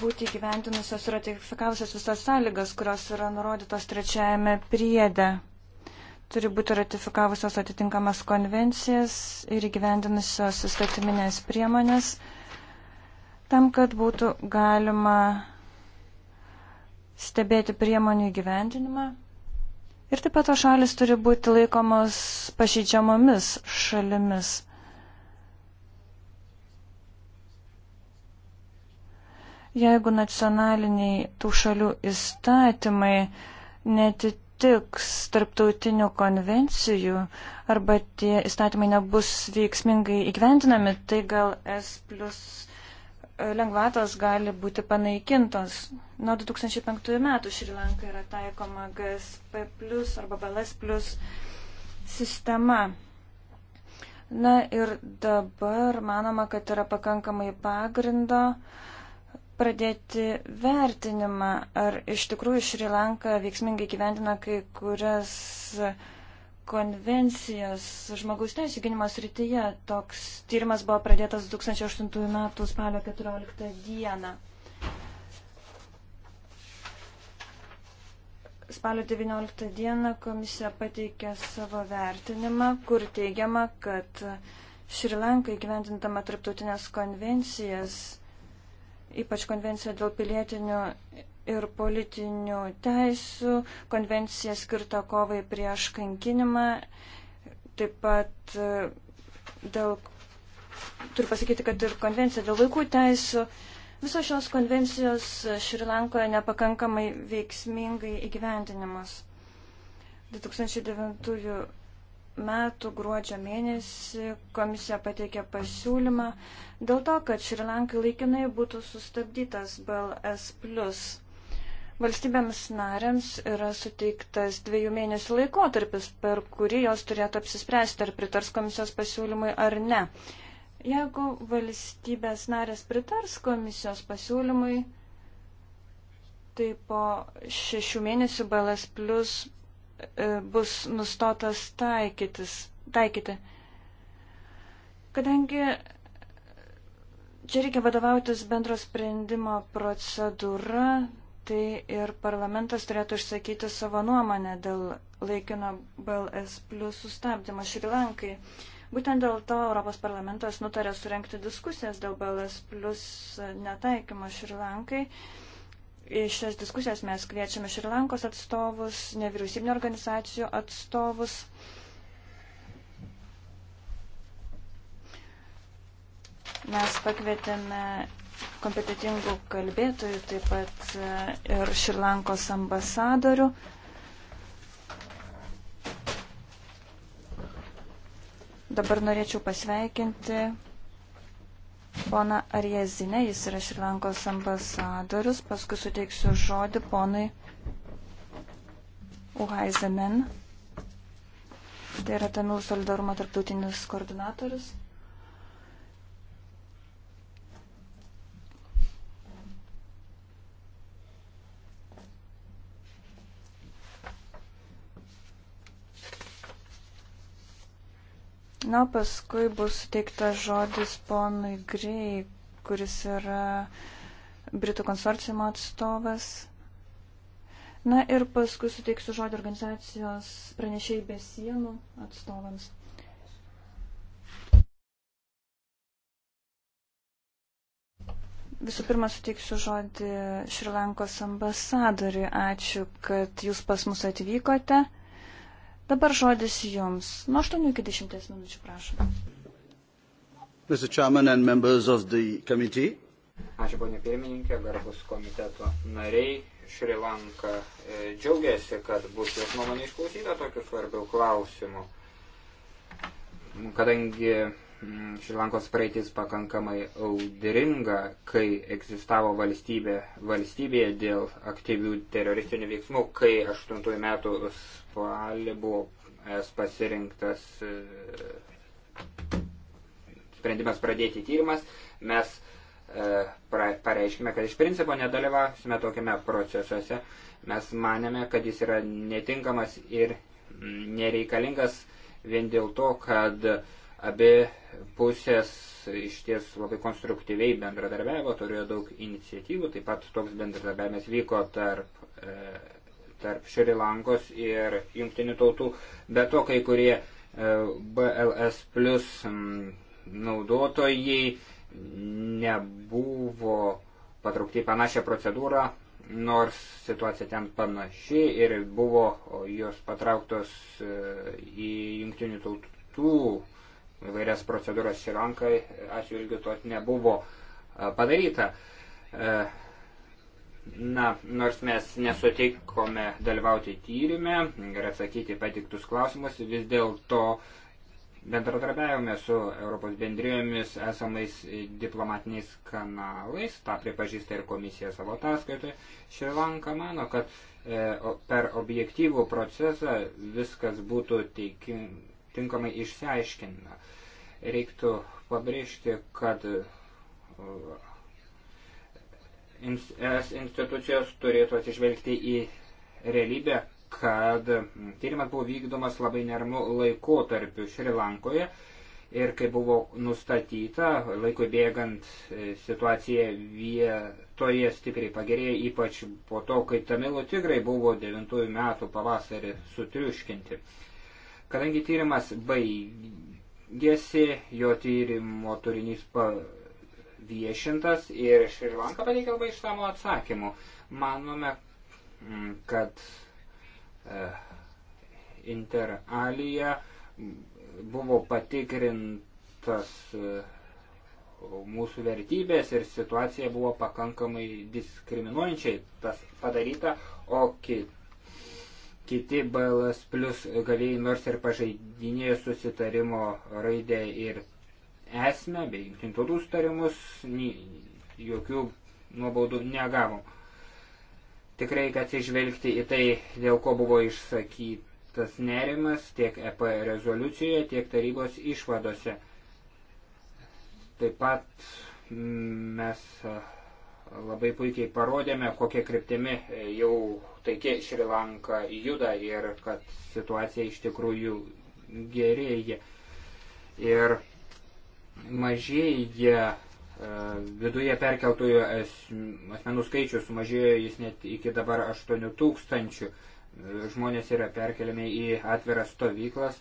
būti gyventinusios ir ratifikavusios visas sąlygas, kurios yra nurodytos trečiajame priede. Turi būti ratifikavusios atitinkamas konvencijas ir įgyvendinusios įstatyminės priemonės tam, kad būtų galima stebėti priemonių įgyvendinimą. Ir taip pat to šalis turi būti laikomos pažydžiamomis šalimis. Jeigu nacionaliniai tų šalių įstatymai netitiks tarptautinių konvencijų arba tie įstatymai nebus veiksmingai įgyventinami, tai gal S plus e, lengvatos gali būti panaikintos. Nuo 2005 metų Šrilanka yra taikoma GSP plus arba BLS plus sistema. Na ir dabar manoma, kad yra pakankamai pagrindo uh, pradėti vertinimą, ar iš tikrųjų Šri Lanka veiksmingai gyventina kai kurias konvencijas žmogaus teisų gynimo srityje. Toks tyrimas buvo pradėtas 2008 m. spalio 14 d. Spalio 19 d. komisija pateikė savo vertinimą, kur teigiama, kad Šri Lanka įgyvendintama tarptautinės konvencijas ypač konvencija dėl pilietinių ir politinių teisų, konvencija skirta kovai prieš kankinimą, taip pat e, dėl, turiu pasakyti, kad ir konvencija dėl vaikų teisų. Visos šios konvencijos Šrilankoje nepakankamai veiksmingai įgyvendinimas. 2009 metų gruodžio mėnesį komisija pateikė pasiūlymą dėl to, kad Šrilankai laikinai būtų sustabdytas BLS. Valstybėms narėms yra suteiktas dviejų mėnesių laikotarpis, per kurį jos turėtų apsispręsti, ar pritars komisijos pasiūlymui ar ne. Jeigu valstybės narės pritars komisijos pasiūlymui, tai po šešių mėnesių BLS plus E, bus nustotas taikytis, taikyti. Kadangi čia reikia vadovautis bendro sprendimo procedūra, tai ir parlamentas turėtų išsakyti savo nuomonę dėl laikino BLS plus sustabdymo Šrilankai. Būtent dėl to Europos parlamentas nutarė surenkti diskusijas dėl BLS plus netaikymo Šrilankai. Lankai į šias diskusijas mes kviečiame Šrilankos atstovus, nevyriausybinio organizacijų atstovus. Mes pakvietėme kompetitingų kalbėtojų, taip pat e, ir Šrilankos ambasadorių. Dabar norėčiau pasveikinti poną Ariezinę, jis yra Šrilankos ambasadorius, paskui suteiksiu žodį ponui Uhaizemen, tai yra Tamil solidarumo tarptautinis koordinatorius. Na, paskui bus suteiktas žodis ponui Grey, kuris yra Britų konsorciumo atstovas. Na ir paskui suteiksiu žodį organizacijos pranešėjai be sienų atstovams. Visų pirma, suteiksiu žodį Šrilankos ambasadoriui. Ačiū, kad jūs pas mus atvykote. Dabar žodis jums. Nuo 8 iki 10 minučių prašom. Mr. Chairman and members of the committee. Ačiū, ponė pirmininkė, garbus komiteto nariai. Šri Lanka e, džiaugiasi, kad bus jos nuomonė išklausyta tokiu svarbiu klausimu. Kadangi Šrilankos praeitis pakankamai audringa, kai egzistavo valstybė, valstybėje dėl aktyvių teroristinių veiksmų, kai 8 metų spalį buvo pasirinktas e, sprendimas pradėti tyrimas, mes e, pareiškime, kad iš principo nedalyvausime tokiame procesuose. Mes manėme, kad jis yra netinkamas ir nereikalingas vien dėl to, kad Abi pusės iš ties labai konstruktyviai bendradarbiavo, turėjo daug iniciatyvų, taip pat toks bendradarbiavimas vyko tarp, e, tarp Šrilankos ir jungtinių tautų, bet to kai kurie e, BLS plus m, naudotojai nebuvo patraukti į panašią procedūrą, nors situacija ten panaši ir buvo jos patrauktos e, į jungtinių tautų įvairias procedūras į ranką, atžvilgiu to nebuvo padaryta. E, na, nors mes nesutikome dalyvauti tyrimę ir atsakyti patiktus klausimus, vis dėlto bendradarbiavome su Europos bendrijomis esamais diplomatiniais kanalais, tą pripažįsta ir komisija savo ataskaitoje. Šrilanka mano, kad e, per objektyvų procesą viskas būtų teikingai tinkamai išsiaiškinime. Reiktų pabrėžti, kad uh, es institucijos turėtų atsižvelgti į realybę, kad mm, tyrimas buvo vykdomas labai nermu laikotarpiu Šrilankoje ir kai buvo nustatyta, laikui bėgant e, situacija vietoje stipriai pagerėjo, ypač po to, kai tamilų tigrai buvo 9 metų pavasarį sutriuškinti. Kadangi tyrimas baigėsi, jo tyrimo turinys paviešintas ir Šrilanka pateikė labai išsamų atsakymų. Manome, mm, kad e, interalija buvo patikrintas e, mūsų vertybės ir situacija buvo pakankamai diskriminuojančiai tas padaryta, o kit Kiti BLS plus gavėjai nors ir pažeidinėjo susitarimo raidę ir esmę bei jungtintautų sutarimus, jokių nuobaudų negavom. Tikrai reikia atsižvelgti į tai, dėl ko buvo išsakytas nerimas tiek EP rezoliucijoje, tiek tarybos išvadose. Taip pat mm, mes labai puikiai parodėme, kokie kryptimi e, jau taikė Šri Lanka juda ir kad situacija iš tikrųjų gerėja. Ir mažėja e, viduje perkeltųjų asmenų skaičius, sumažėjo jis net iki dabar 8 tūkstančių. E, žmonės yra perkeliami į atviras stovyklas,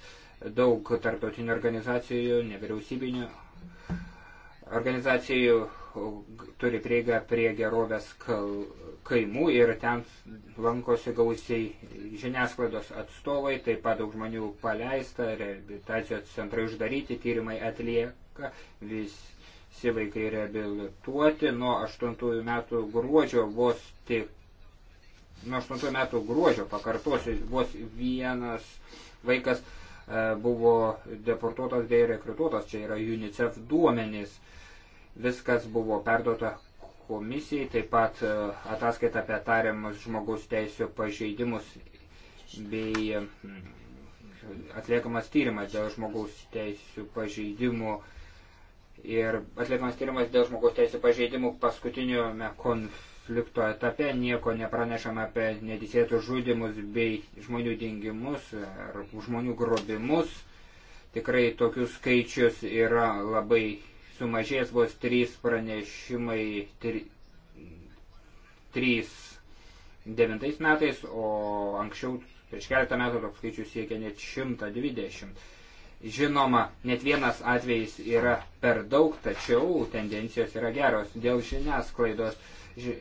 daug tarptautinių organizacijų, nevyriausybinių organizacijų turi prieigą prie gerovės kaimų ir ten lankosi gausiai žiniasklaidos atstovai, taip pat daug žmonių paleista, rehabilitacijos centrai uždaryti, tyrimai atlieka, visi vaikai rehabilituoti. Nuo 8 metų gruodžio vos tik, nuo 8 metų gruodžio, pakartosiu, vos vienas vaikas e, buvo deportuotas bei rekrutuotas, čia yra UNICEF duomenys. Viskas buvo perduota komisijai, taip pat e, ataskaita apie tariamus žmogaus teisų pažeidimus bei atliekamas tyrimas dėl žmogaus teisų pažeidimų ir atliekamas tyrimas dėl žmogaus teisų pažeidimų paskutiniame konflikto etape nieko nepranešama apie nedisėtus žudimus bei žmonių dingimus ar žmonių grobimus. Tikrai tokius skaičius yra labai sumažės vos trys pranešimai, tri, trys devintais metais, o anksčiau prieš keletą metų toks skaičius siekia net 120. Žinoma, net vienas atvejis yra per daug, tačiau tendencijos yra geros. Dėl žiniasklaidos ži,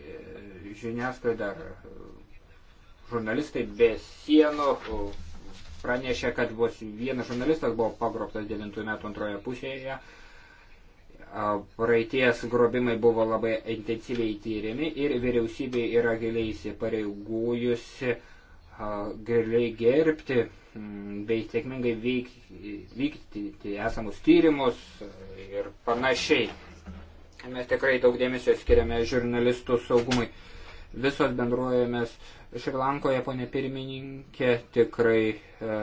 žiniasklaida žurnalistai be sienų pranešė, kad vos vienas žurnalistas buvo pagrobtas 9 metų antroje pusėje praeities grobimai buvo labai intensyviai tyriami ir vyriausybė yra giliai įsipareigojusi giliai gerbti bei sėkmingai vykdyti esamus tyrimus ir panašiai. Mes tikrai daug dėmesio skiriame žurnalistų saugumui. Visos bendruojamės Šrilankoje, ponė pirmininkė, tikrai e,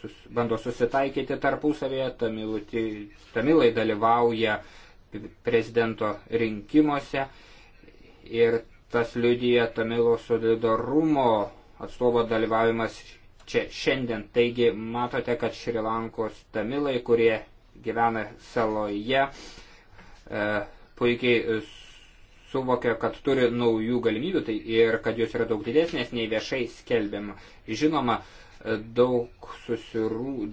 sus, bando susitaikyti tarpusavėje, tamilai, tamilai dalyvauja prezidento rinkimuose ir tas liudyja tamilo solidarumo atstovo dalyvavimas čia šiandien. Taigi matote, kad Šrilankos tamilai, kurie gyvena saloje, e, puikiai suvokia, kad turi naujų galimybių tai ir kad jos yra daug didesnės nei viešai skelbiama. Žinoma, daug susirū,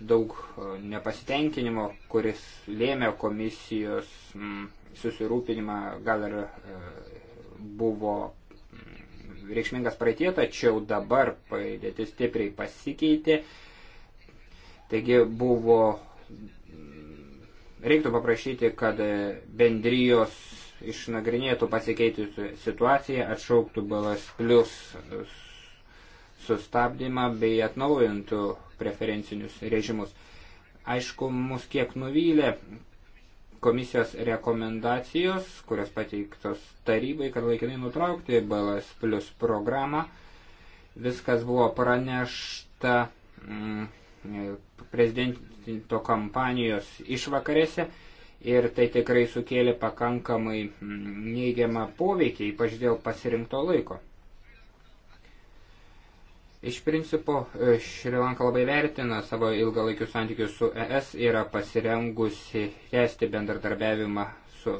daug e, nepasitenkinimo, kuris lėmė komisijos mm, susirūpinimą, gal ir e, buvo mm, reikšmingas praeitie, tačiau dabar padėtis stipriai pasikeitė. Taigi buvo, mm, reiktų paprašyti, kad bendrijos išnagrinėtų pasikeitusią situaciją, atšauktų balas plus sustabdymą bei atnaujintų preferencinius režimus. Aišku, mus kiek nuvylė komisijos rekomendacijos, kurios pateiktos tarybai, kad laikinai nutraukti BLS plus programą. Viskas buvo pranešta mm, prezidento kampanijos išvakarėse ir tai tikrai sukėlė pakankamai mm, neigiamą poveikį, ypač dėl pasirinkto laiko. Iš principo, e, Šrilanka labai vertina savo ilgalaikius santykius su ES, yra pasirengusi tęsti bendradarbiavimą su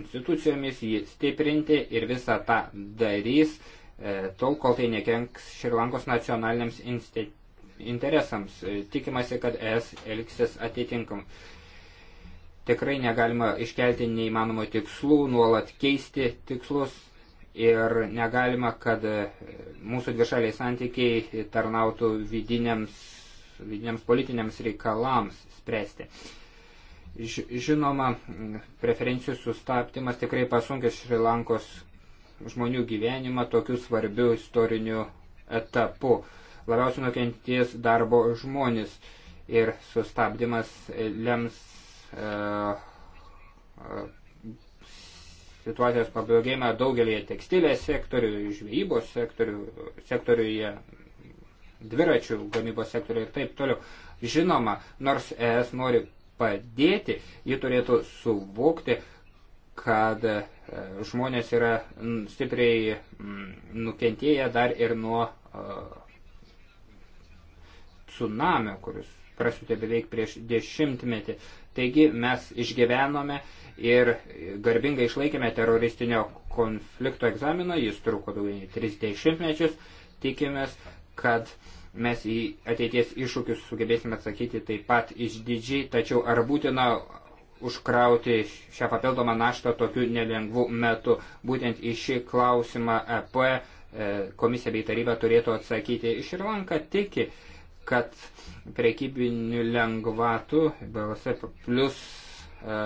institucijomis, jį stiprinti ir visą tą darys, e, tol kol tai nekenks Šrilankos nacionaliniams interesams. E, tikimasi, kad ES elgsis atitinkam. Tikrai negalima iškelti neįmanomų tikslų, nuolat keisti tikslus, ir negalima, kad e, mūsų dvišaliai santykiai tarnautų vidiniams, vidiniams politiniams reikalams spręsti. Žinoma, preferencijų sustabdymas tikrai pasunkė Šrilankos žmonių gyvenimą tokiu svarbiu istoriniu etapu. Labiausiai nukentės darbo žmonės ir sustabdymas lems e, e situacijos pablogėjimą daugelį tekstilės sektorių, žvejybos sektorių, sektoriuje dviračių gamybos sektorių ir taip toliau. Žinoma, nors ES nori padėti, ji turėtų suvokti, kad e, žmonės yra stipriai nukentėję dar ir nuo e, tsunamio, kuris prasutė beveik prieš dešimtmetį. Taigi mes išgyvenome ir garbingai išlaikėme teroristinio konflikto egzaminą, jis truko daugiau nei 30 mečius, tikimės, kad mes į ateities iššūkius sugebėsime atsakyti taip pat išdidžiai, tačiau ar būtina užkrauti šią papildomą naštą tokiu nelengvu metu. Būtent į šį klausimą EP e, komisija bei taryba turėtų atsakyti. Šrilanka tiki, kad prekybinių lengvatų BLS plus e,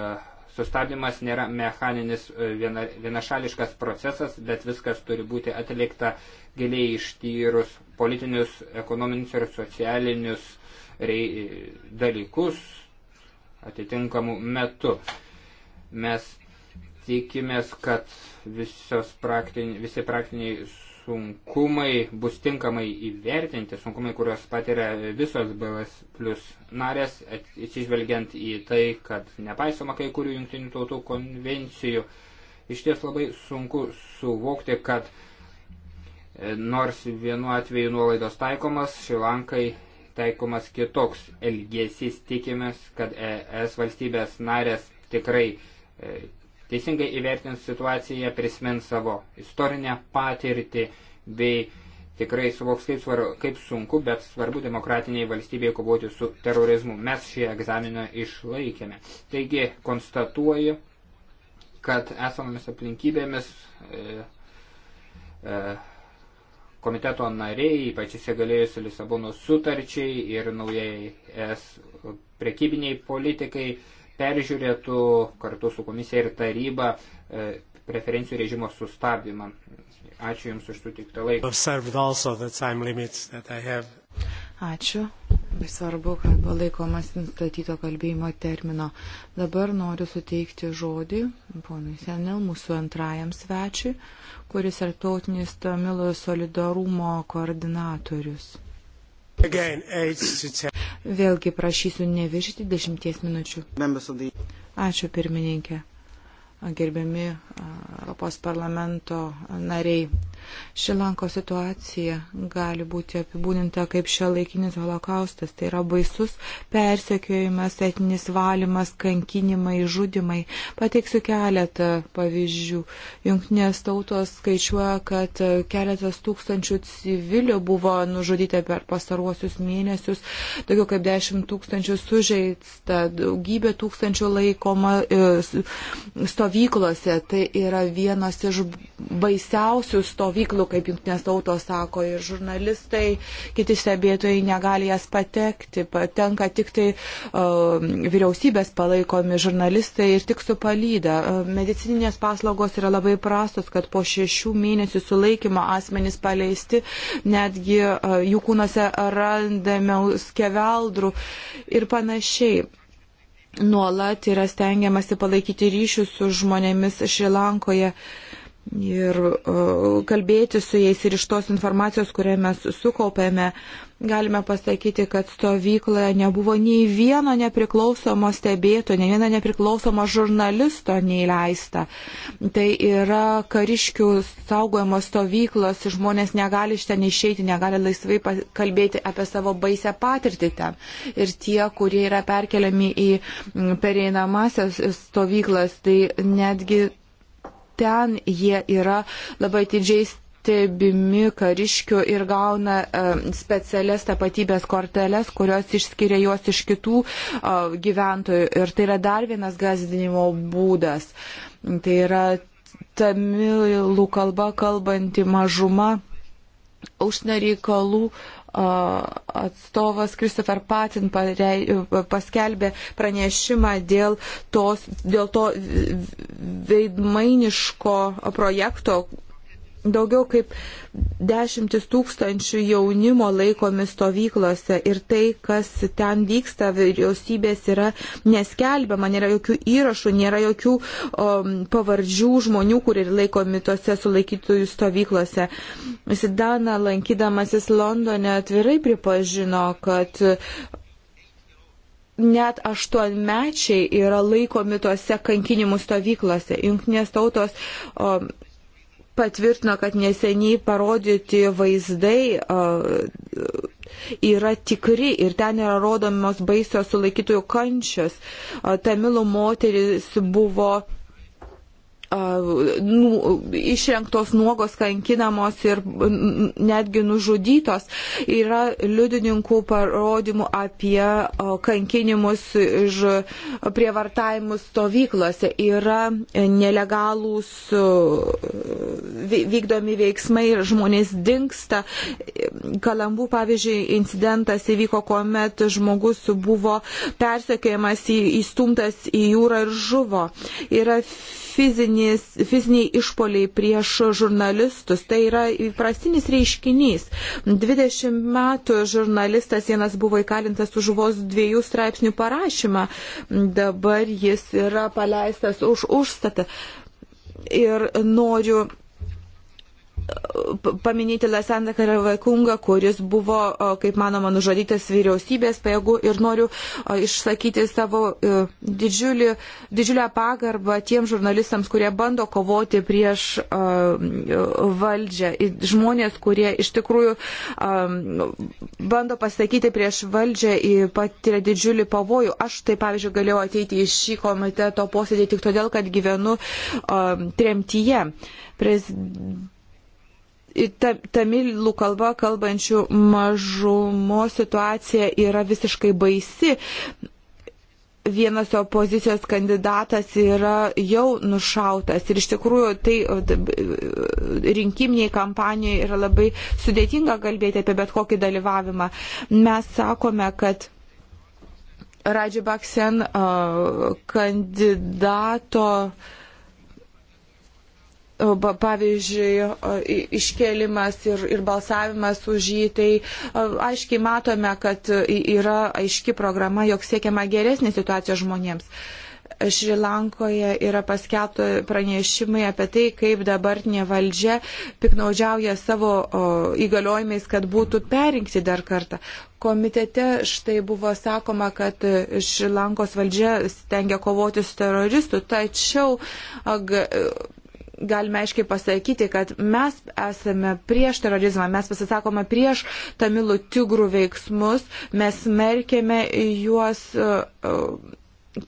Sustabdymas nėra mechaninis e, viena, vienašališkas procesas, bet viskas turi būti atlikta giliai ištyrus politinius, ekonominius ir socialinius rei, dalykus atitinkamų metų. Mes tikimės, kad praktin, visi praktiniai sunkumai bus tinkamai įvertinti, sunkumai, kurios patiria visos BLS plus narės, atsižvelgiant į tai, kad nepaisoma kai kurių jungtinių tautų konvencijų, iš ties labai sunku suvokti, kad e, nors vienu atveju nuolaidos taikomas, Šilankai taikomas kitoks elgesys, tikimės, kad ES valstybės narės tikrai e, teisingai įvertins situaciją, prisimins savo istorinę patirtį bei tikrai suvoks, kaip, svar, kaip sunku, bet svarbu demokratiniai valstybėje kovoti su terorizmu. Mes šį egzaminą išlaikėme. Taigi konstatuoju, kad esamomis aplinkybėmis e, e, komiteto nariai, ypač įsigalėjusi Lisabono sutarčiai ir naujai es prekybiniai politikai, e, peržiūrėtų kartu su komisija ir taryba e, preferencijų režimo sustabdymą. Ačiū Jums už sutiktą laiką. Ačiū. Svarbu, kad buvo laikomas nustatyto kalbėjimo termino. Dabar noriu suteikti žodį ponui Senel, mūsų antrajam svečiui, kuris yra tautinis Tamilo solidarumo koordinatorius. Vėlgi prašysiu neviršyti dešimties minučių. Ačiū pirmininkė. Gerbiami Europos parlamento nariai, Šilanko situacija gali būti apibūdinta kaip šio laikinis holokaustas. Tai yra baisus persekiojimas, etinis valymas, kankinimai, žudimai. Pateiksiu keletą pavyzdžių. Junktinės tautos skaičiuoja, kad keletas tūkstančių civilių buvo nužudyti per pastaruosius mėnesius, daugiau kaip dešimt tūkstančių sužeista, daugybė tūkstančių laikoma e, stovyklose. Tai yra vienas iš baisiausių stovyklų stovyklų, kaip jungtinės tautos sako, ir žurnalistai, kiti stebėtojai negali jas patekti, patenka tik tai uh, vyriausybės palaikomi žurnalistai ir tik su palyda. Uh, medicininės paslaugos yra labai prastos, kad po šešių mėnesių sulaikymo asmenys paleisti, netgi uh, jų kūnuose randame skeveldrų ir panašiai. Nuolat yra stengiamasi palaikyti ryšius su žmonėmis Šrilankoje. Uh, ir e, kalbėti su jais ir iš tos informacijos, kurią mes sukaupėme, galime pasakyti, kad stovykloje nebuvo nei vieno nepriklausomo stebėto, nei vieno nepriklausomo žurnalisto neįleista. Tai yra kariškių saugojamos stovyklos, žmonės negali iš ten išeiti, negali laisvai kalbėti apie savo baisę patirtį ten. Ir tie, kurie yra perkeliami į pereinamasias stovyklas, tai netgi ten jie yra labai atidžiai stebimi kariškių ir gauna e, specialias tapatybės korteles, kurios išskiria juos iš kitų e, gyventojų. Ir tai yra dar vienas gazdinimo būdas. Tai yra tamilų kalba kalbanti mažuma užsienio reikalų uh, atstovas Christopher Patin paskelbė pranešimą dėl, tos, dėl to veidmainiško projekto, Daugiau kaip dešimtis tūkstančių jaunimo laikomi stovyklose ir tai, kas ten vyksta vyriausybės, yra neskelbiama, nėra jokių įrašų, nėra jokių o, um, pavardžių žmonių, kurie laikomi tose sulaikytųjų stovyklose. Sidana, lankydamasis Londone, atvirai pripažino, kad net aštuonmečiai yra laikomi tose kankinimų stovyklose. Junknės tautos o, um, patvirtino, kad neseniai parodyti vaizdai yra tikri ir ten yra rodomos baisios sulaikytųjų kančios. Tamilų moteris buvo Nu, išrenktos nuogos, kankinamos ir netgi nužudytos. Yra liudininkų parodymų apie kankinimus iš prievartavimus stovyklose. Yra nelegalūs vykdomi veiksmai ir žmonės dinksta. Kalambų, pavyzdžiui, incidentas įvyko, kuomet žmogus buvo persekiojamas, įstumtas į jūrą ir žuvo. Yra fizinis, fiziniai išpoliai prieš žurnalistus. Tai yra įprastinis reiškinys. 20 metų žurnalistas vienas buvo įkalintas už vos dviejų straipsnių parašymą. Dabar jis yra paleistas už užstatą. Ir noriu paminėti Lesandą Karavaikungą, kuris buvo, kaip manoma, nužudytas vyriausybės pajėgų ir noriu išsakyti savo e, didžiulį, didžiulę pagarbą tiem žurnalistams, kurie bando kovoti prieš valdžią. Žmonės, kurie iš tikrųjų bando pasakyti prieš valdžią, patiria didžiulį pavojų. Aš tai, pavyzdžiui, galėjau ateiti į šį komiteto posėdį tik todėl, kad gyvenu tremtyje. Prezid tamilų kalba kalbančių mažumo situacija yra visiškai baisi. Vienas opozicijos kandidatas yra jau nušautas ir iš tikrųjų tai rinkiminiai kampanijai yra labai sudėtinga kalbėti apie bet kokį dalyvavimą. Mes sakome, kad Radži Baksen kandidato uh, pavyzdžiui, iškelimas ir, ir balsavimas už jį, tai aiškiai matome, kad yra aiški programa, jog siekiama geresnė situacija žmonėms. Šri Lankoje yra paskelbto pranešimai apie tai, kaip dabartinė valdžia piknaudžiauja savo o, įgaliojimais, kad būtų perinkti dar kartą. Komitete štai buvo sakoma, kad Šri Lankos valdžia stengia kovoti su teroristu, tačiau ag, galime aiškiai pasakyti, kad mes esame prieš terorizmą, mes pasisakome prieš tamilų tigrų veiksmus, mes merkėme juos e, e,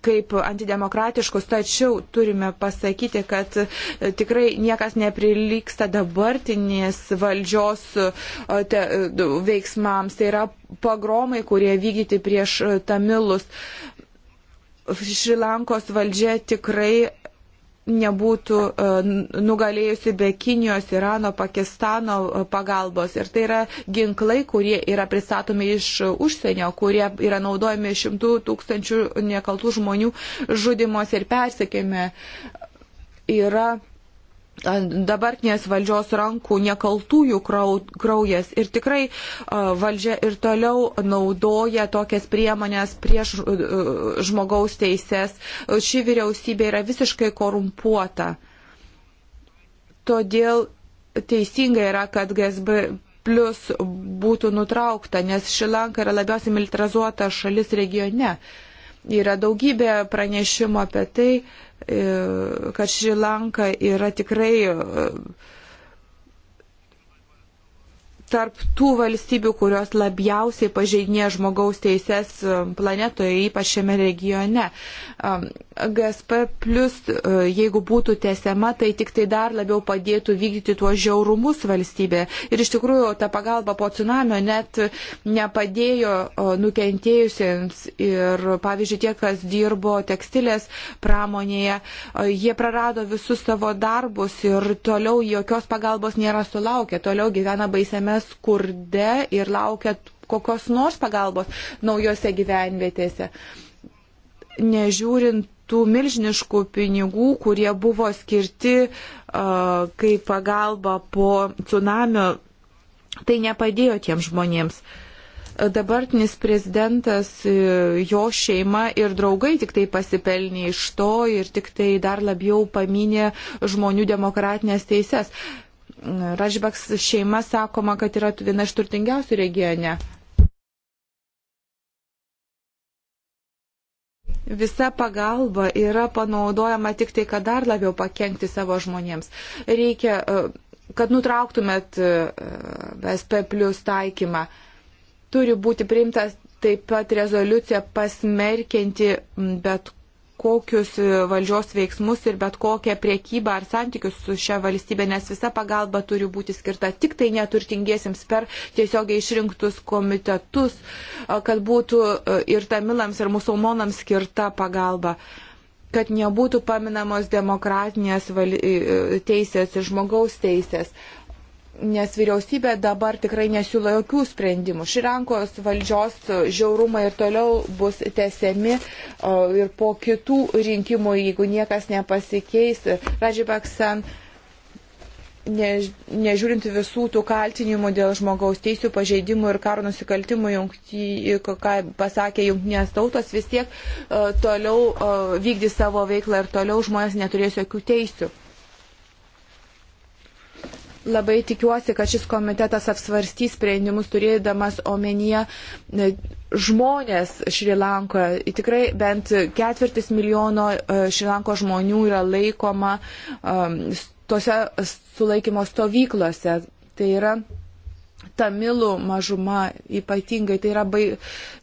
kaip antidemokratiškus, tačiau turime pasakyti, kad e, tikrai niekas neprilyksta dabartinės valdžios te, veiksmams. Tai yra pogromai, kurie vykdyti prieš tamilus. Šrilankos valdžia tikrai nebūtų e, nugalėjusi be Kinijos, Irano, Pakistano e, pagalbos. Ir tai yra ginklai, kurie yra pristatomi iš užsienio, kurie yra naudojami šimtų tūkstančių nekaltų žmonių žudimuose ir persekėme. Yra dabartinės valdžios rankų nekaltųjų kraujas ir tikrai valdžia ir toliau naudoja tokias priemonės prieš žmogaus teises. Ši vyriausybė yra visiškai korumpuota. Todėl teisinga yra, kad GSB plus būtų nutraukta, nes Šilanka yra labiausiai militarizuota šalis regione. Uh, Yra daugybė pranešimų apie tai, e, kad Šrilanka yra tikrai e, tarp tų valstybių, kurios labiausiai pažeidinė žmogaus teises um, planetoje, ypač šiame regione. Um, GSP plus, uh, jeigu būtų tesiama, tai tik tai dar labiau padėtų vykdyti tuos žiaurumus valstybė. Ir iš tikrųjų ta pagalba po tsunamio net nepadėjo uh, nukentėjusiems. Ir pavyzdžiui, tie, kas dirbo tekstilės pramonėje, uh, jie prarado visus savo darbus ir toliau jokios pagalbos nėra sulaukę, toliau gyvena baisiame skurde ir laukia kokios nors pagalbos naujose gyvenvietėse. Nežiūrint tų milžiniškų pinigų, kurie buvo skirti uh, kaip pagalba po tsunamio, tai nepadėjo tiem žmonėms. Dabartinis prezidentas, e, jo šeima ir draugai tik tai pasipelnė iš to ir tik tai dar labiau paminė žmonių demokratinės teises. Uh, Ražbaks šeima sakoma, kad yra viena iš turtingiausių regione. visa pagalba yra panaudojama tik tai, kad dar labiau pakengti savo žmonėms. Reikia, e, kad nutrauktumėt e, SP plus taikymą. Turi būti priimtas taip pat rezoliucija pasmerkianti bet kokius e, valdžios veiksmus ir bet kokią priekybą ar santykius su šia valstybė, nes visa pagalba turi būti skirta tik tai neturtingiesiems per tiesiogiai išrinktus komitetus, kad būtų e, ir tamilams, ir musulmonams skirta pagalba kad nebūtų paminamos demokratinės e, teisės ir žmogaus teisės nes vyriausybė dabar tikrai nesiūlo jokių sprendimų. Širankos valdžios žiaurumai ir toliau bus tesiami ir po kitų rinkimų, jeigu niekas nepasikeis. Radžibaksan, ne, nežiūrint visų tų kaltinimų dėl žmogaus teisų pažeidimų ir karo nusikaltimų, jungti, ką pasakė jungtinės tautos, vis tiek toliau vykdys savo veiklą ir toliau žmonės neturės jokių teisių. Labai tikiuosi, kad šis komitetas apsvarstys sprendimus turėdamas omenyje e, žmonės Šri Lankoje. Tikrai bent ketvirtis milijono e, Šri Lanko žmonių yra laikoma tose sulaikymo stovyklose. Tai yra tamilų mažuma ypatingai, tai yra bai,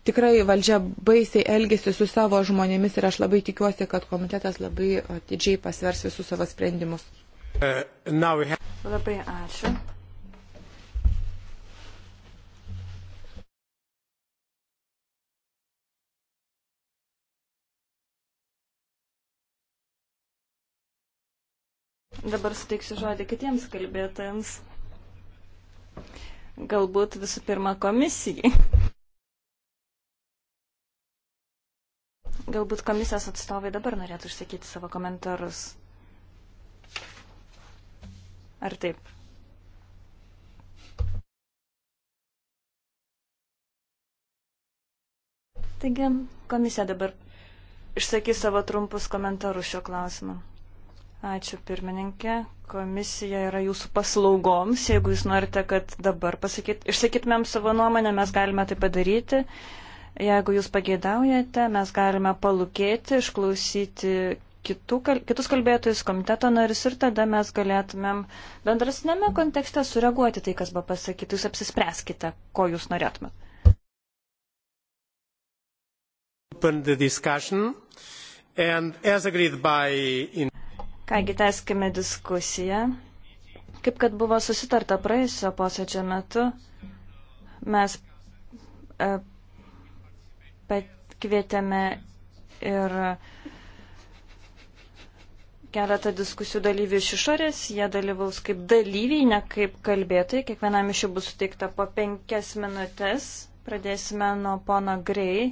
tikrai valdžia baisiai elgesi su savo žmonėmis ir aš labai tikiuosi, kad komitetas labai atidžiai pasvers visus savo sprendimus. Uh, Labai ačiū. Dabar suteiksiu žodį kitiems kalbėtojams. Galbūt visų pirma komisijai. Galbūt komisijos atstovai dabar norėtų išsakyti savo komentarus. Ar taip? Taigi, komisija dabar išsakys savo trumpus komentarus šio klausimu. Ačiū pirmininkė. Komisija yra jūsų paslaugoms. Jeigu jūs norite, kad dabar pasakyt, išsakytumėm savo nuomonę, mes galime tai padaryti. Jeigu jūs pageidaujate, mes galime palūkėti, išklausyti kitų, kitus kalbėtojus, komiteto narius ir tada mes galėtumėm bendrasnėme kontekste sureaguoti tai, kas buvo pasakyti. Jūs apsispręskite, ko jūs norėtumėt. In... Kągi, tęskime diskusiją. Kaip kad buvo susitarta praėjusio posėdžio metu, mes e, pakvietėme ir e, keletą diskusijų dalyvių iš išorės, jie dalyvaus kaip dalyviai, ne kaip kalbėtojai. Kiekvienam iš jų bus suteikta po penkias minutės. Pradėsime nuo pono Grey,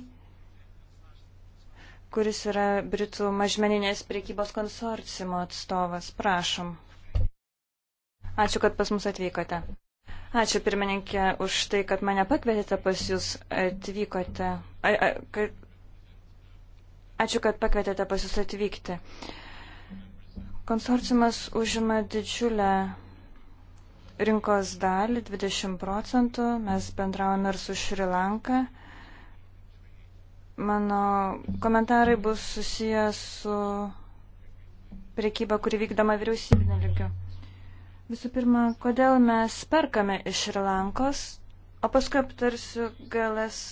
kuris yra Britų mažmeninės priekybos konsorcimo atstovas. Prašom. Ačiū, kad pas mus atvykote. Ačiū pirmininkė už tai, kad mane pakvietėte pas jūs atvykote. A, a, kad... Ačiū, kad pakvietėte pas jūs atvykti. Uh, Konsorciumas užima didžiulę rinkos dalį, 20 procentų. Mes bendravome ir su Šri Lanka. Mano komentarai bus susijęs su priekyba, kuri vykdoma vyriausybinio lygiu. Visų pirma, kodėl mes perkame iš Šri Lankos, o paskui aptarsiu GLS,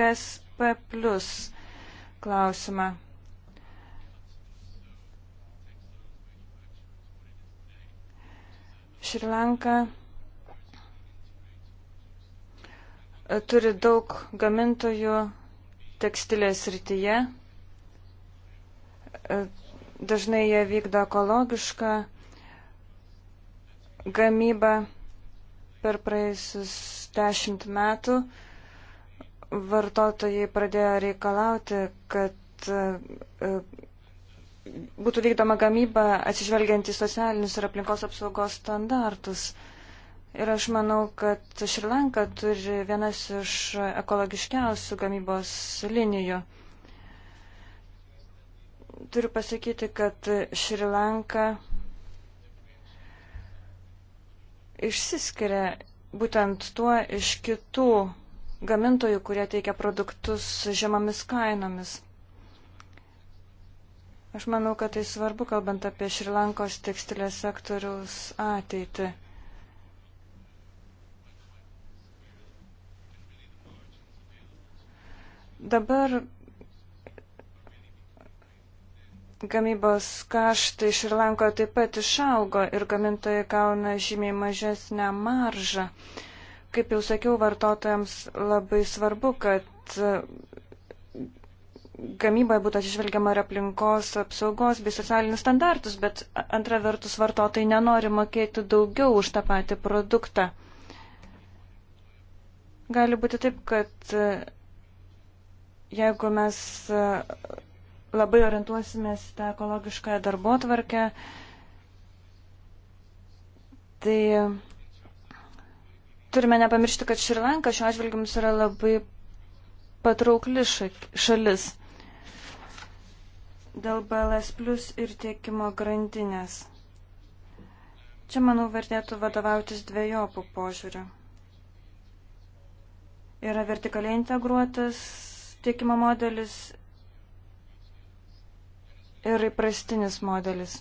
GSP plus klausimą. Šrilanka e, turi daug gamintojų tekstilės rytyje. E, dažnai jie vykdo ekologišką gamybą per praėjusius dešimt metų. Vartotojai pradėjo reikalauti, kad e, būtų vykdoma gamyba atsižvelgiant į socialinius ir aplinkos apsaugos standartus. Ir aš manau, kad Šrilanka turi vienas iš ekologiškiausių gamybos linijų. Turiu pasakyti, kad Šrilanka išsiskiria būtent tuo iš kitų gamintojų, kurie teikia produktus žemomis kainomis. Aš manau, kad tai svarbu, kalbant apie Šrilankos tekstilės sektoriaus ateitį. Dabar gamybos kaštai Šrilankoje taip pat išaugo ir gamintojai gauna žymiai mažesnę maržą. Kaip jau sakiau, vartotojams labai svarbu, kad gamyboje būtų atsižvelgiama ir aplinkos apsaugos bei socialinius standartus, bet antra vertus vartotojai nenori mokėti daugiau už tą patį produktą. Gali būti taip, kad jeigu mes labai orientuosimės tą ekologišką darbo tvarkę, tai turime nepamiršti, kad Šrilanka šiuo atžvilgiu mums yra labai patraukli šalis dėl BLS plus ir tiekimo grandinės. Čia, manau, vertėtų vadovautis dviejopų požiūrių. Yra vertikaliai integruotas tiekimo modelis ir įprastinis modelis.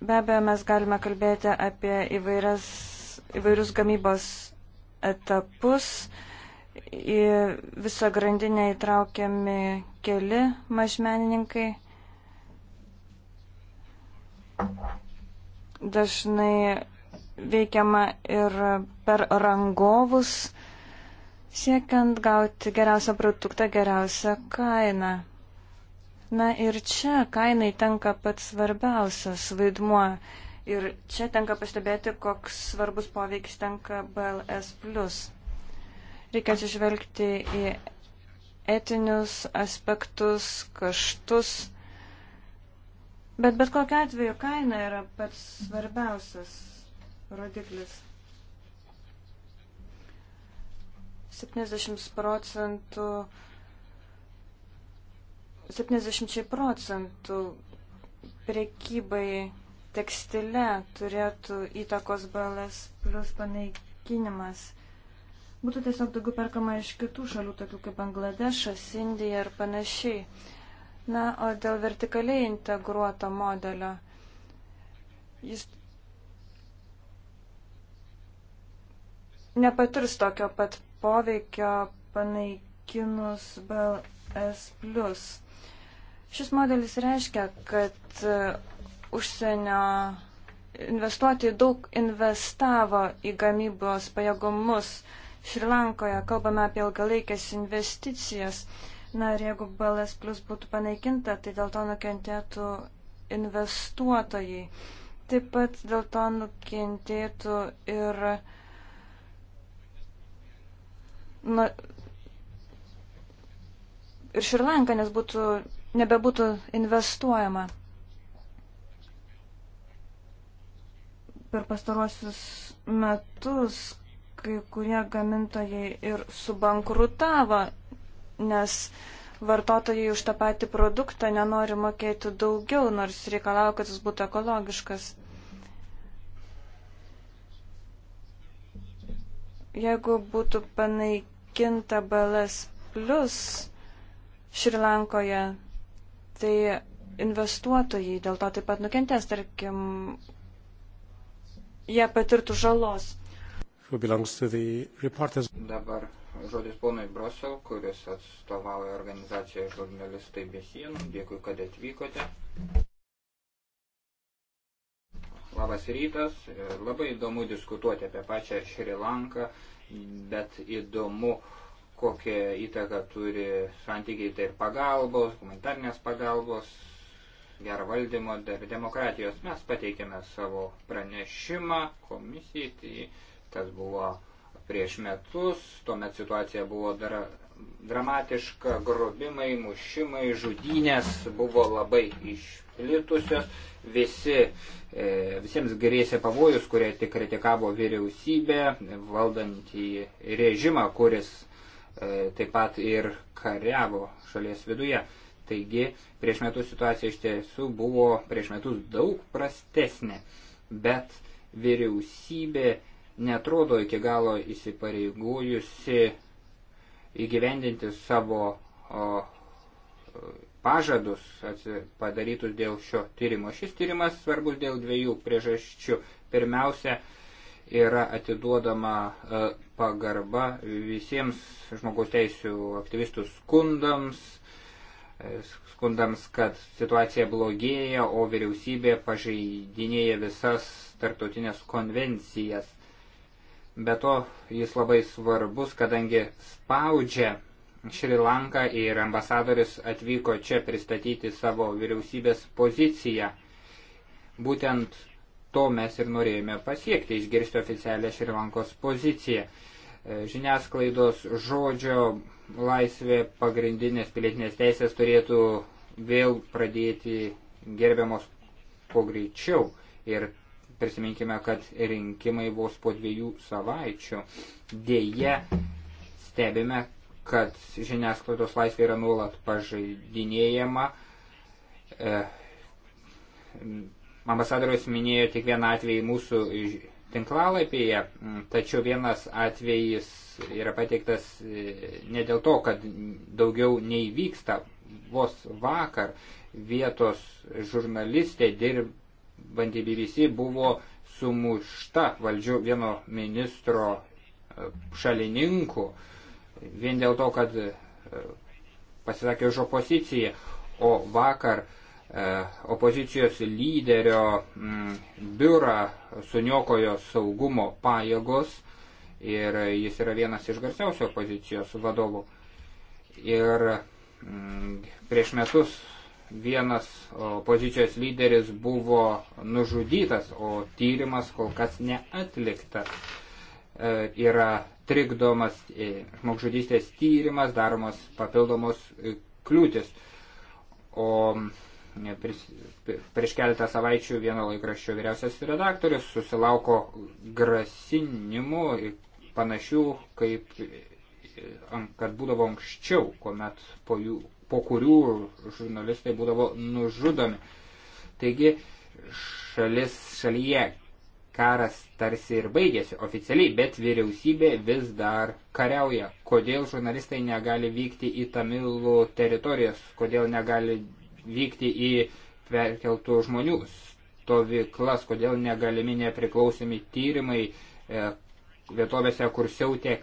Be abejo, mes galime kalbėti apie įvairias, įvairius gamybos etapus, į visą grandinę įtraukiami keli mažmenininkai. Dažnai veikiama ir per rangovus, siekiant gauti geriausią produktą, geriausią kainą. Na ir čia kainai tenka pats svarbiausias vaidmuo. Ir čia tenka pastebėti, koks svarbus poveikis tenka BLS. Reikia atsižvelgti į etinius aspektus, kaštus. Bet bet kokia atveju kaina yra pats svarbiausias rodiklis. 70 procentų 70 procentų prekybai tekstile turėtų įtakos balas plus panaikinimas. Būtų tiesiog daugiau perkama iš kitų šalių, tokių kaip Bangladešas, Indija ir panašiai. Na, o dėl vertikaliai integruoto modelio, jis nepatirs tokio pat poveikio panaikinus BLS. Šis modelis reiškia, kad uh, užsienio investuotojai daug investavo į gamybos pajėgumus Šrilankoje. Kalbame apie ilgalaikės investicijas. Na ir jeigu BLS plus būtų panaikinta, tai dėl to nukentėtų investuotojai. Taip pat dėl to nukentėtų ir na, ir Šrilanka, nes būtų, nebebūtų investuojama. Per pastaruosius metus kai kurie gamintojai ir subankrutavo, nes vartotojai už tą patį produktą nenori mokėti daugiau, nors reikalauja, kad jis būtų ekologiškas. Jeigu būtų panaikinta BLS plus Šrilankoje, tai investuotojai dėl to taip pat nukentės, tarkim, jie patirtų žalos. Dabar žodis ponui Brosel, kuris atstovauja organizaciją žurnalistai be sienų. Dėkui, kad atvykote. Labas rytas. Labai įdomu diskutuoti apie pačią Šri Lanką, bet įdomu, kokią įtaką turi santykiai tai ir pagalbos, humanitarnės pagalbos, gerą valdymo ir demokratijos. Mes pateikėme savo pranešimą komisijai. Tai kas buvo prieš metus, tuomet situacija buvo dar dramatiška, grobimai, mušimai, žudynės buvo labai išplitusios, Visi, e, visiems grėsė pavojus, kurie tik kritikavo vyriausybę, valdantį režimą, kuris e, taip pat ir kariavo šalies viduje. Taigi prieš metus situacija iš tiesų buvo prieš metus daug prastesnė, bet vyriausybė netrodo iki galo įsipareigojusi įgyvendinti savo o, pažadus padarytus dėl šio tyrimo. Šis tyrimas svarbus dėl dviejų priežasčių. Pirmiausia, yra atiduodama e, pagarba visiems žmogaus teisų aktyvistų skundams, e, skundams, kad situacija blogėja, o vyriausybė pažeidinėja visas tarptautinės konvencijas. Be to, jis labai svarbus, kadangi spaudžia Šri Lanką ir ambasadoris atvyko čia pristatyti savo vyriausybės poziciją. Būtent to mes ir norėjome pasiekti, išgirsti oficialią Šri Lankos poziciją. E, žiniasklaidos žodžio laisvė pagrindinės pilietinės teisės turėtų vėl pradėti gerbiamos kuo greičiau. Ir Prisiminkime, kad rinkimai vos po dviejų savaičių. Dėje stebime, kad žiniasklaidos laisvė yra nuolat pažaidinėjama. E, ambasadorius minėjo tik vieną atvejį mūsų tinklalapyje, tačiau vienas atvejis yra pateiktas e, ne dėl to, kad daugiau neįvyksta. Vos vakar vietos žurnalistė dirb, bandė BBC, buvo sumušta valdžių vieno ministro e, šalininkų vien dėl to, kad e, pasisakė už opoziciją, o vakar e, opozicijos lyderio mm, biurą suniokojo saugumo pajėgos ir jis yra vienas iš garsiausių opozicijos vadovų. Ir mm, prieš metus vienas opozicijos lyderis buvo nužudytas, o tyrimas kol kas neatliktas. E, yra trikdomas e, žmogžudystės tyrimas, daromas papildomos e, kliūtis. O e, prieš keletą savaičių vieno laikraščio vyriausias redaktorius susilauko grasinimų e, panašių, kaip e, kad būdavo anksčiau, kuomet po jų po kurių žurnalistai būdavo nužudomi. Taigi šalis, šalyje karas tarsi ir baigėsi oficialiai, bet vyriausybė vis dar kariauja. Kodėl žurnalistai negali vykti į Tamilų teritorijas, kodėl negali vykti į perkeltų žmonių stovyklas, kodėl negalimi nepriklausomi tyrimai e, vietovėse, kur siautė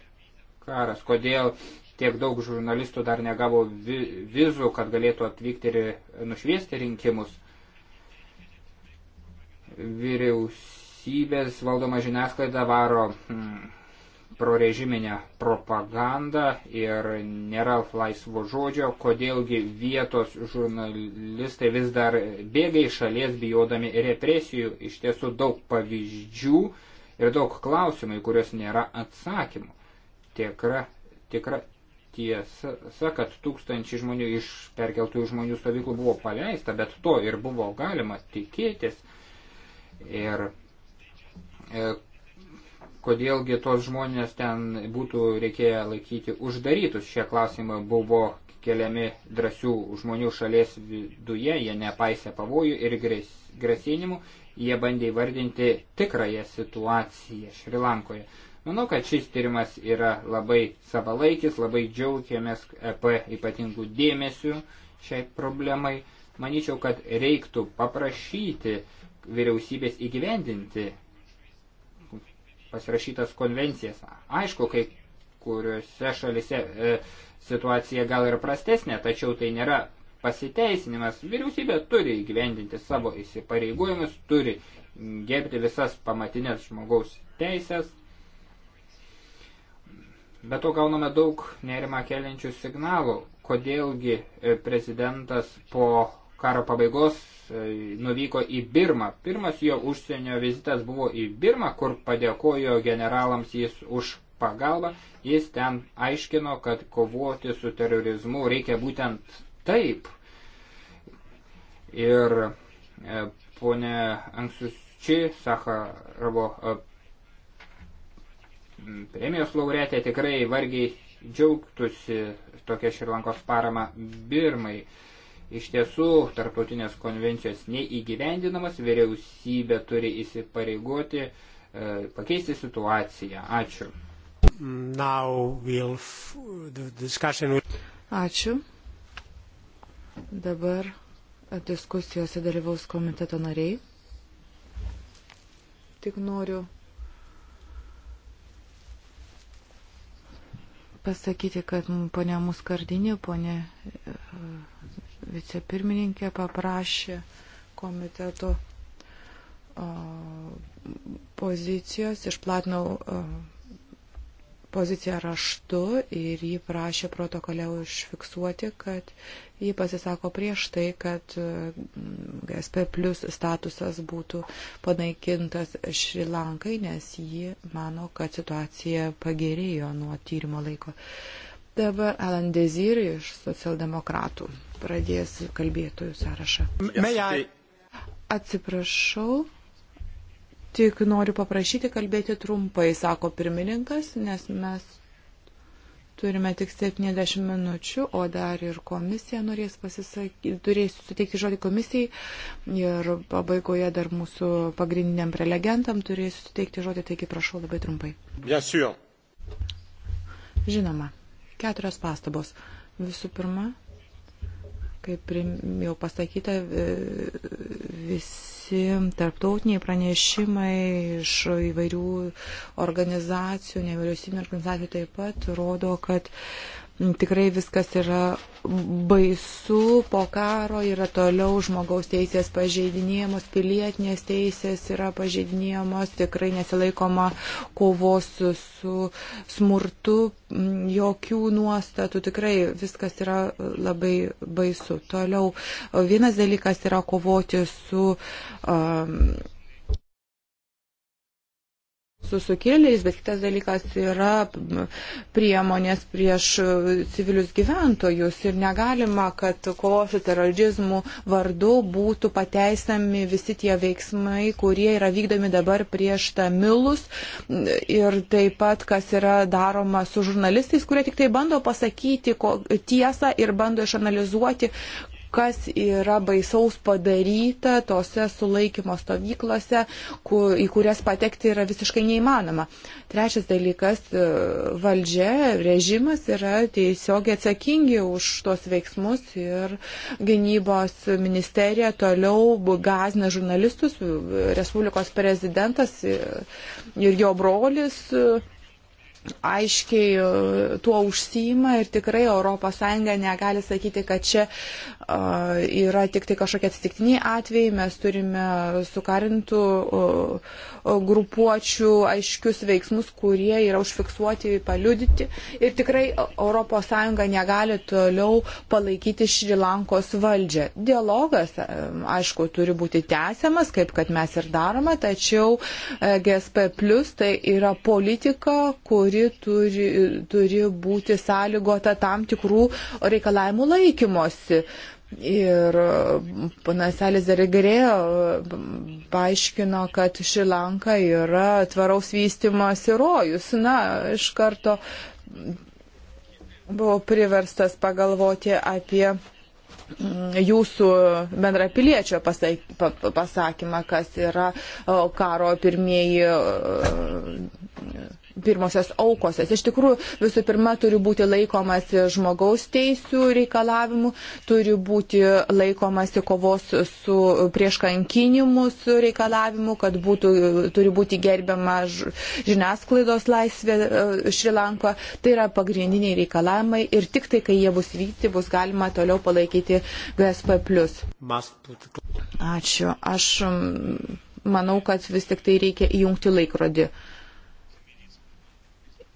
karas, kodėl tiek daug žurnalistų dar negavo vizų, kad galėtų atvykti ir nušviesti rinkimus. Vyriausybės valdoma žiniasklaida varo hmm, prorežiminę propagandą ir nėra laisvo žodžio, kodėlgi vietos žurnalistai vis dar bėga iš šalies bijodami represijų. Iš tiesų daug pavyzdžių ir daug klausimų, į kuriuos nėra atsakymų. Tikra, tikra tiesa, kad tūkstančiai žmonių iš perkeltųjų žmonių stovyklų buvo paleista, bet to ir buvo galima tikėtis. Ir e, kodėlgi tos žmonės ten būtų reikėję laikyti uždarytus. Šie klausimai buvo keliami drąsių žmonių šalies viduje, jie nepaisė pavojų ir grasinimų, jie bandė įvardinti tikrąją situaciją Šrilankoje. Manau, kad šis tyrimas yra labai savalaikis, labai džiaugiamės EP ypatingų dėmesių šiai problemai. Manyčiau, kad reiktų paprašyti vyriausybės įgyvendinti pasirašytas konvencijas. Aišku, kai kuriuose šalise e, situacija gal ir prastesnė, tačiau tai nėra pasiteisinimas. Vyriausybė turi įgyvendinti savo įsipareigojimus, turi gerbti visas pamatinės žmogaus teisės. Bet to gauname daug nerima keliančių signalų, kodėlgi e, prezidentas po karo pabaigos e, nuvyko į Birmą. Pirmas jo užsienio vizitas buvo į Birmą, kur padėkojo generalams jis už pagalbą. Jis ten aiškino, kad kovoti su terorizmu reikia būtent taip. Ir e, ponė Anksusči Sakarovo premijos laureatė tikrai vargiai džiaugtųsi tokia Šrilankos parama Birmai. Iš tiesų, tarptautinės konvencijos neįgyvendinamas, vyriausybė turi įsipareigoti e, pakeisti situaciją. Ačiū. We'll discussion... Ačiū. Dabar diskusijose dalyvaus komiteto nariai. Tik noriu pasakyti, kad ponia Muskardinė, ponia e, vicepirmininkė paprašė komiteto pozicijos, išplatinau poziciją raštu ir jį prašė protokole užfiksuoti, kad jį pasisako prieš tai, kad mm, GSP plus statusas būtų panaikintas Šri Lankai, nes ji mano, kad situacija pagerėjo nuo tyrimo laiko. Dabar Alan Dezir iš socialdemokratų pradės kalbėtojų sąrašą. Atsiprašau. Tik noriu paprašyti kalbėti trumpai, sako pirmininkas, nes mes turime tik 70 minučių, o dar ir komisija norės pasisakyti, turės suteikti žodį komisijai ir pabaigoje dar mūsų pagrindiniam prelegentam turės suteikti žodį, taigi prašau labai trumpai. Žinoma, keturios pastabos. Visų pirma, kaip jau pasakyta, e, visi visi tarptautiniai pranešimai iš įvairių organizacijų, nevyriausybinio organizacijų taip pat rodo, kad tikrai viskas yra baisu po karo, yra toliau žmogaus teisės pažeidinėjamos, pilietinės teisės yra pažeidinėjamos, tikrai nesilaikoma kovos su, su smurtu, jokių nuostatų, tikrai viskas yra labai baisu. Toliau vienas dalykas yra kovoti su. Um, su sukėlėjais, bet kitas dalykas yra priemonės prieš civilius gyventojus ir negalima, kad kovos su terorizmu vardu būtų pateisinami visi tie veiksmai, kurie yra vykdomi dabar prieš tamilus ir taip pat, kas yra daroma su žurnalistais, kurie tik tai bando pasakyti tiesą ir bando išanalizuoti, kas yra baisaus padaryta tose sulaikymo stovyklose, kur, į kurias patekti yra visiškai neįmanoma. Trečias dalykas e, - valdžia, režimas yra tiesiog atsakingi už tos veiksmus ir gynybos ministerija toliau gazina žurnalistus, Respublikos prezidentas e, ir jo brolis e, aiškiai tuo užsima ir tikrai ES negali sakyti, kad čia yra tik tai kažkokie atsitiktiniai atvejai, mes turime sukarintų grupuočių aiškius veiksmus, kurie yra užfiksuoti, paliudyti. Ir tikrai ES negali toliau palaikyti Šrilankos valdžią. Dialogas, e, aišku, turi būti tęsiamas, kaip kad mes ir darome, tačiau e, GSP plus tai yra politika, kuri turi, turi būti sąlygota tam tikrų reikalavimų laikymosi. Uh, Ir e, panas Alis dar gerėjo, e, paaiškino, kad Šilanka yra tvaraus vystimas įrojus. Na, iš karto buvo priverstas pagalvoti apie mm, jūsų bendrapiliečio pasakymą, kas yra e, karo pirmieji pirmosios aukos. Iš tikrųjų, visų pirma, turi būti laikomas žmogaus teisų reikalavimų, turi būti laikomasi kovos su prieš kankinimus reikalavimu, kad būtų, turi būti gerbiama žiniasklaidos laisvė e, Šrilanko. Tai yra pagrindiniai reikalavimai ir tik tai, kai jie bus vykti, bus galima toliau palaikyti GSP. Ačiū. Aš manau, kad vis tik tai reikia įjungti laikrodį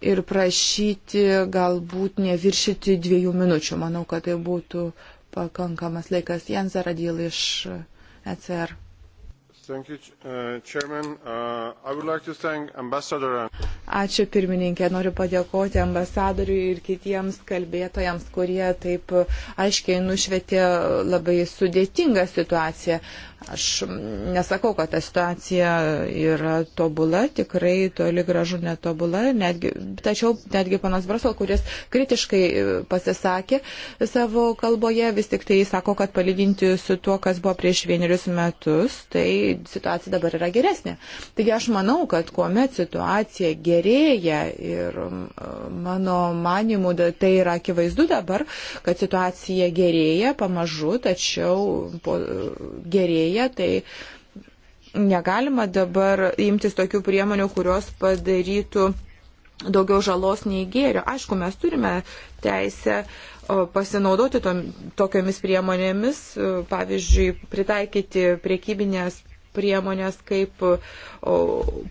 ir prašyti galbūt neviršyti dviejų minučių. Manau, kad tai būtų pakankamas laikas. Jens Zaradil iš ECR. Uh, uh, Ačiū pirmininkė, noriu padėkoti ambasadoriui ir kitiems kalbėtojams, kurie taip aiškiai nušvietė labai sudėtingą situaciją. Aš nesakau, kad ta situacija yra tobula, tikrai toli gražu netobula, netgi, tačiau netgi panas Brasol, kuris kritiškai e, pasisakė savo kalboje, vis tik tai sako, kad palyginti su tuo, kas buvo prieš vienerius metus, tai situacija dabar yra geresnė. Taigi aš manau, kad kuomet situacija gerėja ir mano manimų tai yra akivaizdu dabar, kad situacija gerėja pamažu, tačiau gerėja dėja, tai negalima dabar imtis tokių priemonių, kurios padarytų daugiau žalos nei gėrio. Aišku, mes turime teisę pasinaudoti tom, tokiomis priemonėmis, pavyzdžiui, pritaikyti priekybinės priemonės kaip o,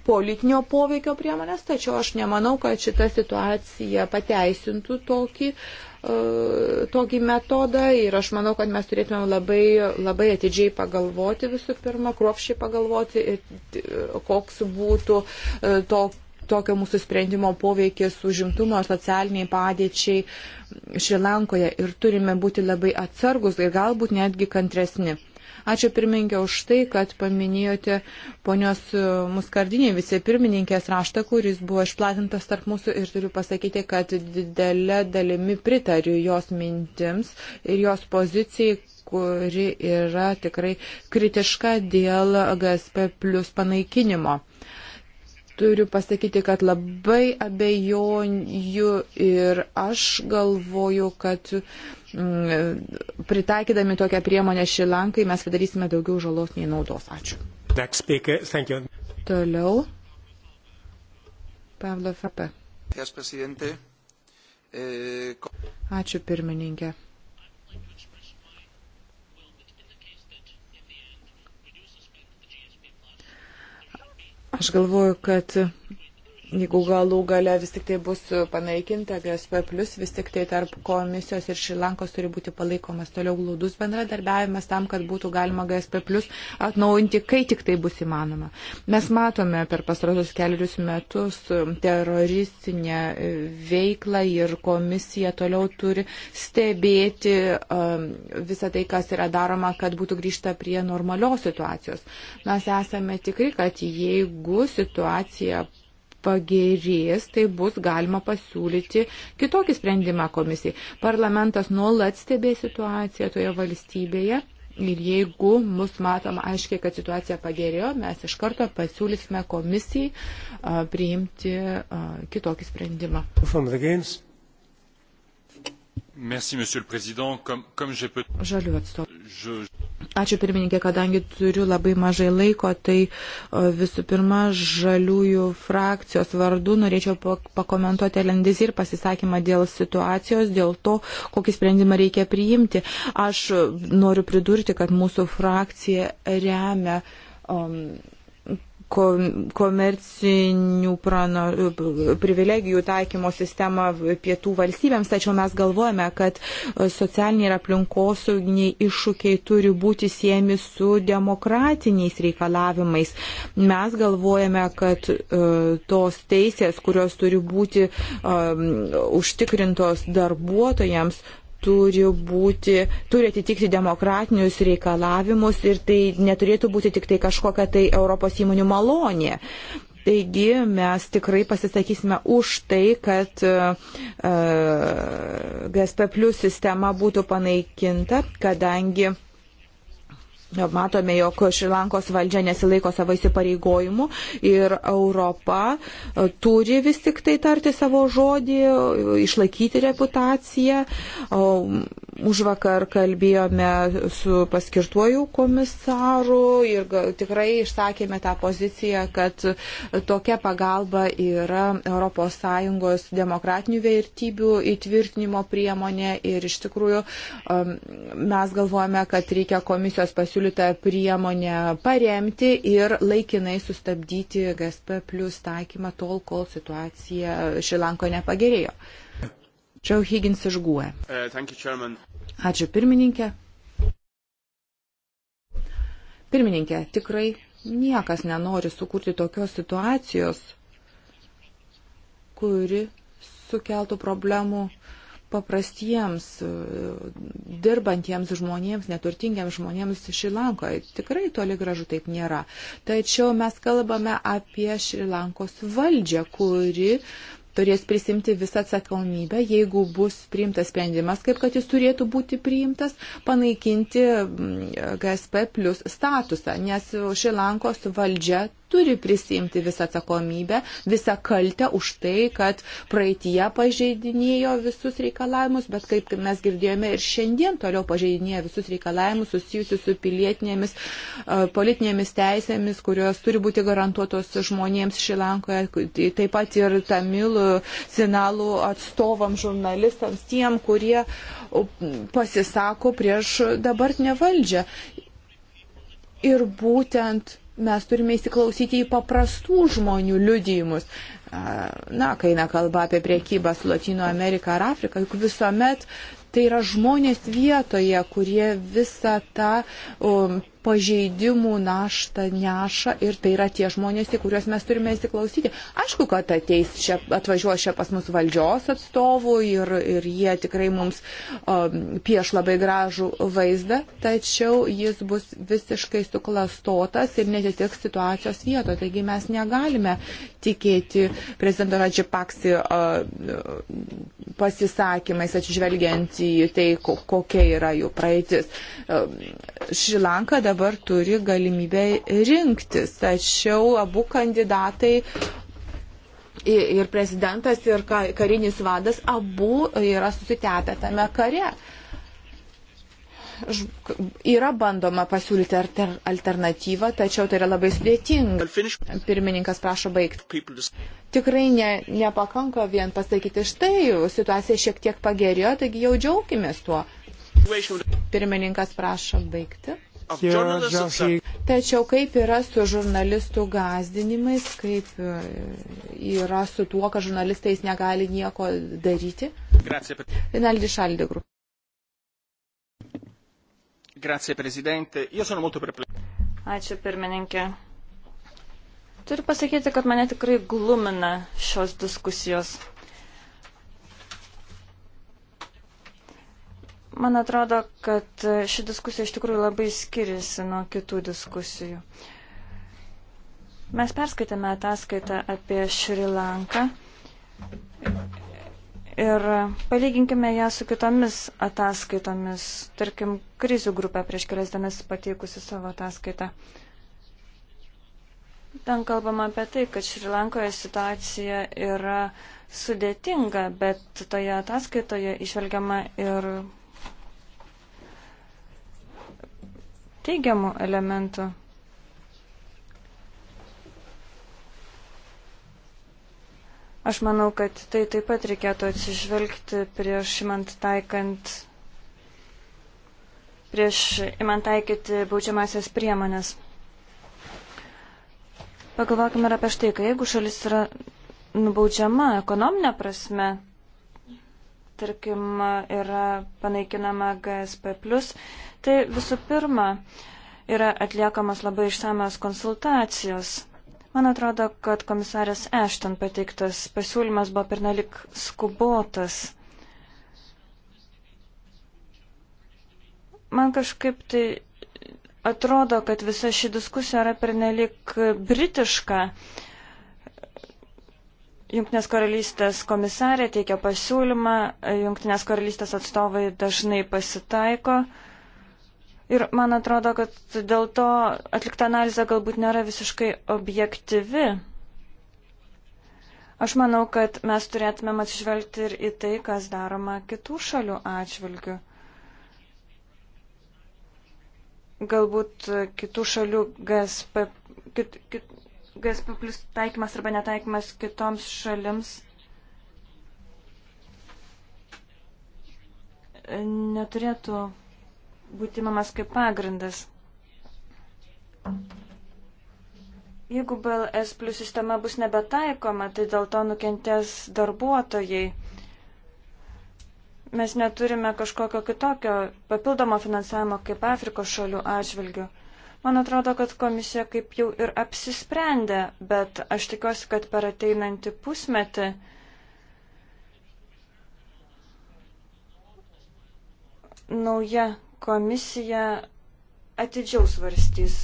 politinio poveikio priemonės, tačiau aš nemanau, kad šita situacija pateisintų tokį E, tokį metodą ir aš manau, kad mes turėtumėm labai, labai atidžiai pagalvoti visų pirma, kruopščiai pagalvoti, e, koks būtų e, to, tokio mūsų sprendimo poveikis užimtumo ar socialiniai padėčiai Šrilankoje ir turime būti labai atsargus ir galbūt netgi kantresni. Ačiū pirmininkė už tai, kad paminėjote ponios muskardinė vicepirmininkės raštą, kuris buvo išplatintas tarp mūsų ir turiu pasakyti, kad didelė dalimi pritariu jos mintims ir jos pozicijai kuri yra tikrai kritiška dėl GSP plus panaikinimo turiu pasakyti, kad labai abejoju ir aš galvoju, kad Mm, pritaikydami tokią priemonę Šilankai mes padarysime daugiau žalos nei naudos. Ačiū. Toliau. Pavlo Frape. Eh, Ačiū pirmininkė. Aš galvoju, kad jeigu galų gale vis tik tai bus panaikinta GSP, vis tik tai tarp komisijos ir Šilankos turi būti palaikomas toliau glaudus bendradarbiavimas tam, kad būtų galima GSP atnaujinti, kai tik tai bus įmanoma. Mes matome per pastarosius keliarius metus teroristinę veiklą ir komisija toliau turi stebėti um, visą tai, kas yra daroma, kad būtų grįžta prie normalios situacijos. Mes esame tikri, kad jeigu situacija pagerės, tai bus galima pasiūlyti kitokį sprendimą komisijai. Parlamentas nuolat stebė situaciją toje valstybėje. Ir jeigu mus matoma aiškiai, kad situacija pagerėjo, mes iš karto pasiūlysime komisijai priimti kitokį sprendimą. From the gains. Merci, Monsieur le Président. Comme, comme j'ai peut... Žaliu atstovų. Je... Ačiū pirmininkė, kadangi turiu labai mažai laiko, tai visų pirma, žaliųjų frakcijos vardu norėčiau pakomentuoti Elendizį ir pasisakymą dėl situacijos, dėl to, kokį sprendimą reikia priimti. Aš noriu pridurti, kad mūsų frakcija remia. Um, komercinių prano, privilegijų taikymo sistemą pietų valstybėms, tačiau mes galvojame, kad socialiniai ir aplinkosauginiai iššūkiai turi būti siejami su demokratiniais reikalavimais. Mes galvojame, kad e, tos teisės, kurios turi būti um, užtikrintos darbuotojams, turi būti, turi atitikti demokratinius reikalavimus ir tai neturėtų būti tik tai kažkokia tai Europos įmonių malonė. Taigi mes tikrai pasisakysime už tai, kad uh, e, e, GSP plus sistema būtų panaikinta, kadangi uh, Matome, jog Šrilankos valdžia nesilaiko savo įsipareigojimų ir Europa e, turi vis tik tai tarti savo žodį, e, išlaikyti reputaciją. Už vakar kalbėjome su paskirtuoju komisaru ir tikrai išsakėme tą poziciją, kad tokia pagalba yra ES demokratinių vertybių įtvirtinimo priemonė ir iš tikrųjų e, mes galvojame, kad reikia komisijos pasiūlyti pasiūlytą priemonę paremti ir laikinai sustabdyti GSP plus taikymą tol, kol situacija Šilanko nepagerėjo. Čia Higgins išguoja. E. Uh, Ačiū pirmininkė. Pirmininkė, tikrai niekas nenori sukurti tokios situacijos, kuri sukeltų problemų uh, paprastiems, dirbantiems žmonėms, neturtingiems žmonėms Šilankoje. Tikrai toli gražu taip nėra. Tačiau mes kalbame apie Šilankos valdžią, kuri turės prisimti visą atsakomybę, jeigu bus priimtas sprendimas, kaip kad jis turėtų būti priimtas, panaikinti mm, GSP plus statusą, nes Šilankos valdžia turi prisimti visą atsakomybę, visą kaltę už tai, kad praeitie pažeidinėjo visus reikalavimus, bet kaip mes girdėjome ir šiandien toliau pažeidinėjo visus reikalavimus susijusius su pilietinėmis, e, politinėmis teisėmis, kurios turi būti garantuotos žmonėms Šilankoje, tai taip pat ir tamilų, sinalų atstovam, žurnalistams, tiem, kurie pasisako prieš dabartinę valdžią. Ir būtent mes turime įsiklausyti į paprastų žmonių liudijimus. Na, kai eina kalba apie priekybą su Latino Amerika ar Afrika, juk visuomet tai yra žmonės vietoje, kurie visą tą um, pažeidimų naštą neša ir tai yra tie žmonės, į kuriuos mes turime įsiklausyti. Aišku, kad ateis čia, atvažiuos čia pas mus valdžios atstovų ir, ir jie tikrai mums um, pieš labai gražų vaizdą, tačiau jis bus visiškai suklastotas ir netitiks situacijos vieto. Taigi mes negalime tikėti prezidento Radžipaksi uh, pasisakymais, atsižvelgiant į tai, kokia yra jų praeitis. Uh, um, Šilanka dabar turi galimybę rinktis. Tačiau abu kandidatai ir prezidentas, ir karinis vadas abu yra susitepę tame kare. Yra bandoma pasiūlyti alternatyvą, tačiau tai yra labai sudėtinga. Pirmininkas prašo baigti. Tikrai ne, nepakanka vien pasakyti, štai situacija šiek tiek pagerėjo, taigi jau džiaukimės tuo. Pirmininkas prašo baigti. Tačiau kaip yra su žurnalistų gazdinimais, kaip e, yra su tuo, kad žurnalistais negali nieko daryti? Rinaldi Šaldigru. Ačiū pirmininkė. Turiu pasakyti, kad mane tikrai glumina šios diskusijos. Man atrodo, kad ši diskusija iš tikrųjų labai skiriasi nuo kitų diskusijų. Mes perskaitėme ataskaitą apie Šri Lanką ir palyginkime ją su kitomis ataskaitomis, tarkim, krizių grupė prieš kelias dienas pateikusi savo ataskaitą. Ten kalbama apie tai, kad Šrilankoje situacija yra sudėtinga, bet toje ataskaitoje išvelgiama ir teigiamų elementų. Aš manau, kad tai taip pat reikėtų atsižvelgti prieš imant taikant, prieš imant taikyti baudžiamasias priemonės. Pagalvokime ir apie štai, kad jeigu šalis yra nubaudžiama ekonominė prasme, tarkim, yra panaikinama GSP, Tai visų pirma yra atliekamas labai išsamios konsultacijos. Man atrodo, kad komisarės Ešton pateiktas pasiūlymas buvo pernelik skubotas. Man kažkaip tai atrodo, kad visa ši diskusija yra pernelik britiška. Junktinės karalystės komisarė teikia pasiūlymą, Junktinės karalystės atstovai dažnai pasitaiko. Uh, Ir man atrodo, kad dėl to atlikta analizė galbūt nėra visiškai objektyvi. Aš manau, kad mes turėtumėm atsižvelgti ir į tai, kas daroma kitų šalių atžvilgių. Galbūt kitų šalių GSP, kit, kit, GSP plus taikymas arba netaikymas kitoms šalims neturėtų būti mamas kaip pagrindas. Jeigu BLS plus sistema bus nebetaikoma, tai dėl to nukentės darbuotojai. Mes neturime kažkokio kitokio papildomo finansavimo kaip Afrikos šalių atžvilgių. Man atrodo, kad komisija kaip jau ir apsisprendė, bet aš tikiuosi, kad per ateinantį pusmetį nauja komisija atidžiau svarstys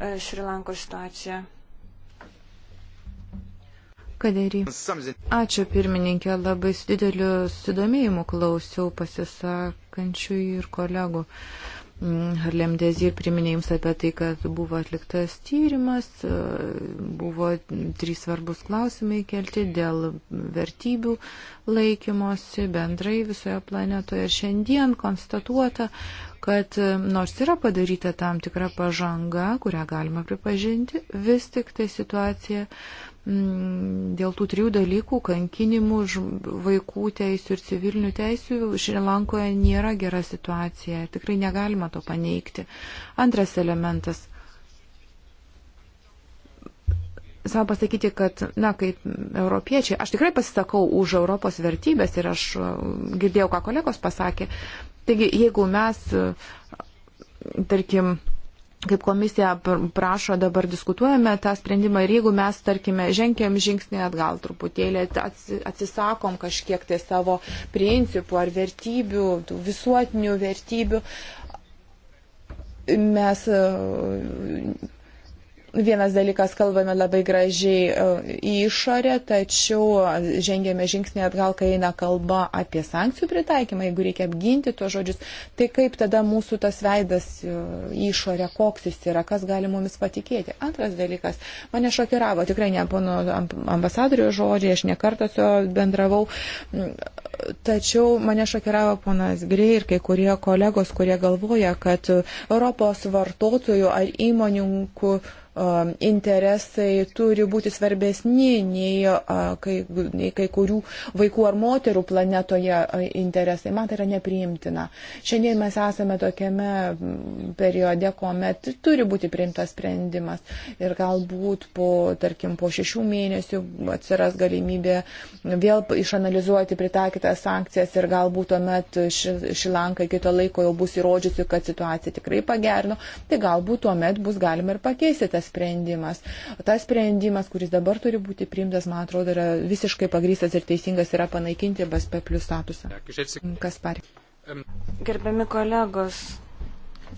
e, Šrilanko situaciją. Kaderį. Ačiū pirmininkė, labai su dideliu sudomėjimu klausiau pasisakančių ir kolegų. Uh, Harlem Dezir priminė jums apie tai, kad buvo atliktas tyrimas, buvo trys svarbus klausimai kelti dėl vertybių laikymosi bendrai visoje planetoje. Šiandien konstatuota, kad nors yra padaryta tam tikra pažanga, kurią galima pripažinti, vis tik tai situacija Mm, dėl tų trijų dalykų - kankinimų, vaikų teisų ir civilinių teisų - Šrilankoje nėra gera situacija. Tikrai negalima to paneigti. Antras elementas. Savo pasakyti, kad, na, kaip europiečiai, aš tikrai pasisakau už Europos vertybės ir aš e, girdėjau, ką kolegos pasakė. Taigi, jeigu mes, e, tarkim, kaip komisija prašo dabar diskutuojame tą sprendimą ir jeigu mes, tarkime, žengiam žingsnį atgal truputėlį, atsisakom kažkiek tai savo principų ar vertybių, tų visuotinių vertybių, mes Vienas dalykas, kalbame labai gražiai e, į išorę, tačiau žengėme žingsnį atgal, kai eina kalba apie sankcijų pritaikymą, jeigu reikia apginti tuos žodžius, tai kaip tada mūsų tas veidas e, į išorę, koks jis yra, kas gali mumis patikėti. Antras dalykas, mane šokiravo, tikrai ne pono ambasadorio žodžiai, aš nekartą su jo bendravau, tačiau mane šokiravo ponas Grei ir kai kurie kolegos, kurie galvoja, kad Europos vartotojų ar įmoninkų Um, interesai turi būti svarbesni nei uh, kai, nei kai kurių vaikų ar moterų planetoje uh, interesai. Man tai yra nepriimtina. Šiandien mes esame tokiame mm, periode, kuomet turi būti priimtas sprendimas ir galbūt po, tarkim, po šešių mėnesių atsiras galimybė vėl išanalizuoti pritaikytas sankcijas ir galbūt tuomet Šilanka iki to laiko jau bus įrodžiusi, kad situacija tikrai pagerino, tai galbūt tuomet bus galima ir pakeisti tas sprendimas. Tas sprendimas, kuris dabar turi būti priimtas, man atrodo, yra visiškai pagrystas ir teisingas, yra panaikinti BSP plus statusą. Kas pari? Gerbiami kolegos,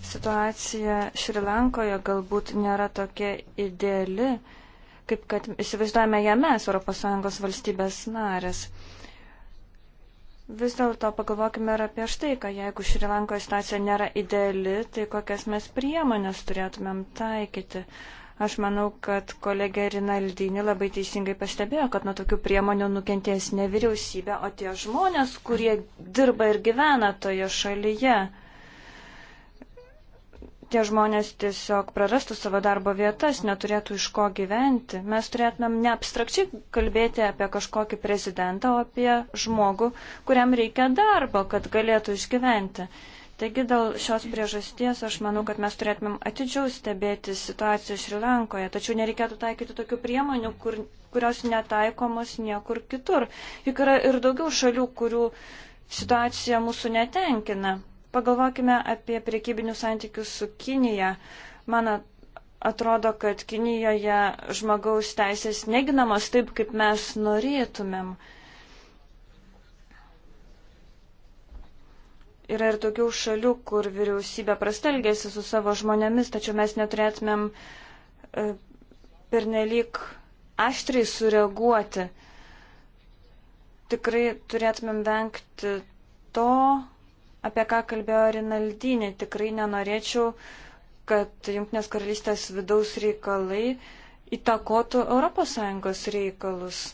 situacija Šrilankoje galbūt nėra tokia ideali, kaip kad įsivaizduojame ją mes, ES valstybės narės. Vis dėlto pagalvokime ir apie štai, kad jeigu Šrilankoje situacija nėra ideali, tai kokias mes priemonės turėtumėm taikyti. Aš manau, kad kolegė Rinaldinė labai teisingai pastebėjo, kad nuo tokių priemonių nukentės ne vyriausybė, o tie žmonės, kurie dirba ir gyvena toje šalyje. Tie žmonės tiesiog prarastų savo darbo vietas, neturėtų iš ko gyventi. Mes turėtumėm ne abstrakčiai kalbėti apie kažkokį prezidentą, o apie žmogų, kuriam reikia darbo, kad galėtų išgyventi. Taigi dėl šios priežasties aš manau, kad mes turėtumėm atidžiau stebėti situaciją Šrilankoje, tačiau nereikėtų taikyti tokių priemonių, kur, kurios netaikomos niekur kitur. Juk yra ir daugiau šalių, kurių situacija mūsų netenkina. Pagalvokime apie priekybinius santykius su Kinija. Man atrodo, kad Kinijoje žmogaus teisės neginamos taip, kaip mes norėtumėm. yra ir tokių šalių, kur vyriausybė prastelgėsi su savo žmonėmis, tačiau mes neturėtumėm e, pernelyg aštriai sureaguoti. Tikrai turėtumėm vengti to, apie ką kalbėjo Rinaldinė. Tikrai nenorėčiau, kad Junktinės karalystės vidaus reikalai įtakotų ES reikalus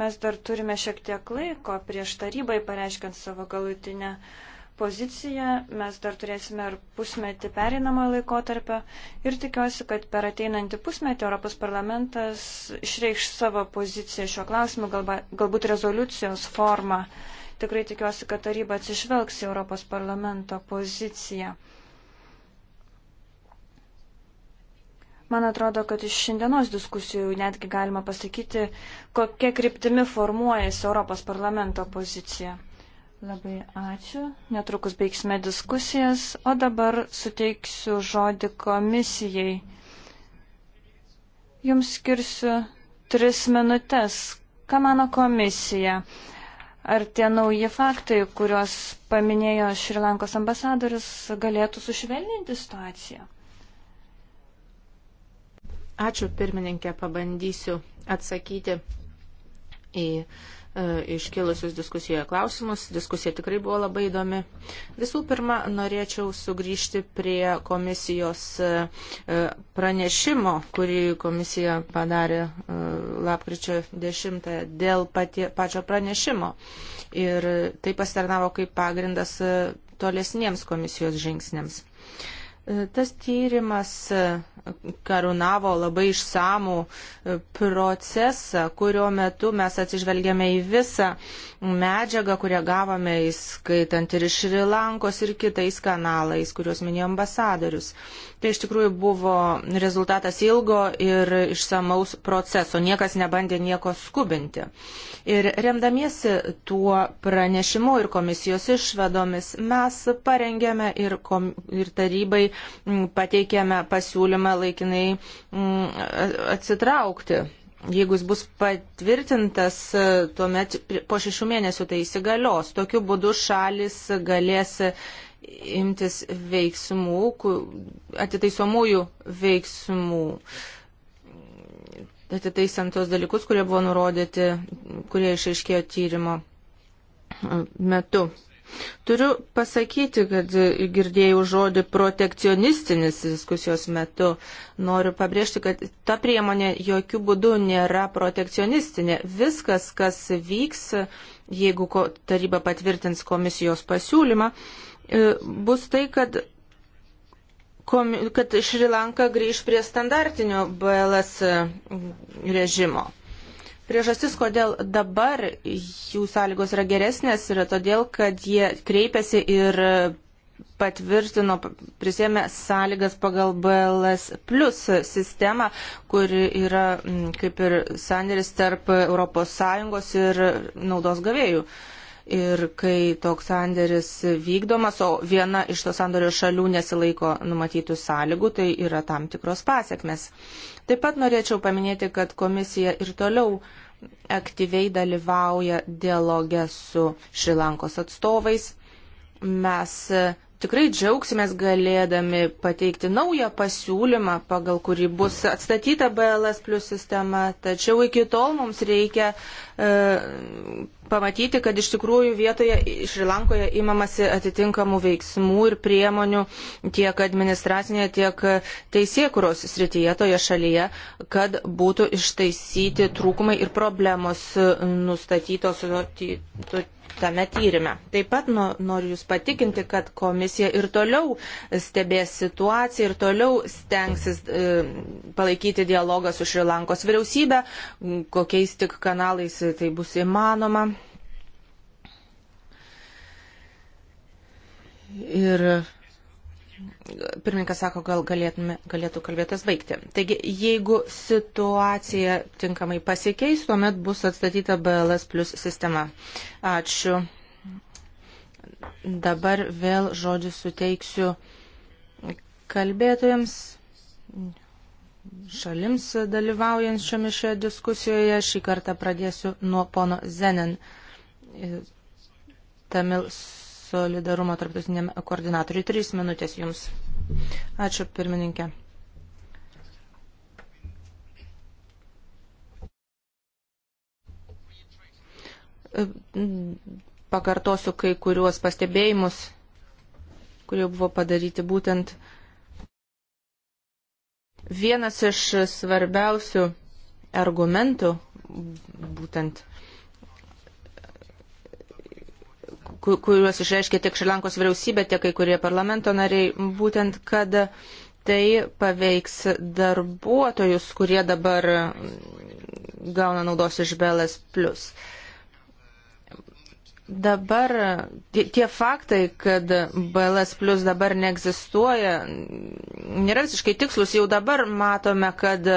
mes dar turime šiek tiek laiko prieš tarybai pareiškiant savo galutinę poziciją. Mes dar turėsime ir pusmetį pereinamojo laikotarpio ir tikiuosi, kad per ateinantį pusmetį Europos parlamentas išreikš savo poziciją šiuo klausimu, galba, galbūt rezoliucijos formą. Tikrai tikiuosi, kad taryba atsižvelgs į Europos parlamento poziciją. Man atrodo, kad iš šiandienos diskusijų netgi galima pasakyti, kokia kryptimi formuojasi Europos parlamento pozicija. Labai ačiū. Netrukus baigsime diskusijas, o dabar suteiksiu žodį komisijai. Jums skirsiu tris minutės. Ką mano komisija? Ar tie nauji faktai, kuriuos paminėjo Šrilankos ambasadoris, galėtų sušvelninti situaciją? Ačiū pirmininkė, pabandysiu atsakyti į e, iškilusius diskusijoje klausimus. Diskusija tikrai buvo labai įdomi. Visų pirma, norėčiau sugrįžti prie komisijos e, e, pranešimo, kurį komisija padarė lapkričio 10 dėl patie, pačio pranešimo. Ir tai pasitarnavo kaip pagrindas tolesniems komisijos žingsniams. Tas tyrimas karūnavo labai išsamų e, procesą, kurio metu mes atsižvelgėme į visą medžiagą, kurią gavome, įskaitant ir iš Šrilankos ir kitais kanalais, kuriuos minėjo ambasadorius. Tai iš tikrųjų buvo rezultatas ilgo ir išsamaus proceso. Niekas nebandė nieko skubinti. Ir remdamiesi tuo pranešimu ir komisijos išvedomis, mes parengėme ir, kom, ir tarybai pateikėme pasiūlymą laikinai mm, atsitraukti. Jeigu jis bus patvirtintas, e, tuomet po šešių mėnesių tai įsigalios. Tokiu būdu šalis galės imtis veiksmų, atitaisomųjų veiksmų, atitaisant tos dalykus, kurie buvo nurodyti, kurie išaiškėjo tyrimo metu. Turiu pasakyti, kad girdėjau žodį protekcionistinis diskusijos metu. Noriu pabrėžti, kad ta priemonė jokių būdų nėra protekcionistinė. Viskas, kas vyks, jeigu taryba patvirtins komisijos pasiūlymą, e, bus tai, kad kad Šri Lanka grįž prie standartinio BLS režimo. Priežastis, kodėl dabar jų sąlygos yra geresnės, yra todėl, kad jie kreipiasi ir patvirtino, prisėmė sąlygas pagal BLS plus sistemą, kuri yra mm, kaip ir sandėris tarp ES ir naudos gavėjų. Ir kai toks sandėris vykdomas, o viena iš to sandorio šalių nesilaiko numatytų sąlygų, tai yra tam tikros pasiekmes. Taip pat norėčiau paminėti, kad komisija ir toliau aktyviai dalyvauja dialogę su Šrilankos atstovais. Mes e, tikrai džiaugsimės galėdami pateikti naują pasiūlymą, pagal kurį bus atstatyta BLS plus sistema, tačiau iki tol mums reikia e, pamatyti, kad iš tikrųjų vietoje Šrilankoje imamasi atitinkamų veiksmų ir priemonių tiek administracinėje, tiek teisėkuros srityje toje šalyje, kad būtų ištaisyti trūkumai ir problemos nustatytos tame tyrime. Taip pat nu, noriu Jūs patikinti, kad komisija ir toliau stebės situaciją ir toliau stengsis e, palaikyti dialogą su Šrilankos vyriausybė, kokiais tik kanalais tai bus įmanoma. Ir Pirmininkas sako, gal galėtume, galėtų kalbėtas baigti. Taigi, jeigu situacija tinkamai pasikeis, tuomet bus atstatyta BLS plus sistema. Ačiū. Dabar vėl žodžiu suteiksiu kalbėtojams, šalims dalyvaujančiomis šioje diskusijoje. Šį kartą pradėsiu nuo pono Zenen. Tamil solidarumo tarptautiniam koordinatoriui. Trys minutės jums. Ačiū, pirmininkė. Pakartosiu kai kuriuos pastebėjimus, kurie buvo padaryti būtent vienas iš svarbiausių argumentų, būtent kuriuos išreiškė tiek Šrilankos vyriausybė, tiek kai kurie parlamento nariai, būtent kad tai paveiks darbuotojus, kurie dabar gauna naudos iš BLS. Dabar tie faktai, kad BLS plus dabar neegzistuoja, nėra visiškai tikslus. Jau dabar matome, kad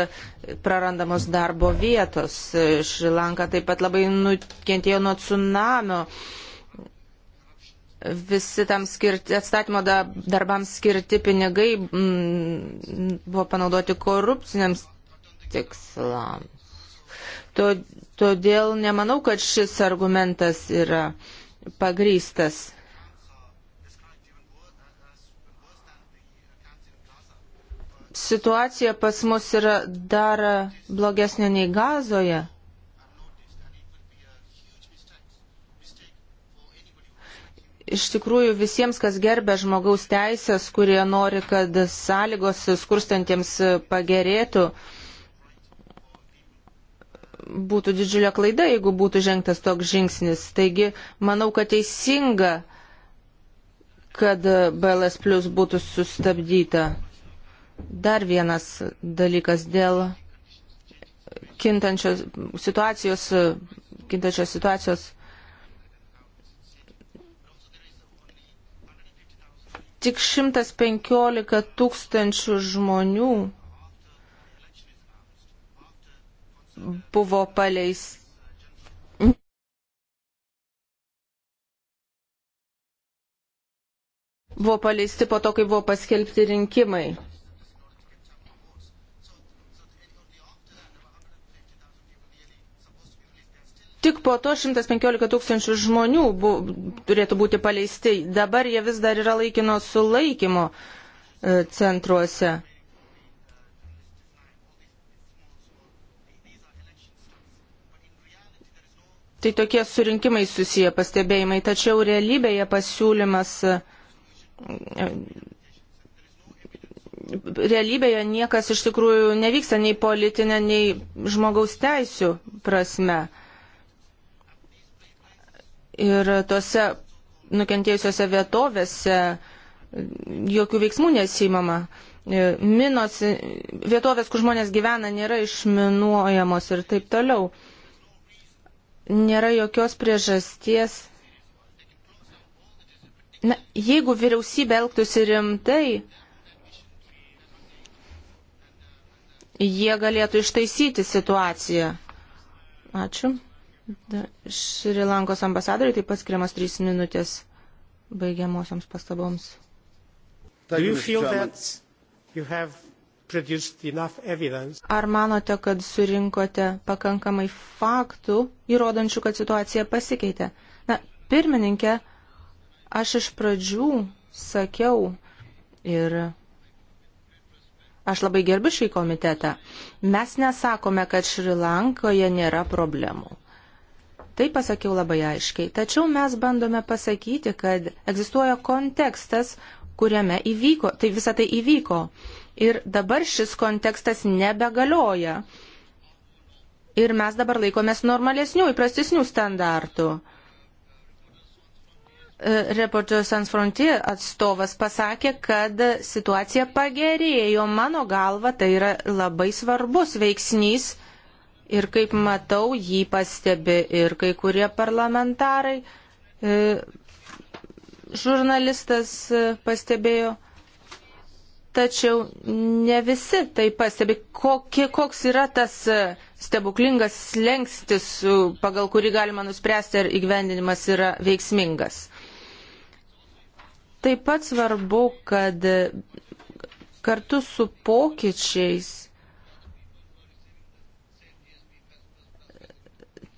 prarandamos darbo vietos. Šrilanka taip pat labai nukentėjo nuo tsunamio visi tam skirti, atstatymo darbams skirti pinigai m, mm, buvo panaudoti korupciniams tikslams. To, todėl nemanau, kad šis argumentas yra pagrystas. Situacija pas mus yra dar blogesnė nei gazoje. iš tikrųjų visiems, kas gerbė žmogaus teisės, kurie nori, kad sąlygos skurstantiems pagerėtų, būtų didžiulė klaida, jeigu būtų žengtas toks žingsnis. Taigi, manau, kad teisinga, kad BLS plus būtų sustabdyta. Dar vienas dalykas dėl kintančios situacijos, kintančios situacijos tik 115 tūkstančių žmonių buvo paleisti. Buvo paleisti po to, kai buvo paskelbti rinkimai. Tik po to 115 tūkstančių žmonių bu, turėtų būti paleisti. Dabar jie vis dar yra laikino sulaikymo e, centruose. Tai tokie surinkimai susiję pastebėjimai, tačiau realybėje pasiūlymas e, realybėje niekas iš tikrųjų nevyksta nei politinė, nei žmogaus teisų prasme. Ir tose nukentėjusiose vietovėse jokių veiksmų nesimama. Minos, vietovės, kur žmonės gyvena, nėra išminuojamos ir taip toliau. Nėra jokios priežasties. Na, jeigu vyriausybė elgtųsi rimtai, jie galėtų ištaisyti situaciją. Ačiū. Šri Lankos ambasadoriai taip pat skiriamas trys minutės baigiamosioms pastaboms. Ar manote, kad surinkote pakankamai faktų, įrodančių, kad situacija pasikeitė? Na, pirmininkė, aš iš pradžių sakiau ir aš labai gerbiu šį komitetą. Mes nesakome, kad Šri Lankoje nėra problemų. Tai pasakiau labai aiškiai. Tačiau mes bandome pasakyti, kad egzistuoja kontekstas, kuriame įvyko, tai visą tai įvyko. Ir dabar šis kontekstas nebegalioja. Ir mes dabar laikomės normalesnių, įprastesnių standartų. E, Reporters Sans Frontier atstovas pasakė, kad situacija pagerėjo. Mano galva tai yra labai svarbus veiksnys ir kaip matau, jį pastebi ir kai kurie parlamentarai. E, žurnalistas e, pastebėjo, tačiau ne visi tai pastebi, kokie, koks yra tas e, stebuklingas slengstis, pagal kurį galima nuspręsti, ar įgyvendinimas yra veiksmingas. Taip pat svarbu, kad kartu su pokyčiais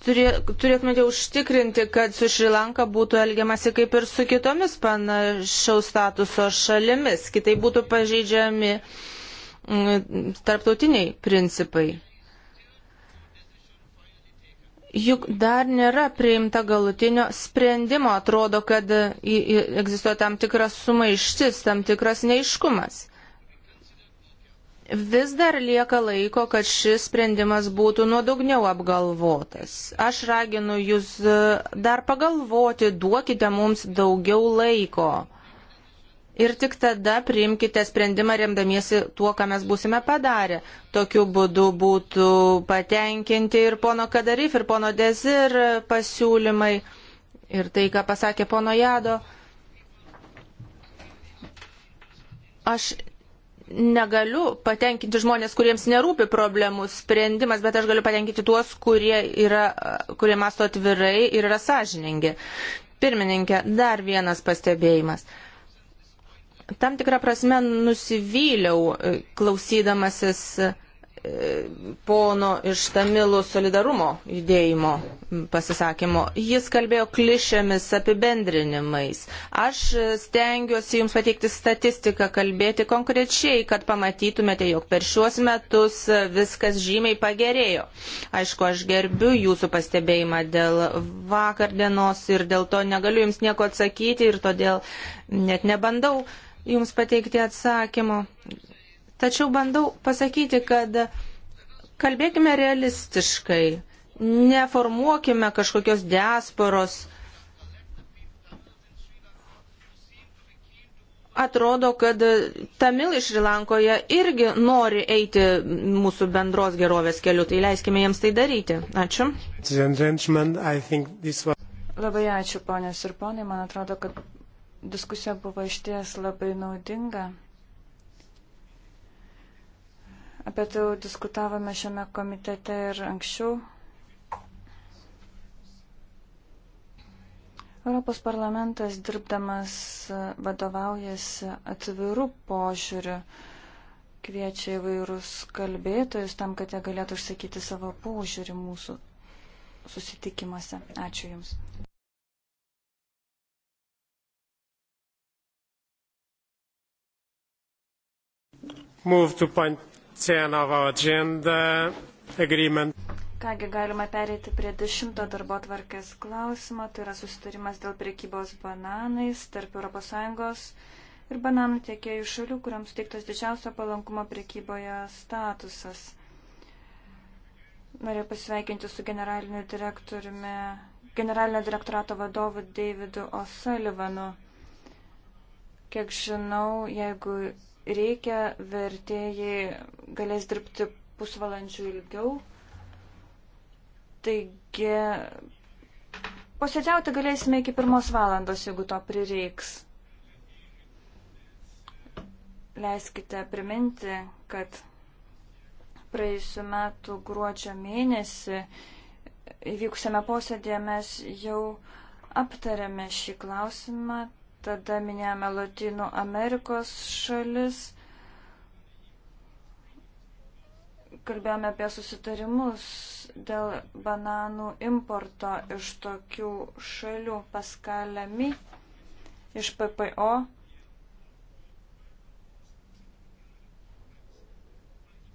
turėtumėte užtikrinti, kad su Šrilanka būtų elgiamasi kaip ir su kitomis panašaus statuso šalimis, kitai būtų pažeidžiami mm, tarptautiniai principai. Juk dar nėra priimta galutinio sprendimo, atrodo, kad egzistuoja tam tikras sumaištis, tam tikras neiškumas vis dar lieka laiko, kad šis sprendimas būtų nuodugniau apgalvotas. Aš raginu jūs e, dar pagalvoti, duokite mums daugiau laiko. Ir tik tada priimkite sprendimą remdamiesi tuo, ką mes būsime padarę. Tokiu būdu būtų patenkinti ir pono Kadarif, ir pono Dezir pasiūlymai, ir tai, ką pasakė pono Jado. Aš negaliu patenkinti žmonės, kuriems nerūpi problemų sprendimas, bet aš galiu patenkinti tuos, kurie, yra, kurie masto atvirai ir yra sąžiningi. Pirmininkė, dar vienas pastebėjimas. Tam tikrą prasme nusivyliau e, klausydamasis pono iš Tamilų solidarumo judėjimo pasisakymo. Jis kalbėjo klišėmis apibendrinimais. Aš stengiuosi Jums pateikti statistiką, kalbėti konkrečiai, kad pamatytumėte, jog per šiuos metus viskas žymiai pagerėjo. Aišku, aš gerbiu Jūsų pastebėjimą dėl vakardienos ir dėl to negaliu Jums nieko atsakyti ir todėl net nebandau Jums pateikti atsakymo. Tačiau bandau pasakyti, kad kalbėkime realistiškai, neformuokime kažkokios diasporos. Atrodo, kad tamilai Šrilankoje irgi nori eiti mūsų bendros gerovės keliu, tai leiskime jiems tai daryti. Ačiū. Labai ačiū, ponės ir ponai. Man atrodo, kad diskusija buvo išties labai naudinga. Apie tai jau diskutavome šiame komitete ir anksčiau. Europos parlamentas dirbdamas vadovaujasi atvirų požiūrių, kviečia įvairus kalbėtojus tam, kad jie galėtų išsakyti savo požiūrį mūsų susitikimuose. Ačiū Jums. Move to point Kągi galima perėti prie dešimto darbo tvarkės klausimo, tai yra susitarimas dėl priekybos bananais tarp ES ir bananų tiekėjų šalių, kuriams teiktas didžiausio palankumo priekyboje statusas. Norėjau pasveikinti su generaliniu direktoriumi, generalinio direktorato vadovu Davidu O'Sullivanu. Kiek žinau, jeigu reikia, vertėjai galės dirbti pusvalandžių ilgiau. Taigi, posėdžiauti galėsime iki pirmos valandos, jeigu to prireiks. Leiskite priminti, kad praėjusiu metu gruodžio mėnesį įvykusiame posėdėje mes jau aptarėme šį klausimą, tada minėjome Latinų Amerikos šalis, kalbėjome apie susitarimus dėl bananų importo iš tokių šalių paskalėmi iš PPO.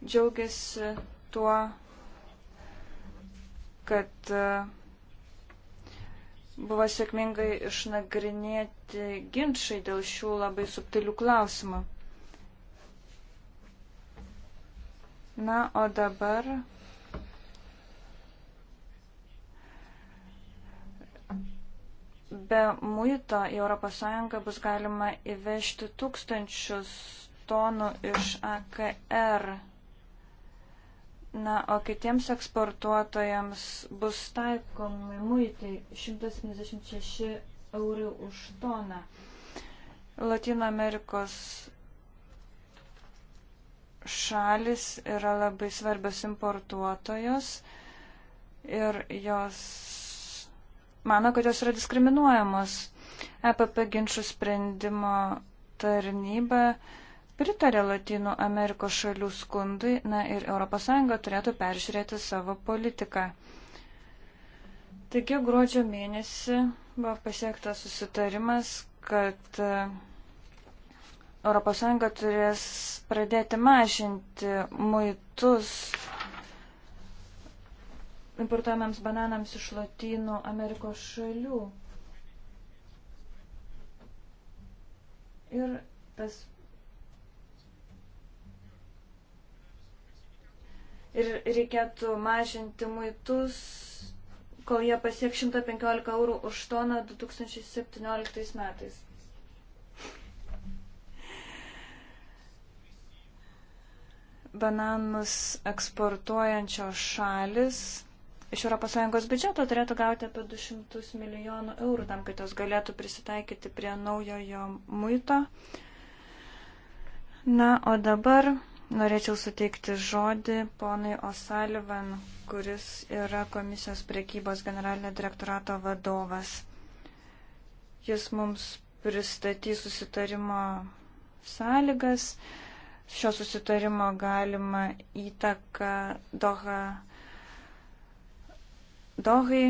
Džiaugiasi tuo, kad uh, buvo sėkmingai išnagrinėti ginčiai dėl šių labai subtilių klausimų. Na, o dabar be muito į ES bus galima įvežti tūkstančius tonų iš AKR Na, o kitiems eksportuotojams bus taikomi muitai 176 eurų už toną. Latino Amerikos šalis yra labai svarbios importuotojos ir jos mano, kad jos yra diskriminuojamos. EPP ginčių sprendimo tarnyba pritarė Latino Amerikos šalių skundui, na ir ES turėtų peržiūrėti savo politiką. Taigi gruodžio mėnesį buvo pasiektas susitarimas, kad ES turės pradėti mažinti muitus importuojamiems bananams iš Latino Amerikos šalių. Ir tas ir reikėtų mažinti muitus, kol jie pasieks 115 eurų už toną 2017 metais. Bananus eksportuojančios šalis iš ES biudžeto turėtų gauti apie 200 milijonų eurų tam, kad jos galėtų prisitaikyti prie naujojo muito. Na, o dabar Norėčiau suteikti žodį ponui O'Sullivan, kuris yra komisijos priekybos generalinio direktorato vadovas. Jis mums pristatys susitarimo sąlygas. Šio susitarimo galima įtaka Doha, Dohai.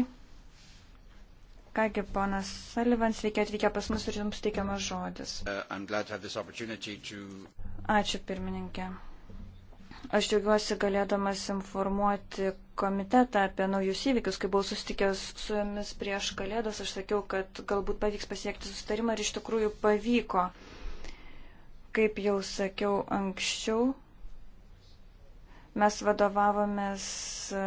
Kągi, ponas Sullivan, sveiki atvykę pas mus ir jums teikiamas žodis. Uh, Ačiū, pirmininkė. Aš džiaugiuosi galėdamas informuoti komitetą apie naujus įvykius. Kai buvau susitikęs su jumis prieš kalėdas, aš sakiau, kad galbūt pavyks pasiekti sustarimą ir iš tikrųjų pavyko. Kaip jau sakiau anksčiau, mes vadovavomės e,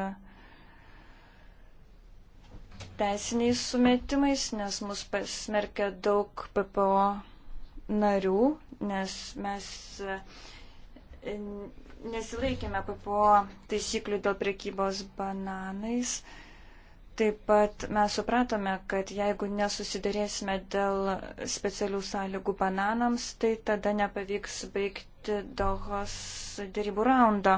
teisiniais sumetimais, nes mus pasmerkė daug PPO narių, nes mes e, nesilaikėme PPO taisyklių dėl prekybos bananais. Taip pat mes supratome, kad jeigu nesusidėrėsime dėl specialių sąlygų bananams, tai tada nepavyks baigti Dohos dėrybų raundo,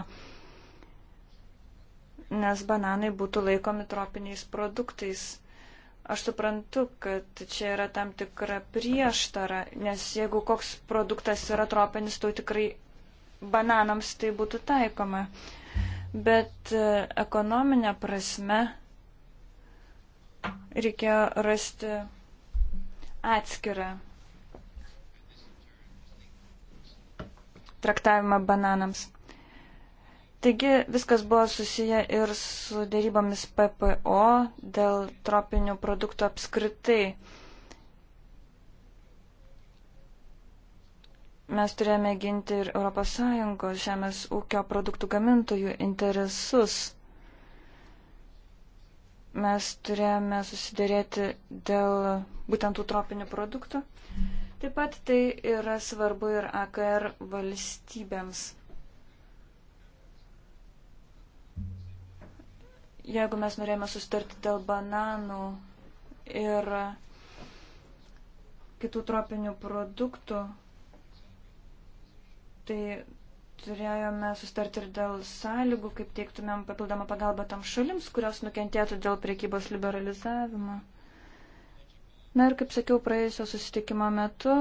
nes bananai būtų laikomi tropiniais produktais. Aš suprantu, kad čia yra tam tikra prieštara, nes jeigu koks produktas yra tropinis, tai tikrai bananams tai būtų taikoma. Bet e, ekonominė prasme reikėjo rasti atskirą traktavimą bananams. Taigi viskas buvo susiję ir su dėrybomis PPO dėl tropinių produktų apskritai. mes turėjome ginti ir ES žemės ūkio produktų gamintojų interesus. Mes turėjome susidėrėti dėl būtent tų tropinių produktų. Taip pat tai yra svarbu ir AKR valstybėms. Jeigu mes norėjome sustarti dėl bananų ir kitų tropinių produktų, Tai turėjome sustarti ir dėl sąlygų, kaip teiktumėm papildomą pagalbą tam šalims, kurios nukentėtų dėl priekybos liberalizavimo. Na ir kaip sakiau, praėjusio susitikimo metu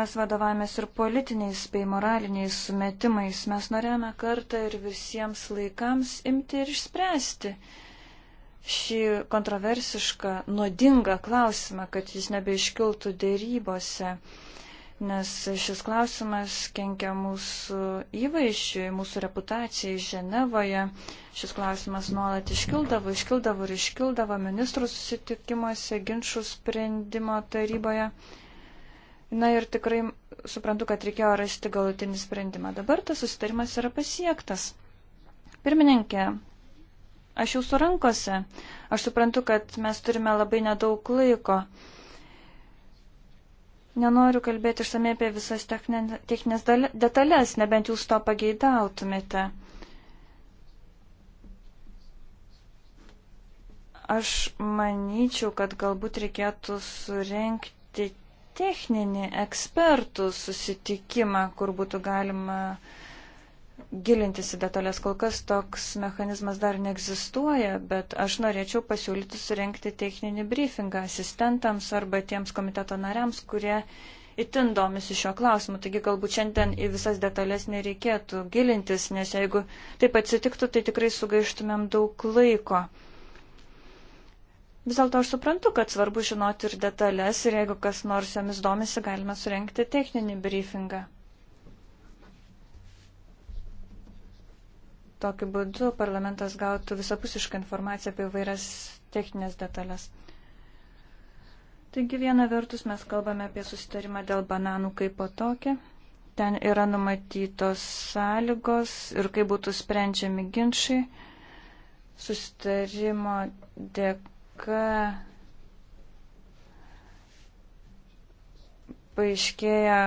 mes vadovavomės ir politiniais bei moraliniais sumetimais. Mes norėjome kartą ir visiems laikams imti ir išspręsti šį kontroversišką, nuodingą klausimą, kad jis nebeiškiltų dėrybose nes šis klausimas kenkia mūsų įvaizdžiui, mūsų reputacijai Ženevoje. Šis klausimas nuolat iškildavo, iškildavo ir iškildavo ministrų susitikimuose, ginčių sprendimo taryboje. Na ir tikrai suprantu, kad reikėjo rasti galutinį sprendimą. Dabar tas susitarimas yra pasiektas. Pirmininkė, aš jūsų rankose. Aš suprantu, kad mes turime labai nedaug laiko. Nenoriu kalbėti išsamei apie visas techninės detalės, nebent jūs to pageidautumėte. Aš manyčiau, kad galbūt reikėtų surenkti techninį ekspertų susitikimą, kur būtų galima uh, gilintis į detalės. Kol kas toks mechanizmas dar neegzistuoja, bet aš norėčiau pasiūlyti surenkti techninį briefingą asistentams arba tiems komiteto nariams, kurie itin domisi šio klausimu. Taigi galbūt šiandien į visas detalės nereikėtų gilintis, nes jeigu taip atsitiktų, tai tikrai sugaištumėm daug laiko. Vis dėlto aš suprantu, kad svarbu žinoti ir detalės ir jeigu kas nors jomis domisi, galime surenkti techninį briefingą. Tokiu būdu parlamentas gautų visapusišką informaciją apie vairias techninės detalės. Taigi viena vertus mes kalbame apie susitarimą dėl bananų kaip po tokią. Ten yra numatytos sąlygos ir kaip būtų sprendžiami ginčiai. Susitarimo dėka paaiškėja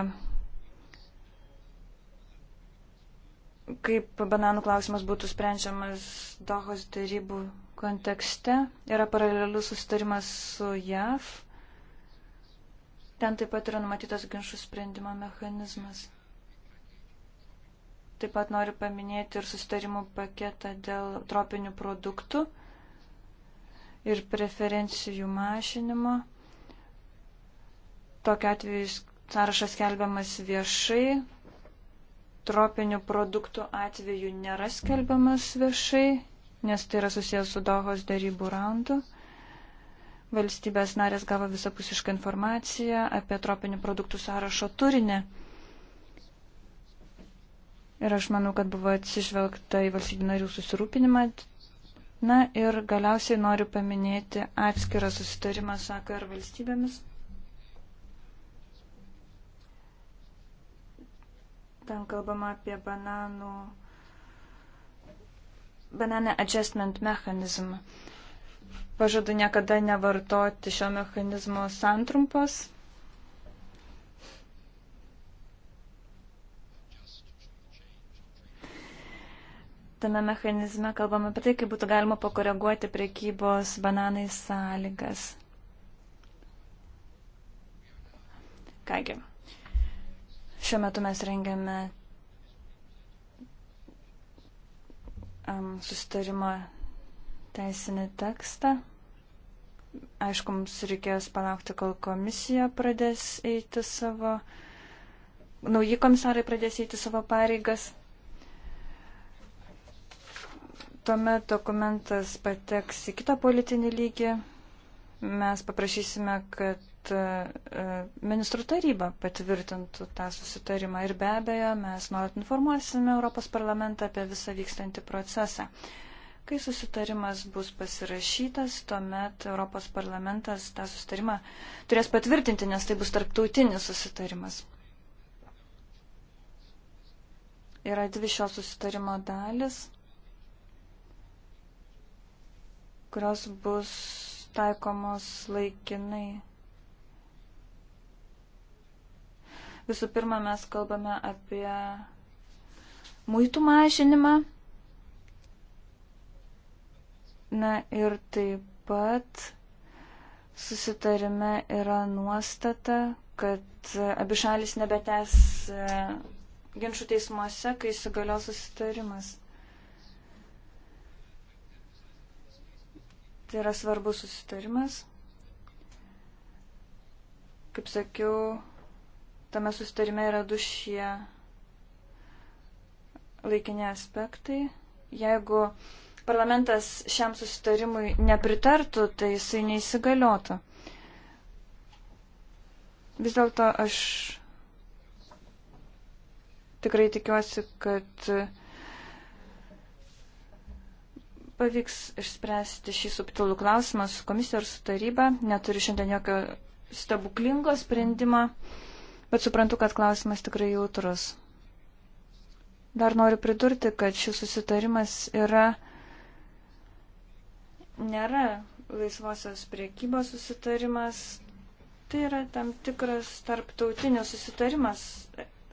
kaip bananų klausimas būtų sprendžiamas Dohos darybų kontekste. Yra paralelus sustarimas su JAV. Ten taip pat yra numatytas ginčių sprendimo mechanizmas. Taip pat noriu paminėti ir sustarimų paketą dėl tropinių produktų ir preferencijų mažinimo. Tokiu atveju sąrašas kelbiamas viešai, tropinių produktų atveju nėra skelbiamas viešai, nes tai yra susijęs su Dohos darybų raundu. Valstybės narės gavo visapusišką informaciją apie tropinių produktų sąrašo turinį. Ir aš manau, kad buvo atsižvelgta į valstybių narių susirūpinimą. Na ir galiausiai noriu paminėti atskirą susitarimą, sako, ir valstybėmis Ten kalbama apie bananų, bananę adjustment mechanizm. Pažadu niekada nevartoti šio mechanizmo santrumpos. tame mechanizme kalbame apie tai, kaip būtų galima pakoreguoti priekybos bananais sąlygas. Kągi. Šiuo metu mes rengiame um, susitarimo teisinį tekstą. Aišku, mums reikės palaukti, kol komisija pradės eiti savo, nauji komisarai pradės eiti savo pareigas. Tuomet dokumentas pateks į kitą politinį lygį. Mes paprašysime, kad kad e, ministrų taryba patvirtintų tą susitarimą ir be abejo mes nuolat informuosime Europos parlamentą apie visą vykstantį procesą. Kai susitarimas bus pasirašytas, tuomet Europos parlamentas tą susitarimą turės patvirtinti, nes tai bus tarptautinis susitarimas. Yra dvi šio susitarimo dalis, kurios bus taikomos laikinai Visų pirma, mes kalbame apie muitų mažinimą. Na ir taip pat susitarime yra nuostata, kad abi šalis nebetęs e, ginčių teismuose, kai įsigalios susitarimas. Tai yra svarbus susitarimas. Kaip sakiau, Tame sustarime yra du šie laikini aspektai. Jeigu parlamentas šiam sustarimui nepritartų, tai jisai neįsigaliotų. Vis dėlto aš tikrai tikiuosi, kad pavyks išspręsti šį subtilų klausimą su komisija ir su taryba. Neturiu šiandien jokio stebuklingo sprendimo. Mm bet suprantu, kad klausimas tikrai jautrus. Dar noriu pridurti, kad šis susitarimas yra nėra laisvosios priekybos susitarimas, tai yra tam tikras tarptautinis susitarimas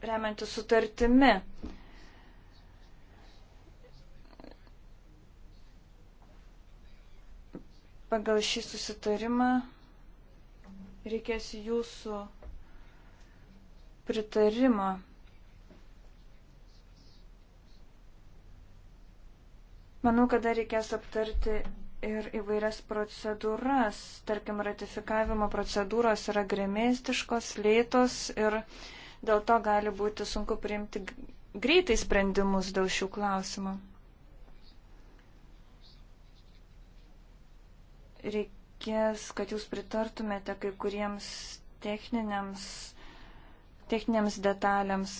remiantis sutartimi. Pagal šį susitarimą reikės jūsų pritarimo. Manau, kad dar reikės aptarti ir įvairias procedūras. Tarkim, ratifikavimo procedūros yra grėmėstiškos, lėtos ir dėl to gali būti sunku priimti greitai sprendimus dėl šių klausimų. Reikės, kad jūs pritartumėte kai kuriems techniniams techniniams detalėms.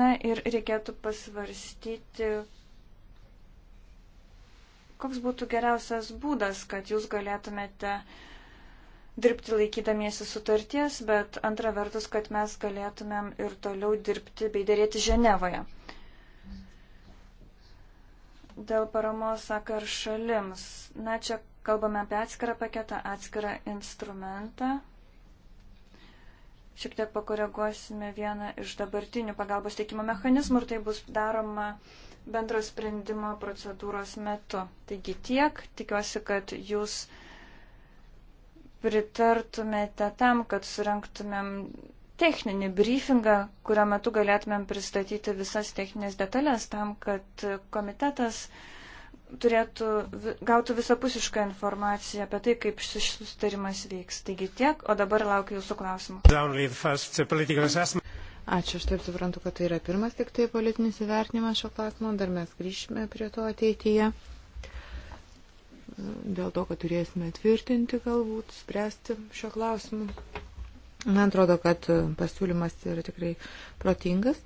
Na ir reikėtų pasvarstyti, koks būtų geriausias būdas, kad jūs galėtumėte dirbti laikydamiesi sutarties, bet antra vertus, kad mes galėtumėm ir toliau dirbti bei dėrėti Ženevoje. Dėl paramos sakar šalims. Na, čia kalbame apie atskirą paketą, atskirą instrumentą, šiek tiek pakoreguosime vieną iš dabartinių pagalbos teikimo mechanizmų ir tai bus daroma bendro sprendimo procedūros metu. Taigi tiek, tikiuosi, kad jūs pritartumėte tam, kad surinktumėm techninį briefingą, kurio metu galėtumėm pristatyti visas techninės detalės tam, kad komitetas uh, turėtų gauti visapusišką informaciją apie tai, kaip šis sustarimas veiks. Taigi tiek, o dabar laukiu jūsų klausimų. Ačiū, aš taip suprantu, kad tai yra pirmas tik tai politinis įvertinimas šio klausimo, dar mes grįšime prie to ateityje. Dėl to, kad turėsime tvirtinti, galbūt spręsti šio klausimu. Man atrodo, kad pasiūlymas yra tikrai protingas.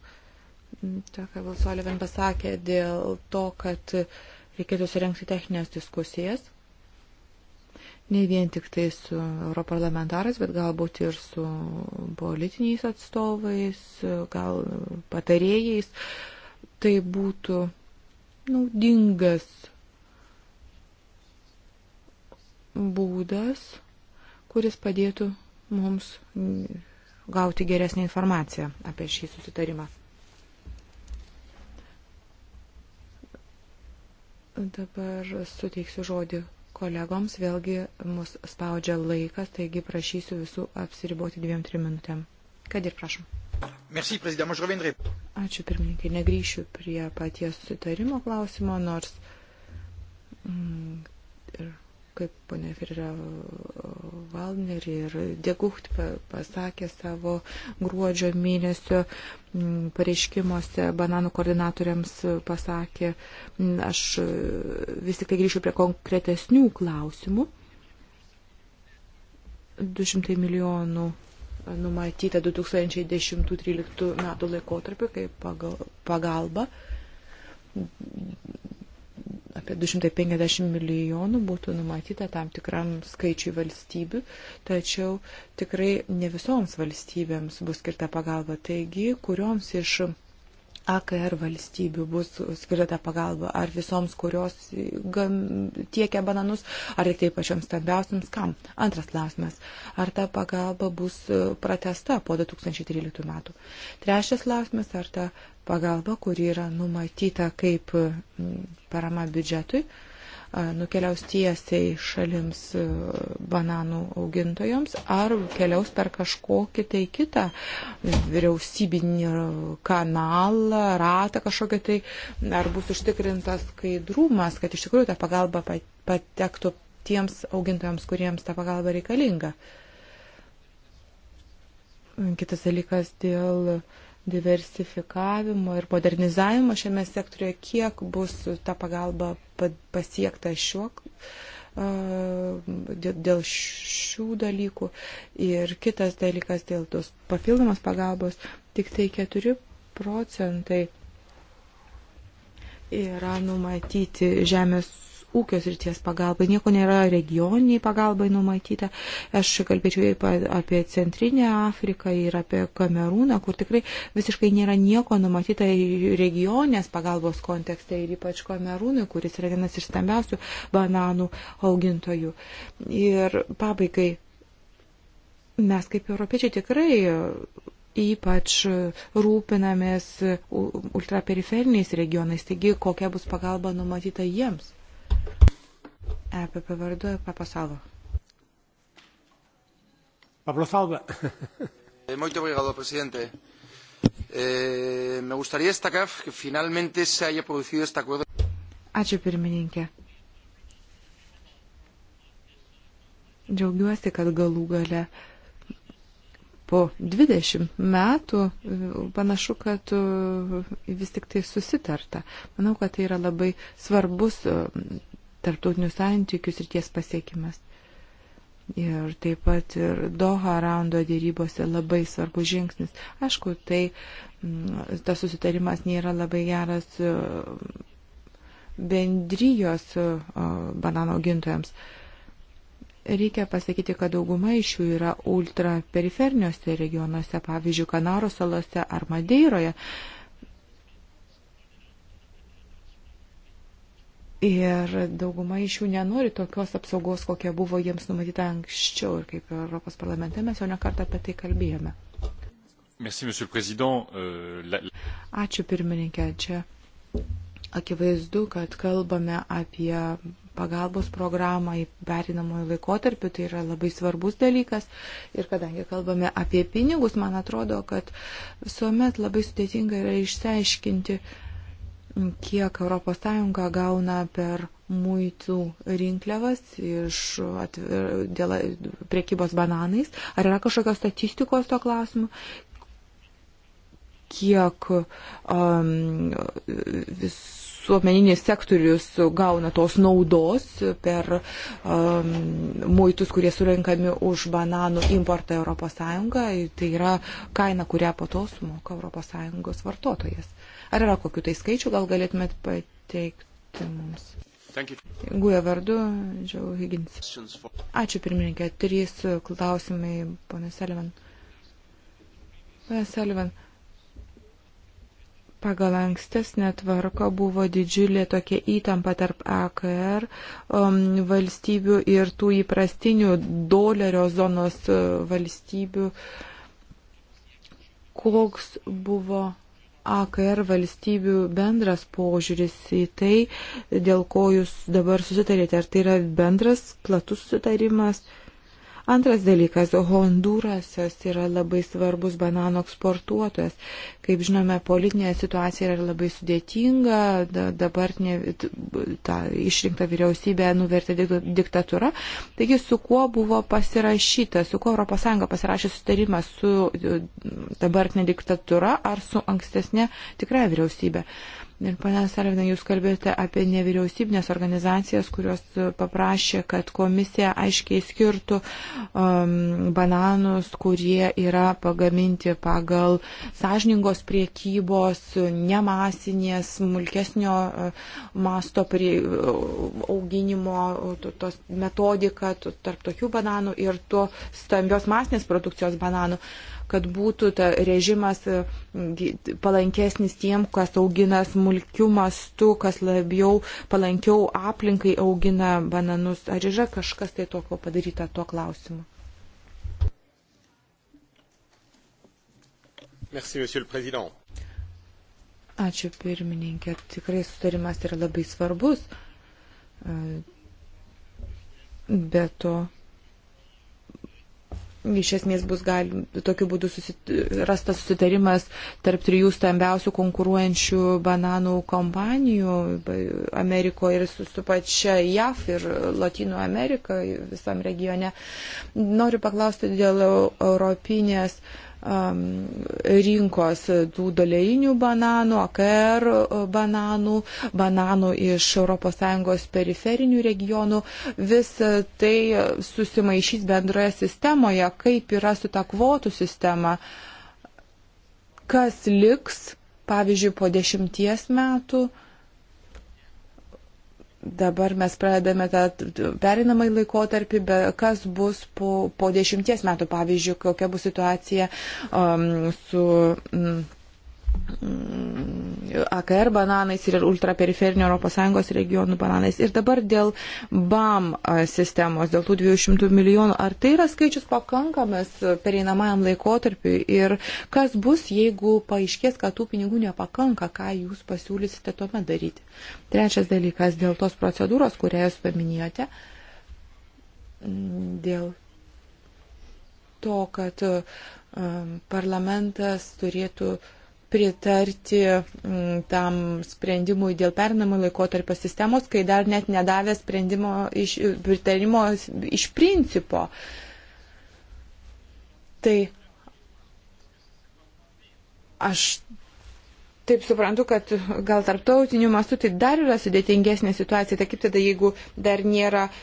Ta, ką Vilsolivin pasakė dėl to, kad uh, reikėtų surenkti techninės diskusijas, ne vien tik tai su europarlamentaras, bet galbūt ir su politiniais atstovais, gal patarėjais. Tai būtų naudingas būdas, kuris padėtų mums gauti geresnį informaciją apie šį susitarimą. Dabar suteiksiu žodį kolegoms, vėlgi mus spaudžia laikas, taigi prašysiu visų apsiriboti dviem trim minutėm. Kad ir prašom. Merci, Ačiū pirmininkai, negryšiu prie paties sutarimo klausimo, nors mm, ir kaip ponia Ferrera Valner ir Degucht pasakė savo gruodžio mėnesio mm, pareiškimuose, bananų koordinatoriams pasakė, mm, aš e, vis tik tai grįšiu prie konkretesnių klausimų. 200 milijonų numatyta 2010-2013 metų laikotarpį kaip pagalba apie 250 milijonų būtų numatyta tam tikram skaičiui valstybių, tačiau tikrai ne visoms valstybėms bus skirta pagalba. Taigi, kurioms iš AKR valstybių bus skirta pagalba, ar visoms, kurios gam, tiekia bananus, ar tik tai pačioms stambiausiams, kam? Antras klausimas, ar ta pagalba bus pratesta po 2013 metų? Trečias klausimas, ar ta pagalba, kuri yra numatyta kaip parama biudžetui, uh, nukeliaus tiesiai šalims bananų augintojams ar keliaus per kažkokį tai kitą vyriausybinį kanalą, ratą kažkokį tai, ar bus užtikrintas skaidrumas, kad iš tikrųjų ta pagalba patektų tiems augintojams, kuriems ta pagalba reikalinga. Kitas dalykas dėl uh, diversifikavimo ir modernizavimo šiame sektoriuje, kiek bus ta pagalba pasiekta šiuo, dėl šių dalykų. Ir kitas dalykas dėl tos papildomos pagalbos, tik tai 4 procentai yra numatyti žemės ūkio srities pagalbai. Nieko nėra regioniniai pagalbai numatyta. Aš kalbėčiau apie Centrinę Afriką ir apie Kamerūną, kur tikrai visiškai nėra nieko numatyta regionės pagalbos kontekste ir ypač Kamerūnui, kuris yra vienas iš stambiausių bananų augintojų. Ir pabaigai. Mes kaip europiečiai tikrai ypač rūpinamės ultraperiferiniais regionais, taigi kokia bus pagalba numatyta jiems. EPP vardu Papasalo. Pablo Salva. Muito obrigado, presidente. Eh, me gustaría destacar que finalmente se haya producido este acuerdo. Ačiū pirmininkė. Džiaugiuosi, kad galų gale uh, po 20 metų e, panašu, kad e, vis tik tai susitarta. Manau, kad tai yra labai svarbus e, tarptautinių santykių ir ties pasiekimas. Ir taip pat ir Doha raundo dėrybose labai svarbus žingsnis. Aišku, tai mm, tas susitarimas nėra labai geras bendrijos banano gintojams. Uh, Reikia pasakyti, kad dauguma iš jų yra ultraperiferniuose regionuose, pavyzdžiui, Kanaro salose ar Madeiroje. Ir dauguma iš jų nenori tokios apsaugos, kokia buvo jiems numatyta anksčiau. Ir kaip Europos parlamente mes jau nekartą apie tai kalbėjome. Merci, euh, Ačiū pirmininkė. Čia akivaizdu, kad kalbame apie pagalbos programą į perinamojų laikotarpį, tai yra labai svarbus dalykas. Ir kadangi kalbame apie pinigus, man atrodo, kad visuomet labai sudėtinga yra išsiaiškinti, kiek ES gauna per muitų rinkliavas iš atvir, dėl priekybos bananais. Ar yra kažkokios statistikos to klausimu, kiek um, vis visuomeninis sektorius gauna tos naudos per um, muitus, kurie surinkami už bananų importą ES. Tai yra kaina, kurią po to sumoka ES vartotojas. Ar yra kokiu tai skaičiu, gal galėtumėt pateikti mums? Guja vardu, Džiau Higgins. Ačiū pirmininkė. Trys klausimai, ponas Elvan. Ponas Elvan. Pagal ankstesnę tvarką buvo didžiulė tokia įtampa tarp AKR um, valstybių ir tų įprastinių dolerio zonos uh, valstybių. Koks buvo AKR valstybių bendras požiūris į tai, dėl ko jūs dabar susitarėte? Ar tai yra bendras, platus susitarimas? Uh, Antras dalykas - Hondurasas yra labai svarbus banano eksportuotojas. Kaip žinome, politinė situacija yra labai sudėtinga, dabartinė ta išrinkta vyriausybė nuvertė diktatūra. Taigi, su kuo buvo pasirašyta, su kuo ES pasirašė sutarimą su dabartinė diktatūra ar su ankstesnė tikra vyriausybė? Uh, Ir pana Sarvina, jūs kalbėjote apie nevyriausybinės organizacijas, kurios paprašė, kad komisija aiškiai skirtų um, bananus, kurie yra pagaminti pagal sąžiningos priekybos, nemasinės, smulkesnio uh, masto prie, uh, auginimo to, tos metodiką tarp tokių bananų ir to stambios masinės produkcijos bananų. Uh, kad būtų ta režimas e, palankesnis tiem, kas augina smulkių mastų, kas labiau palankiau aplinkai augina bananus. Ar yra kažkas tai tokio padaryta tuo klausimu? Merci, Monsieur le Président. Ačiū pirmininkė. Tikrai sutarimas yra labai svarbus. E, be to, iš esmės bus gali, tokiu būdu susit, rastas susitarimas tarp trijų stambiausių konkuruojančių bananų kompanijų Amerikoje ir su, su pačia JAF ir Latino Amerika visam regione. Noriu paklausti dėl europinės uh, um, rinkos tų dolėjinių bananų, AKR e, bananų, bananų iš ES periferinių regionų. Visa e, tai susimaišys bendroje sistemoje, kaip yra su ta kvotų sistema, kas liks, pavyzdžiui, po dešimties metų. Uh, dabar mes pradedame tą perinamąjį laikotarpį, bet kas bus po, po dešimties metų, pavyzdžiui, kokia bus situacija um, su. Um, Mm, AKR bananais ir ultraperiferinio ES regionų bananais. Ir dabar dėl BAM sistemos, dėl tų 200 milijonų, ar tai yra skaičius pakankamas pereinamajam laikotarpiu ir kas bus, jeigu paaiškės, kad tų pinigų nepakanka, ką jūs pasiūlysite tuomet daryti. Trečias dalykas dėl tos procedūros, kurią jūs paminėjote, mm, dėl to, kad um, parlamentas turėtų uh, pritarti m, mm, tam sprendimui dėl pernamo laikotarpio sistemos, kai dar net nedavė sprendimo iš, pritarimo iš principo. Tai aš Taip suprantu, kad gal tarptautiniu mastu tai dar yra sudėtingesnė situacija, tai kaip tada, jeigu dar nėra o,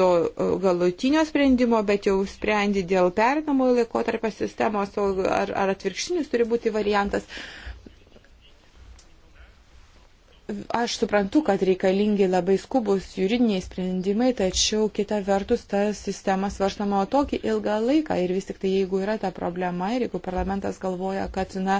to galutinio sprendimo, bet jau sprendi dėl perinamojo laikotarpio sistemos, o, ar, ar atvirkštinis turi būti variantas. O, Aš suprantu, kad reikalingi labai skubus juridiniai sprendimai, tačiau kita vertus ta sistema svarstama tokį ilgą laiką ir vis tik tai jeigu yra ta problema ir jeigu parlamentas galvoja, kad na,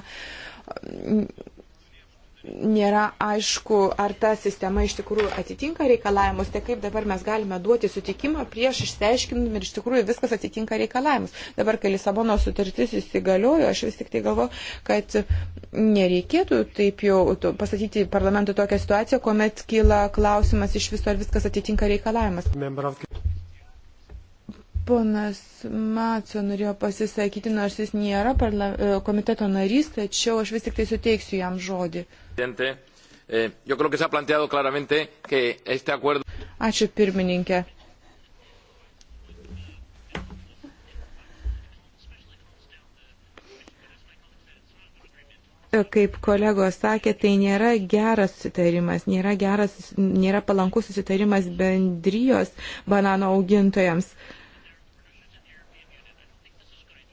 nėra aišku, ar ta sistema iš tikrųjų atitinka reikalavimus, tai kaip dabar mes galime duoti sutikimą prieš išsiaiškinimą ir iš tikrųjų viskas atitinka reikalavimus. Dabar, kai Lisabono sutartis įsigaliojo, aš vis tik tai galvoju, kad nereikėtų taip jau pasakyti parlamentui tokią situaciją, kuomet kyla klausimas iš viso, ar viskas atitinka reikalavimas. Ponas Macio norėjo pasisakyti, nors jis nėra parla... E, komiteto narys, tačiau aš vis tik tai suteiksiu jam žodį. Eh, Ačiū pirmininkė. kaip kolegos sakė, tai nėra geras susitarimas, nėra, geras, nėra palankus susitarimas bendrijos banano augintojams. Uh,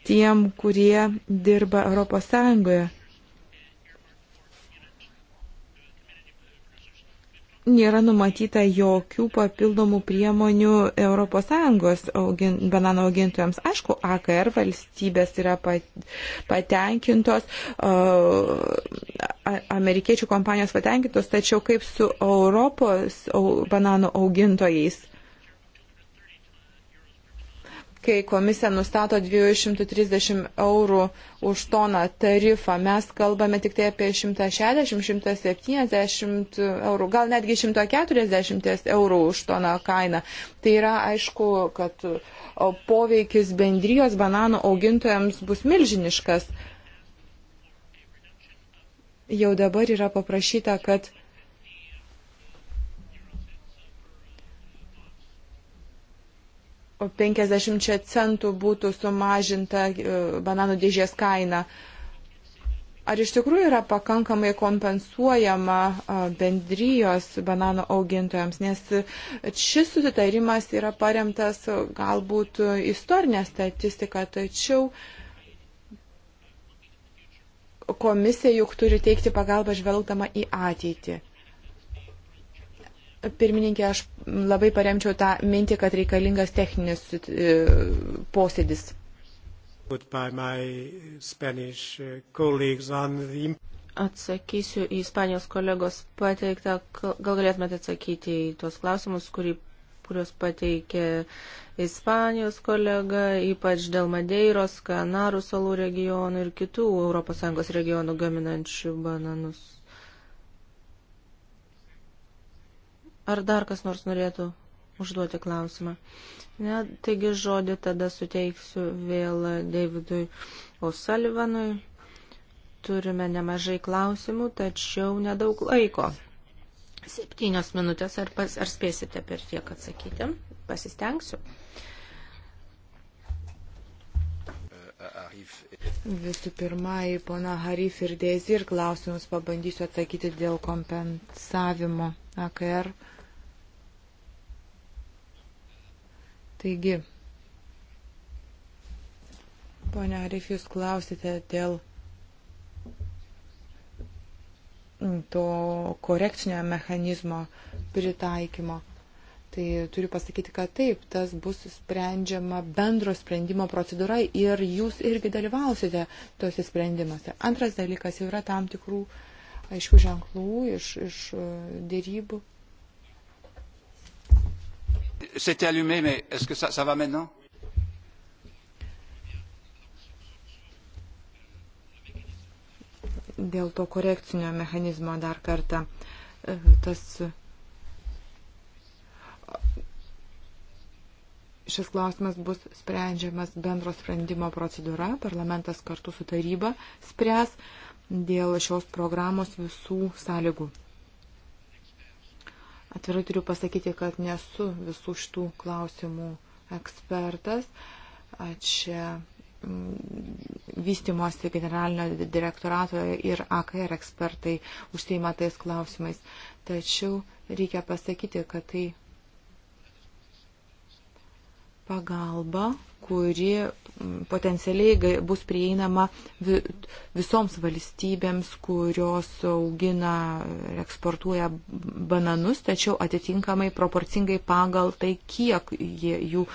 tiem, kurie dirba Europos Sąjungoje. Nėra numatyta jokių papildomų priemonių ES augin, banano augintojams. Aišku, AKR valstybės yra patenkintos, amerikiečių kompanijos patenkintos, tačiau kaip su Europos banano augintojais? kai komisija nustato 230 eurų už toną tarifą, mes kalbame tik tai apie 160-170 eurų, gal netgi 140 eurų už toną kainą. Tai yra aišku, kad poveikis bendrijos bananų augintojams bus milžiniškas. Jau dabar yra paprašyta, kad 50 centų būtų sumažinta e, bananų dėžės kaina. Ar iš tikrųjų yra pakankamai kompensuojama e, bendrijos bananų augintojams, nes šis susitarimas yra paremtas e, galbūt istorinė statistika, tačiau komisija juk turi teikti pagalbą žvelgdama į ateitį. Pirmininkė, aš labai paremčiau tą mintį, kad reikalingas techninis e, posėdis. Uh, Atsakysiu į Ispanijos kolegos pateiktą, gal galėtumėte atsakyti į tuos klausimus, kurį, kuriuos pateikė Ispanijos kolega, ypač dėl Madeiros, Kanarų salų regionų ir kitų ES regionų gaminančių bananus. Ar dar kas nors norėtų užduoti klausimą? Ne, taigi žodį tada suteiksiu vėl Davidui O'Sullivanui. Turime nemažai klausimų, tačiau nedaug laiko. Septynios minutės, ar, pas, ar spėsite per tiek atsakyti? Pasistengsiu. Visų pirma, į poną Harif ir Dezir klausimus pabandysiu atsakyti dėl kompensavimo AKR. Uh, Taigi, ponia Arif, jūs klausite dėl to korekcinio mechanizmo pritaikymo. Tai turiu pasakyti, kad taip, tas bus sprendžiama bendro sprendimo procedūra ir jūs irgi dalyvausite tose sprendimuose. Antras dalykas jau yra tam tikrų aiškių ženklų iš, iš e, dėrybų C'était allumé, mais est-ce que ça, ça va maintenant Dėl to korekcinio mechanizmo dar kartą e, tas šis klausimas bus sprendžiamas bendro sprendimo procedūra, parlamentas kartu su taryba spręs dėl šios programos visų sąlygų. Atvirai turiu pasakyti, kad nesu visų šitų klausimų ekspertas. Čia mm, vystimosi generalinio direktorato ir AKR ekspertai užsieima tais klausimais. Tačiau reikia pasakyti, kad tai pagalba kuri potencialiai bus prieinama visoms valstybėms, kurios augina ir eksportuoja bananus, tačiau atitinkamai proporcingai pagal tai, kiek jie jų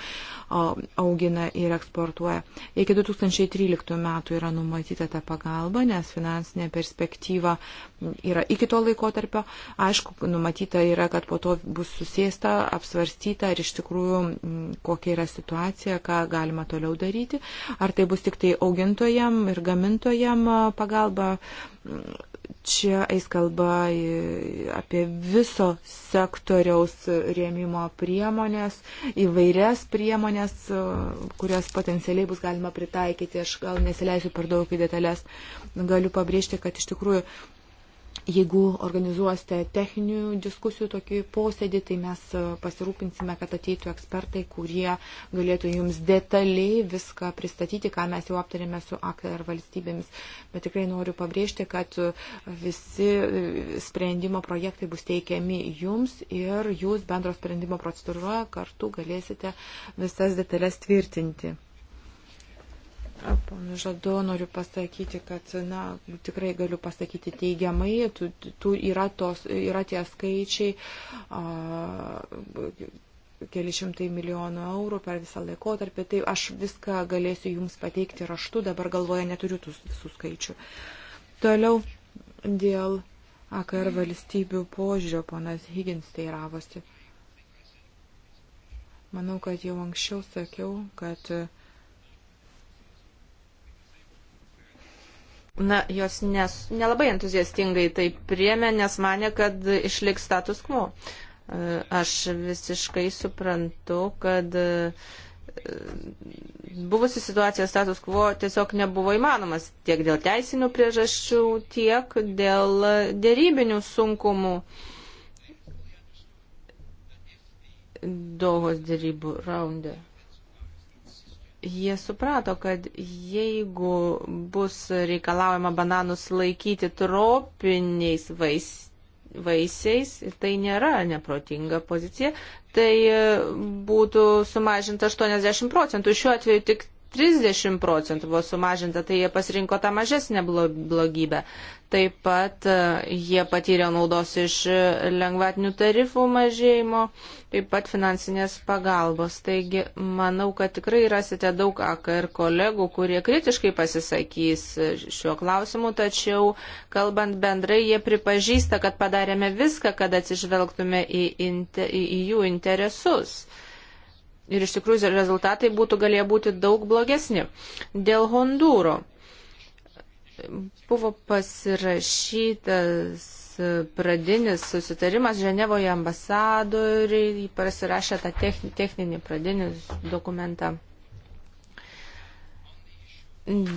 augina ir eksportuoja. Iki 2013 metų yra numatyta ta pagalba, nes finansinė perspektyva yra iki to laikotarpio. Aišku, numatyta yra, kad po to bus susėsta, apsvarstyta ir iš tikrųjų kokia yra situacija, ką galima toliau daryti, ar tai bus tik tai augintojam ir gamintojam pagalba. Čia eis kalba apie viso sektoriaus rėmimo priemonės, įvairias priemonės, kurias potencialiai bus galima pritaikyti. Aš gal nesileisiu per daug į detalės. Galiu pabrėžti, kad iš tikrųjų Jeigu organizuosite techninių diskusijų tokį posėdį, tai mes e, pasirūpinsime, kad ateitų ekspertai, kurie galėtų jums detaliai viską pristatyti, ką mes jau aptarėme su AKR valstybėmis. Bet tikrai noriu pabrėžti, kad e, visi e, sprendimo projektai bus teikiami jums ir jūs bendro sprendimo procedūroje kartu galėsite visas detalės tvirtinti. Pana Žado, noriu pasakyti, kad na, tikrai galiu pasakyti teigiamai, tu, tu yra, tos, yra tie skaičiai. A, keli šimtai milijonų eurų per visą laikotarpį. Tai aš viską galėsiu Jums pateikti raštu, dabar galvoje neturiu tų visų skaičių. Toliau dėl AKR valstybių požiūrio ponas Higgins teiravosi. Manau, kad jau anksčiau sakiau, kad uh, na, jos nes, nelabai entuziastingai tai priemė, nes mane, kad išliks status quo. E, aš visiškai suprantu, kad e, buvusi situacija status quo tiesiog nebuvo įmanomas tiek dėl teisinių priežasčių, tiek dėl dėrybinių sunkumų. Dohos dėrybų raundė. Jie suprato, kad jeigu bus reikalaujama bananus laikyti tropiniais vais, vaisiais, tai nėra neprotinga pozicija, tai būtų sumažinta 80 procentų. Šiuo atveju tik 30 procentų buvo sumažinta, tai jie pasirinko tą mažesnę blogybę. Taip pat e, jie patyrė naudos iš e, lengvatinių tarifų mažėjimo, taip pat finansinės pagalbos. Taigi, manau, kad tikrai rasite daug AKR kolegų, kurie kritiškai pasisakys e, šiuo klausimu, tačiau, kalbant bendrai, jie pripažįsta, kad padarėme viską, kad atsižvelgtume į, inter, į jų interesus. Uh, Ir iš tikrųjų rezultatai būtų galėję būti daug blogesni. Dėl Hondūro buvo pasirašytas pradinis susitarimas Ženevoje ambasadoriai pasirašė tą techninį pradinį dokumentą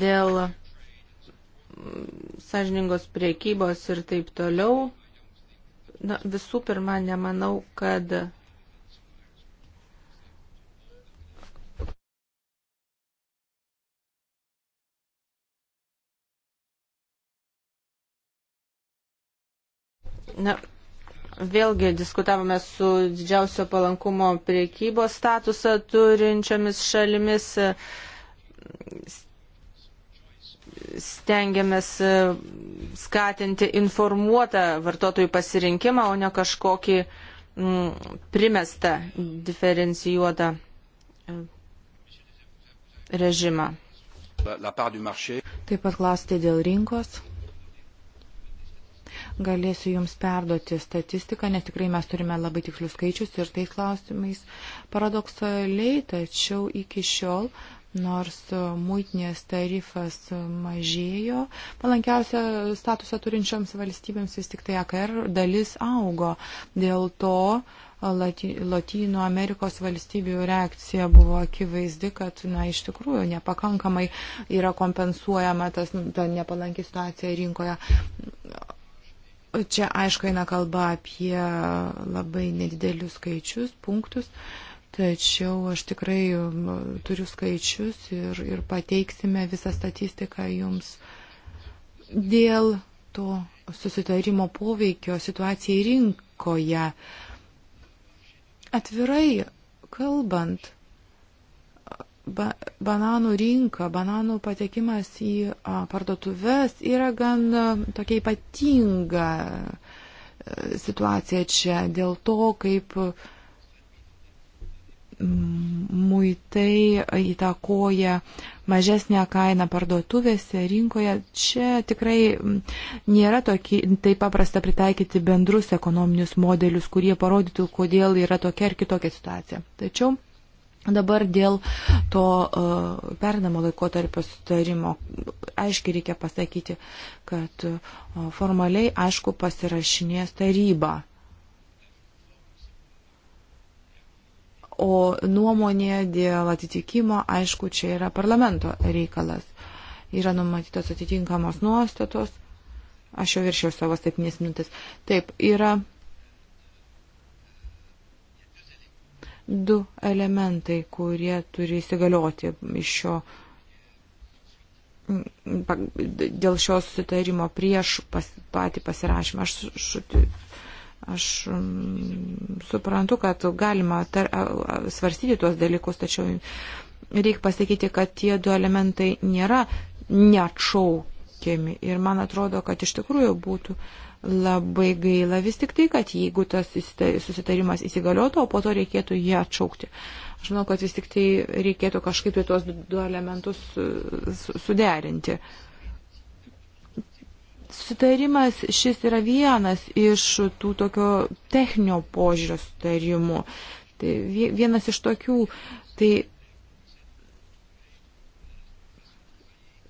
dėl mm, sąžiningos priekybos ir taip toliau. Na, visų pirma, nemanau, kad Na, vėlgi diskutavome su didžiausio palankumo priekybos statusą turinčiomis šalimis. Stengiamės skatinti informuotą vartotojų pasirinkimą, o ne kažkokį m, mm, primestą diferencijuotą e, režimą. Taip pat klausėte dėl rinkos galėsiu Jums perduoti statistiką, nes tikrai mes turime labai tikslius skaičius ir tais klausimais paradoksaliai, tačiau iki šiol nors muitinės tarifas mažėjo, palankiausia statusą turinčioms valstybėms vis tik tai AKR dalis augo. Dėl to Latino Amerikos valstybių reakcija buvo akivaizdi, kad na, iš tikrųjų nepakankamai yra kompensuojama tas, ta nepalanki situacija rinkoje. Čia aišku eina kalba apie labai nedidelius skaičius, punktus, tačiau aš tikrai turiu skaičius ir, ir pateiksime visą statistiką jums dėl to susitarimo poveikio situacijai rinkoje. Atvirai kalbant, ba bananų rinka, bananų patekimas į a, parduotuves yra gan a, tokia ypatinga situacija čia dėl to, kaip muitai įtakoja mažesnę kainą parduotuvėse, rinkoje. Čia tikrai nėra tokį, taip paprasta pritaikyti bendrus ekonominius modelius, kurie parodytų, kodėl yra tokia ar kitokia situacija. Tačiau Dabar dėl to uh, e, pernamo laikotarpio sutarimo aiškiai reikia pasakyti, kad uh, formaliai, aišku, pasirašinės taryba. O nuomonė dėl atitikimo, aišku, čia yra parlamento reikalas. Yra numatytos atitinkamos nuostatos. Aš jau viršiau savo septynės minutės. Taip, yra du elementai, kurie turi įsigalioti iš šio dėl šio sutarimo prieš pas, patį pasirašymą. Aš, aš, aš mm, suprantu, kad galima tar, svarstyti tuos dalykus, tačiau reikia pasakyti, kad tie du elementai nėra neatšaukiami. Ir man atrodo, kad iš tikrųjų būtų uh, Labai gaila vis tik tai, kad jeigu tas susitarimas įsigaliotų, o po to reikėtų jį atšaukti. Aš manau, kad vis tik tai reikėtų kažkaip į tai tuos du elementus e, suderinti. Sutarimas šis yra vienas iš tų tokio techninio požiūrio sutarimų. Tai vienas iš tokių. Tai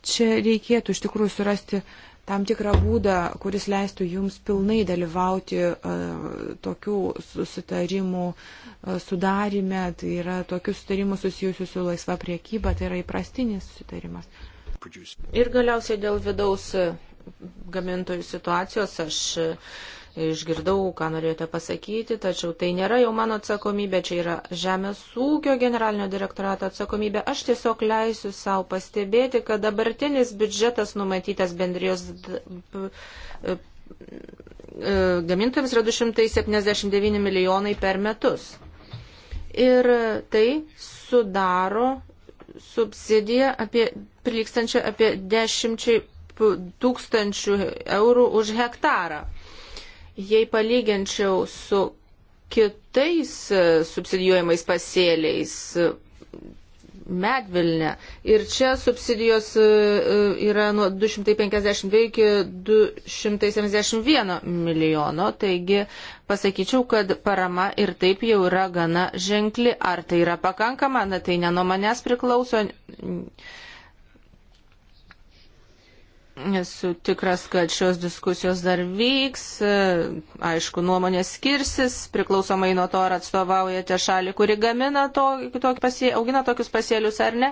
čia reikėtų iš tikrųjų surasti uh, tam tikrą būdą, kuris leistų jums pilnai dalyvauti e, tokių susitarimų e, sudarime, tai yra tokių sutarimų susijusių su laisva priekyba, tai yra įprastinis susitarimas. Ir galiausiai dėl vidaus e, gamintojų situacijos aš Išgirdau, ką norėjote pasakyti, tačiau tai nėra jau mano atsakomybė, čia yra Žemės ūkio generalinio direktorato atsakomybė. Aš tiesiog leisiu savo pastebėti, kad dabartinis biudžetas numatytas bendrijos e, e, gamintojams yra 279 milijonai per metus. Ir tai sudaro subsidiją apie, prilykstančią apie 10 tūkstančių eurų už hektarą. Jei palyginčiau su kitais e, subsidijuojamais pasėliais, e, medvilnę. Ir čia subsidijos e, yra nuo 252 iki 271 milijono, taigi pasakyčiau, kad parama ir taip jau yra gana ženkli. Ar tai yra pakankama, na tai ne nuo manęs priklauso, Esu tikras, kad šios diskusijos dar vyks. Aišku, nuomonės skirsis, priklausomai nuo to, ar atstovaujate šalį, kuri gamina to, tokį pasie, augina tokius pasėlius ar ne.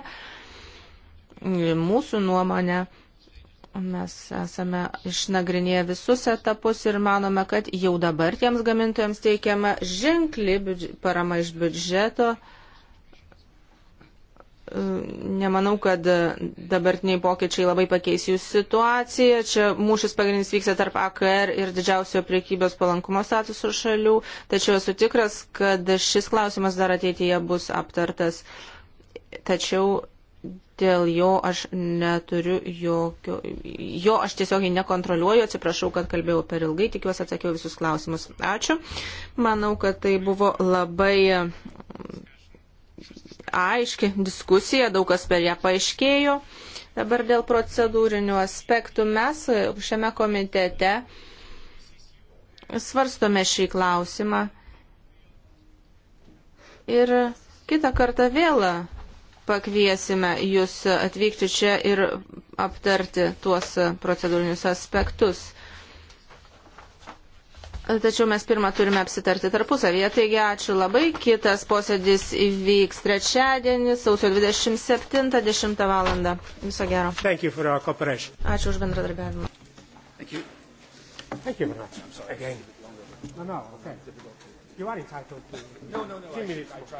Mūsų nuomonė. Mes esame išnagrinėję visus etapus ir manome, kad jau dabar tiems gamintojams teikiama ženkli parama iš biudžeto. Nemanau, kad dabartiniai pokyčiai labai pakeis jų situaciją. Čia mūšis pagrindinis vyksta tarp AKR ir didžiausio priekybės palankumo statuso šalių, tačiau esu tikras, kad šis klausimas dar ateityje bus aptartas. Tačiau dėl jo aš neturiu jokio, jo aš tiesiogiai nekontroliuoju, atsiprašau, kad kalbėjau per ilgai, tikiuosi atsakiau visus klausimus. Ačiū. Manau, kad tai buvo labai aiški diskusija, daug kas per ją paaiškėjo. Dabar dėl procedūrinių aspektų mes šiame komitete svarstome šį klausimą ir kitą kartą vėl pakviesime jūs atvykti čia ir aptarti tuos procedūrinius aspektus. Tačiau mes pirmą turime apsitarti tarpusavyje. Taigi ačiū labai. Kitas posėdis įvyks trečiadienį, sausio 27.10 val. Viso gero. Ačiū už bendradarbiavimą. Thank you. Thank you very much. I'm sorry. Again. No, no, okay. You are entitled to. No, no, no. I, I tried.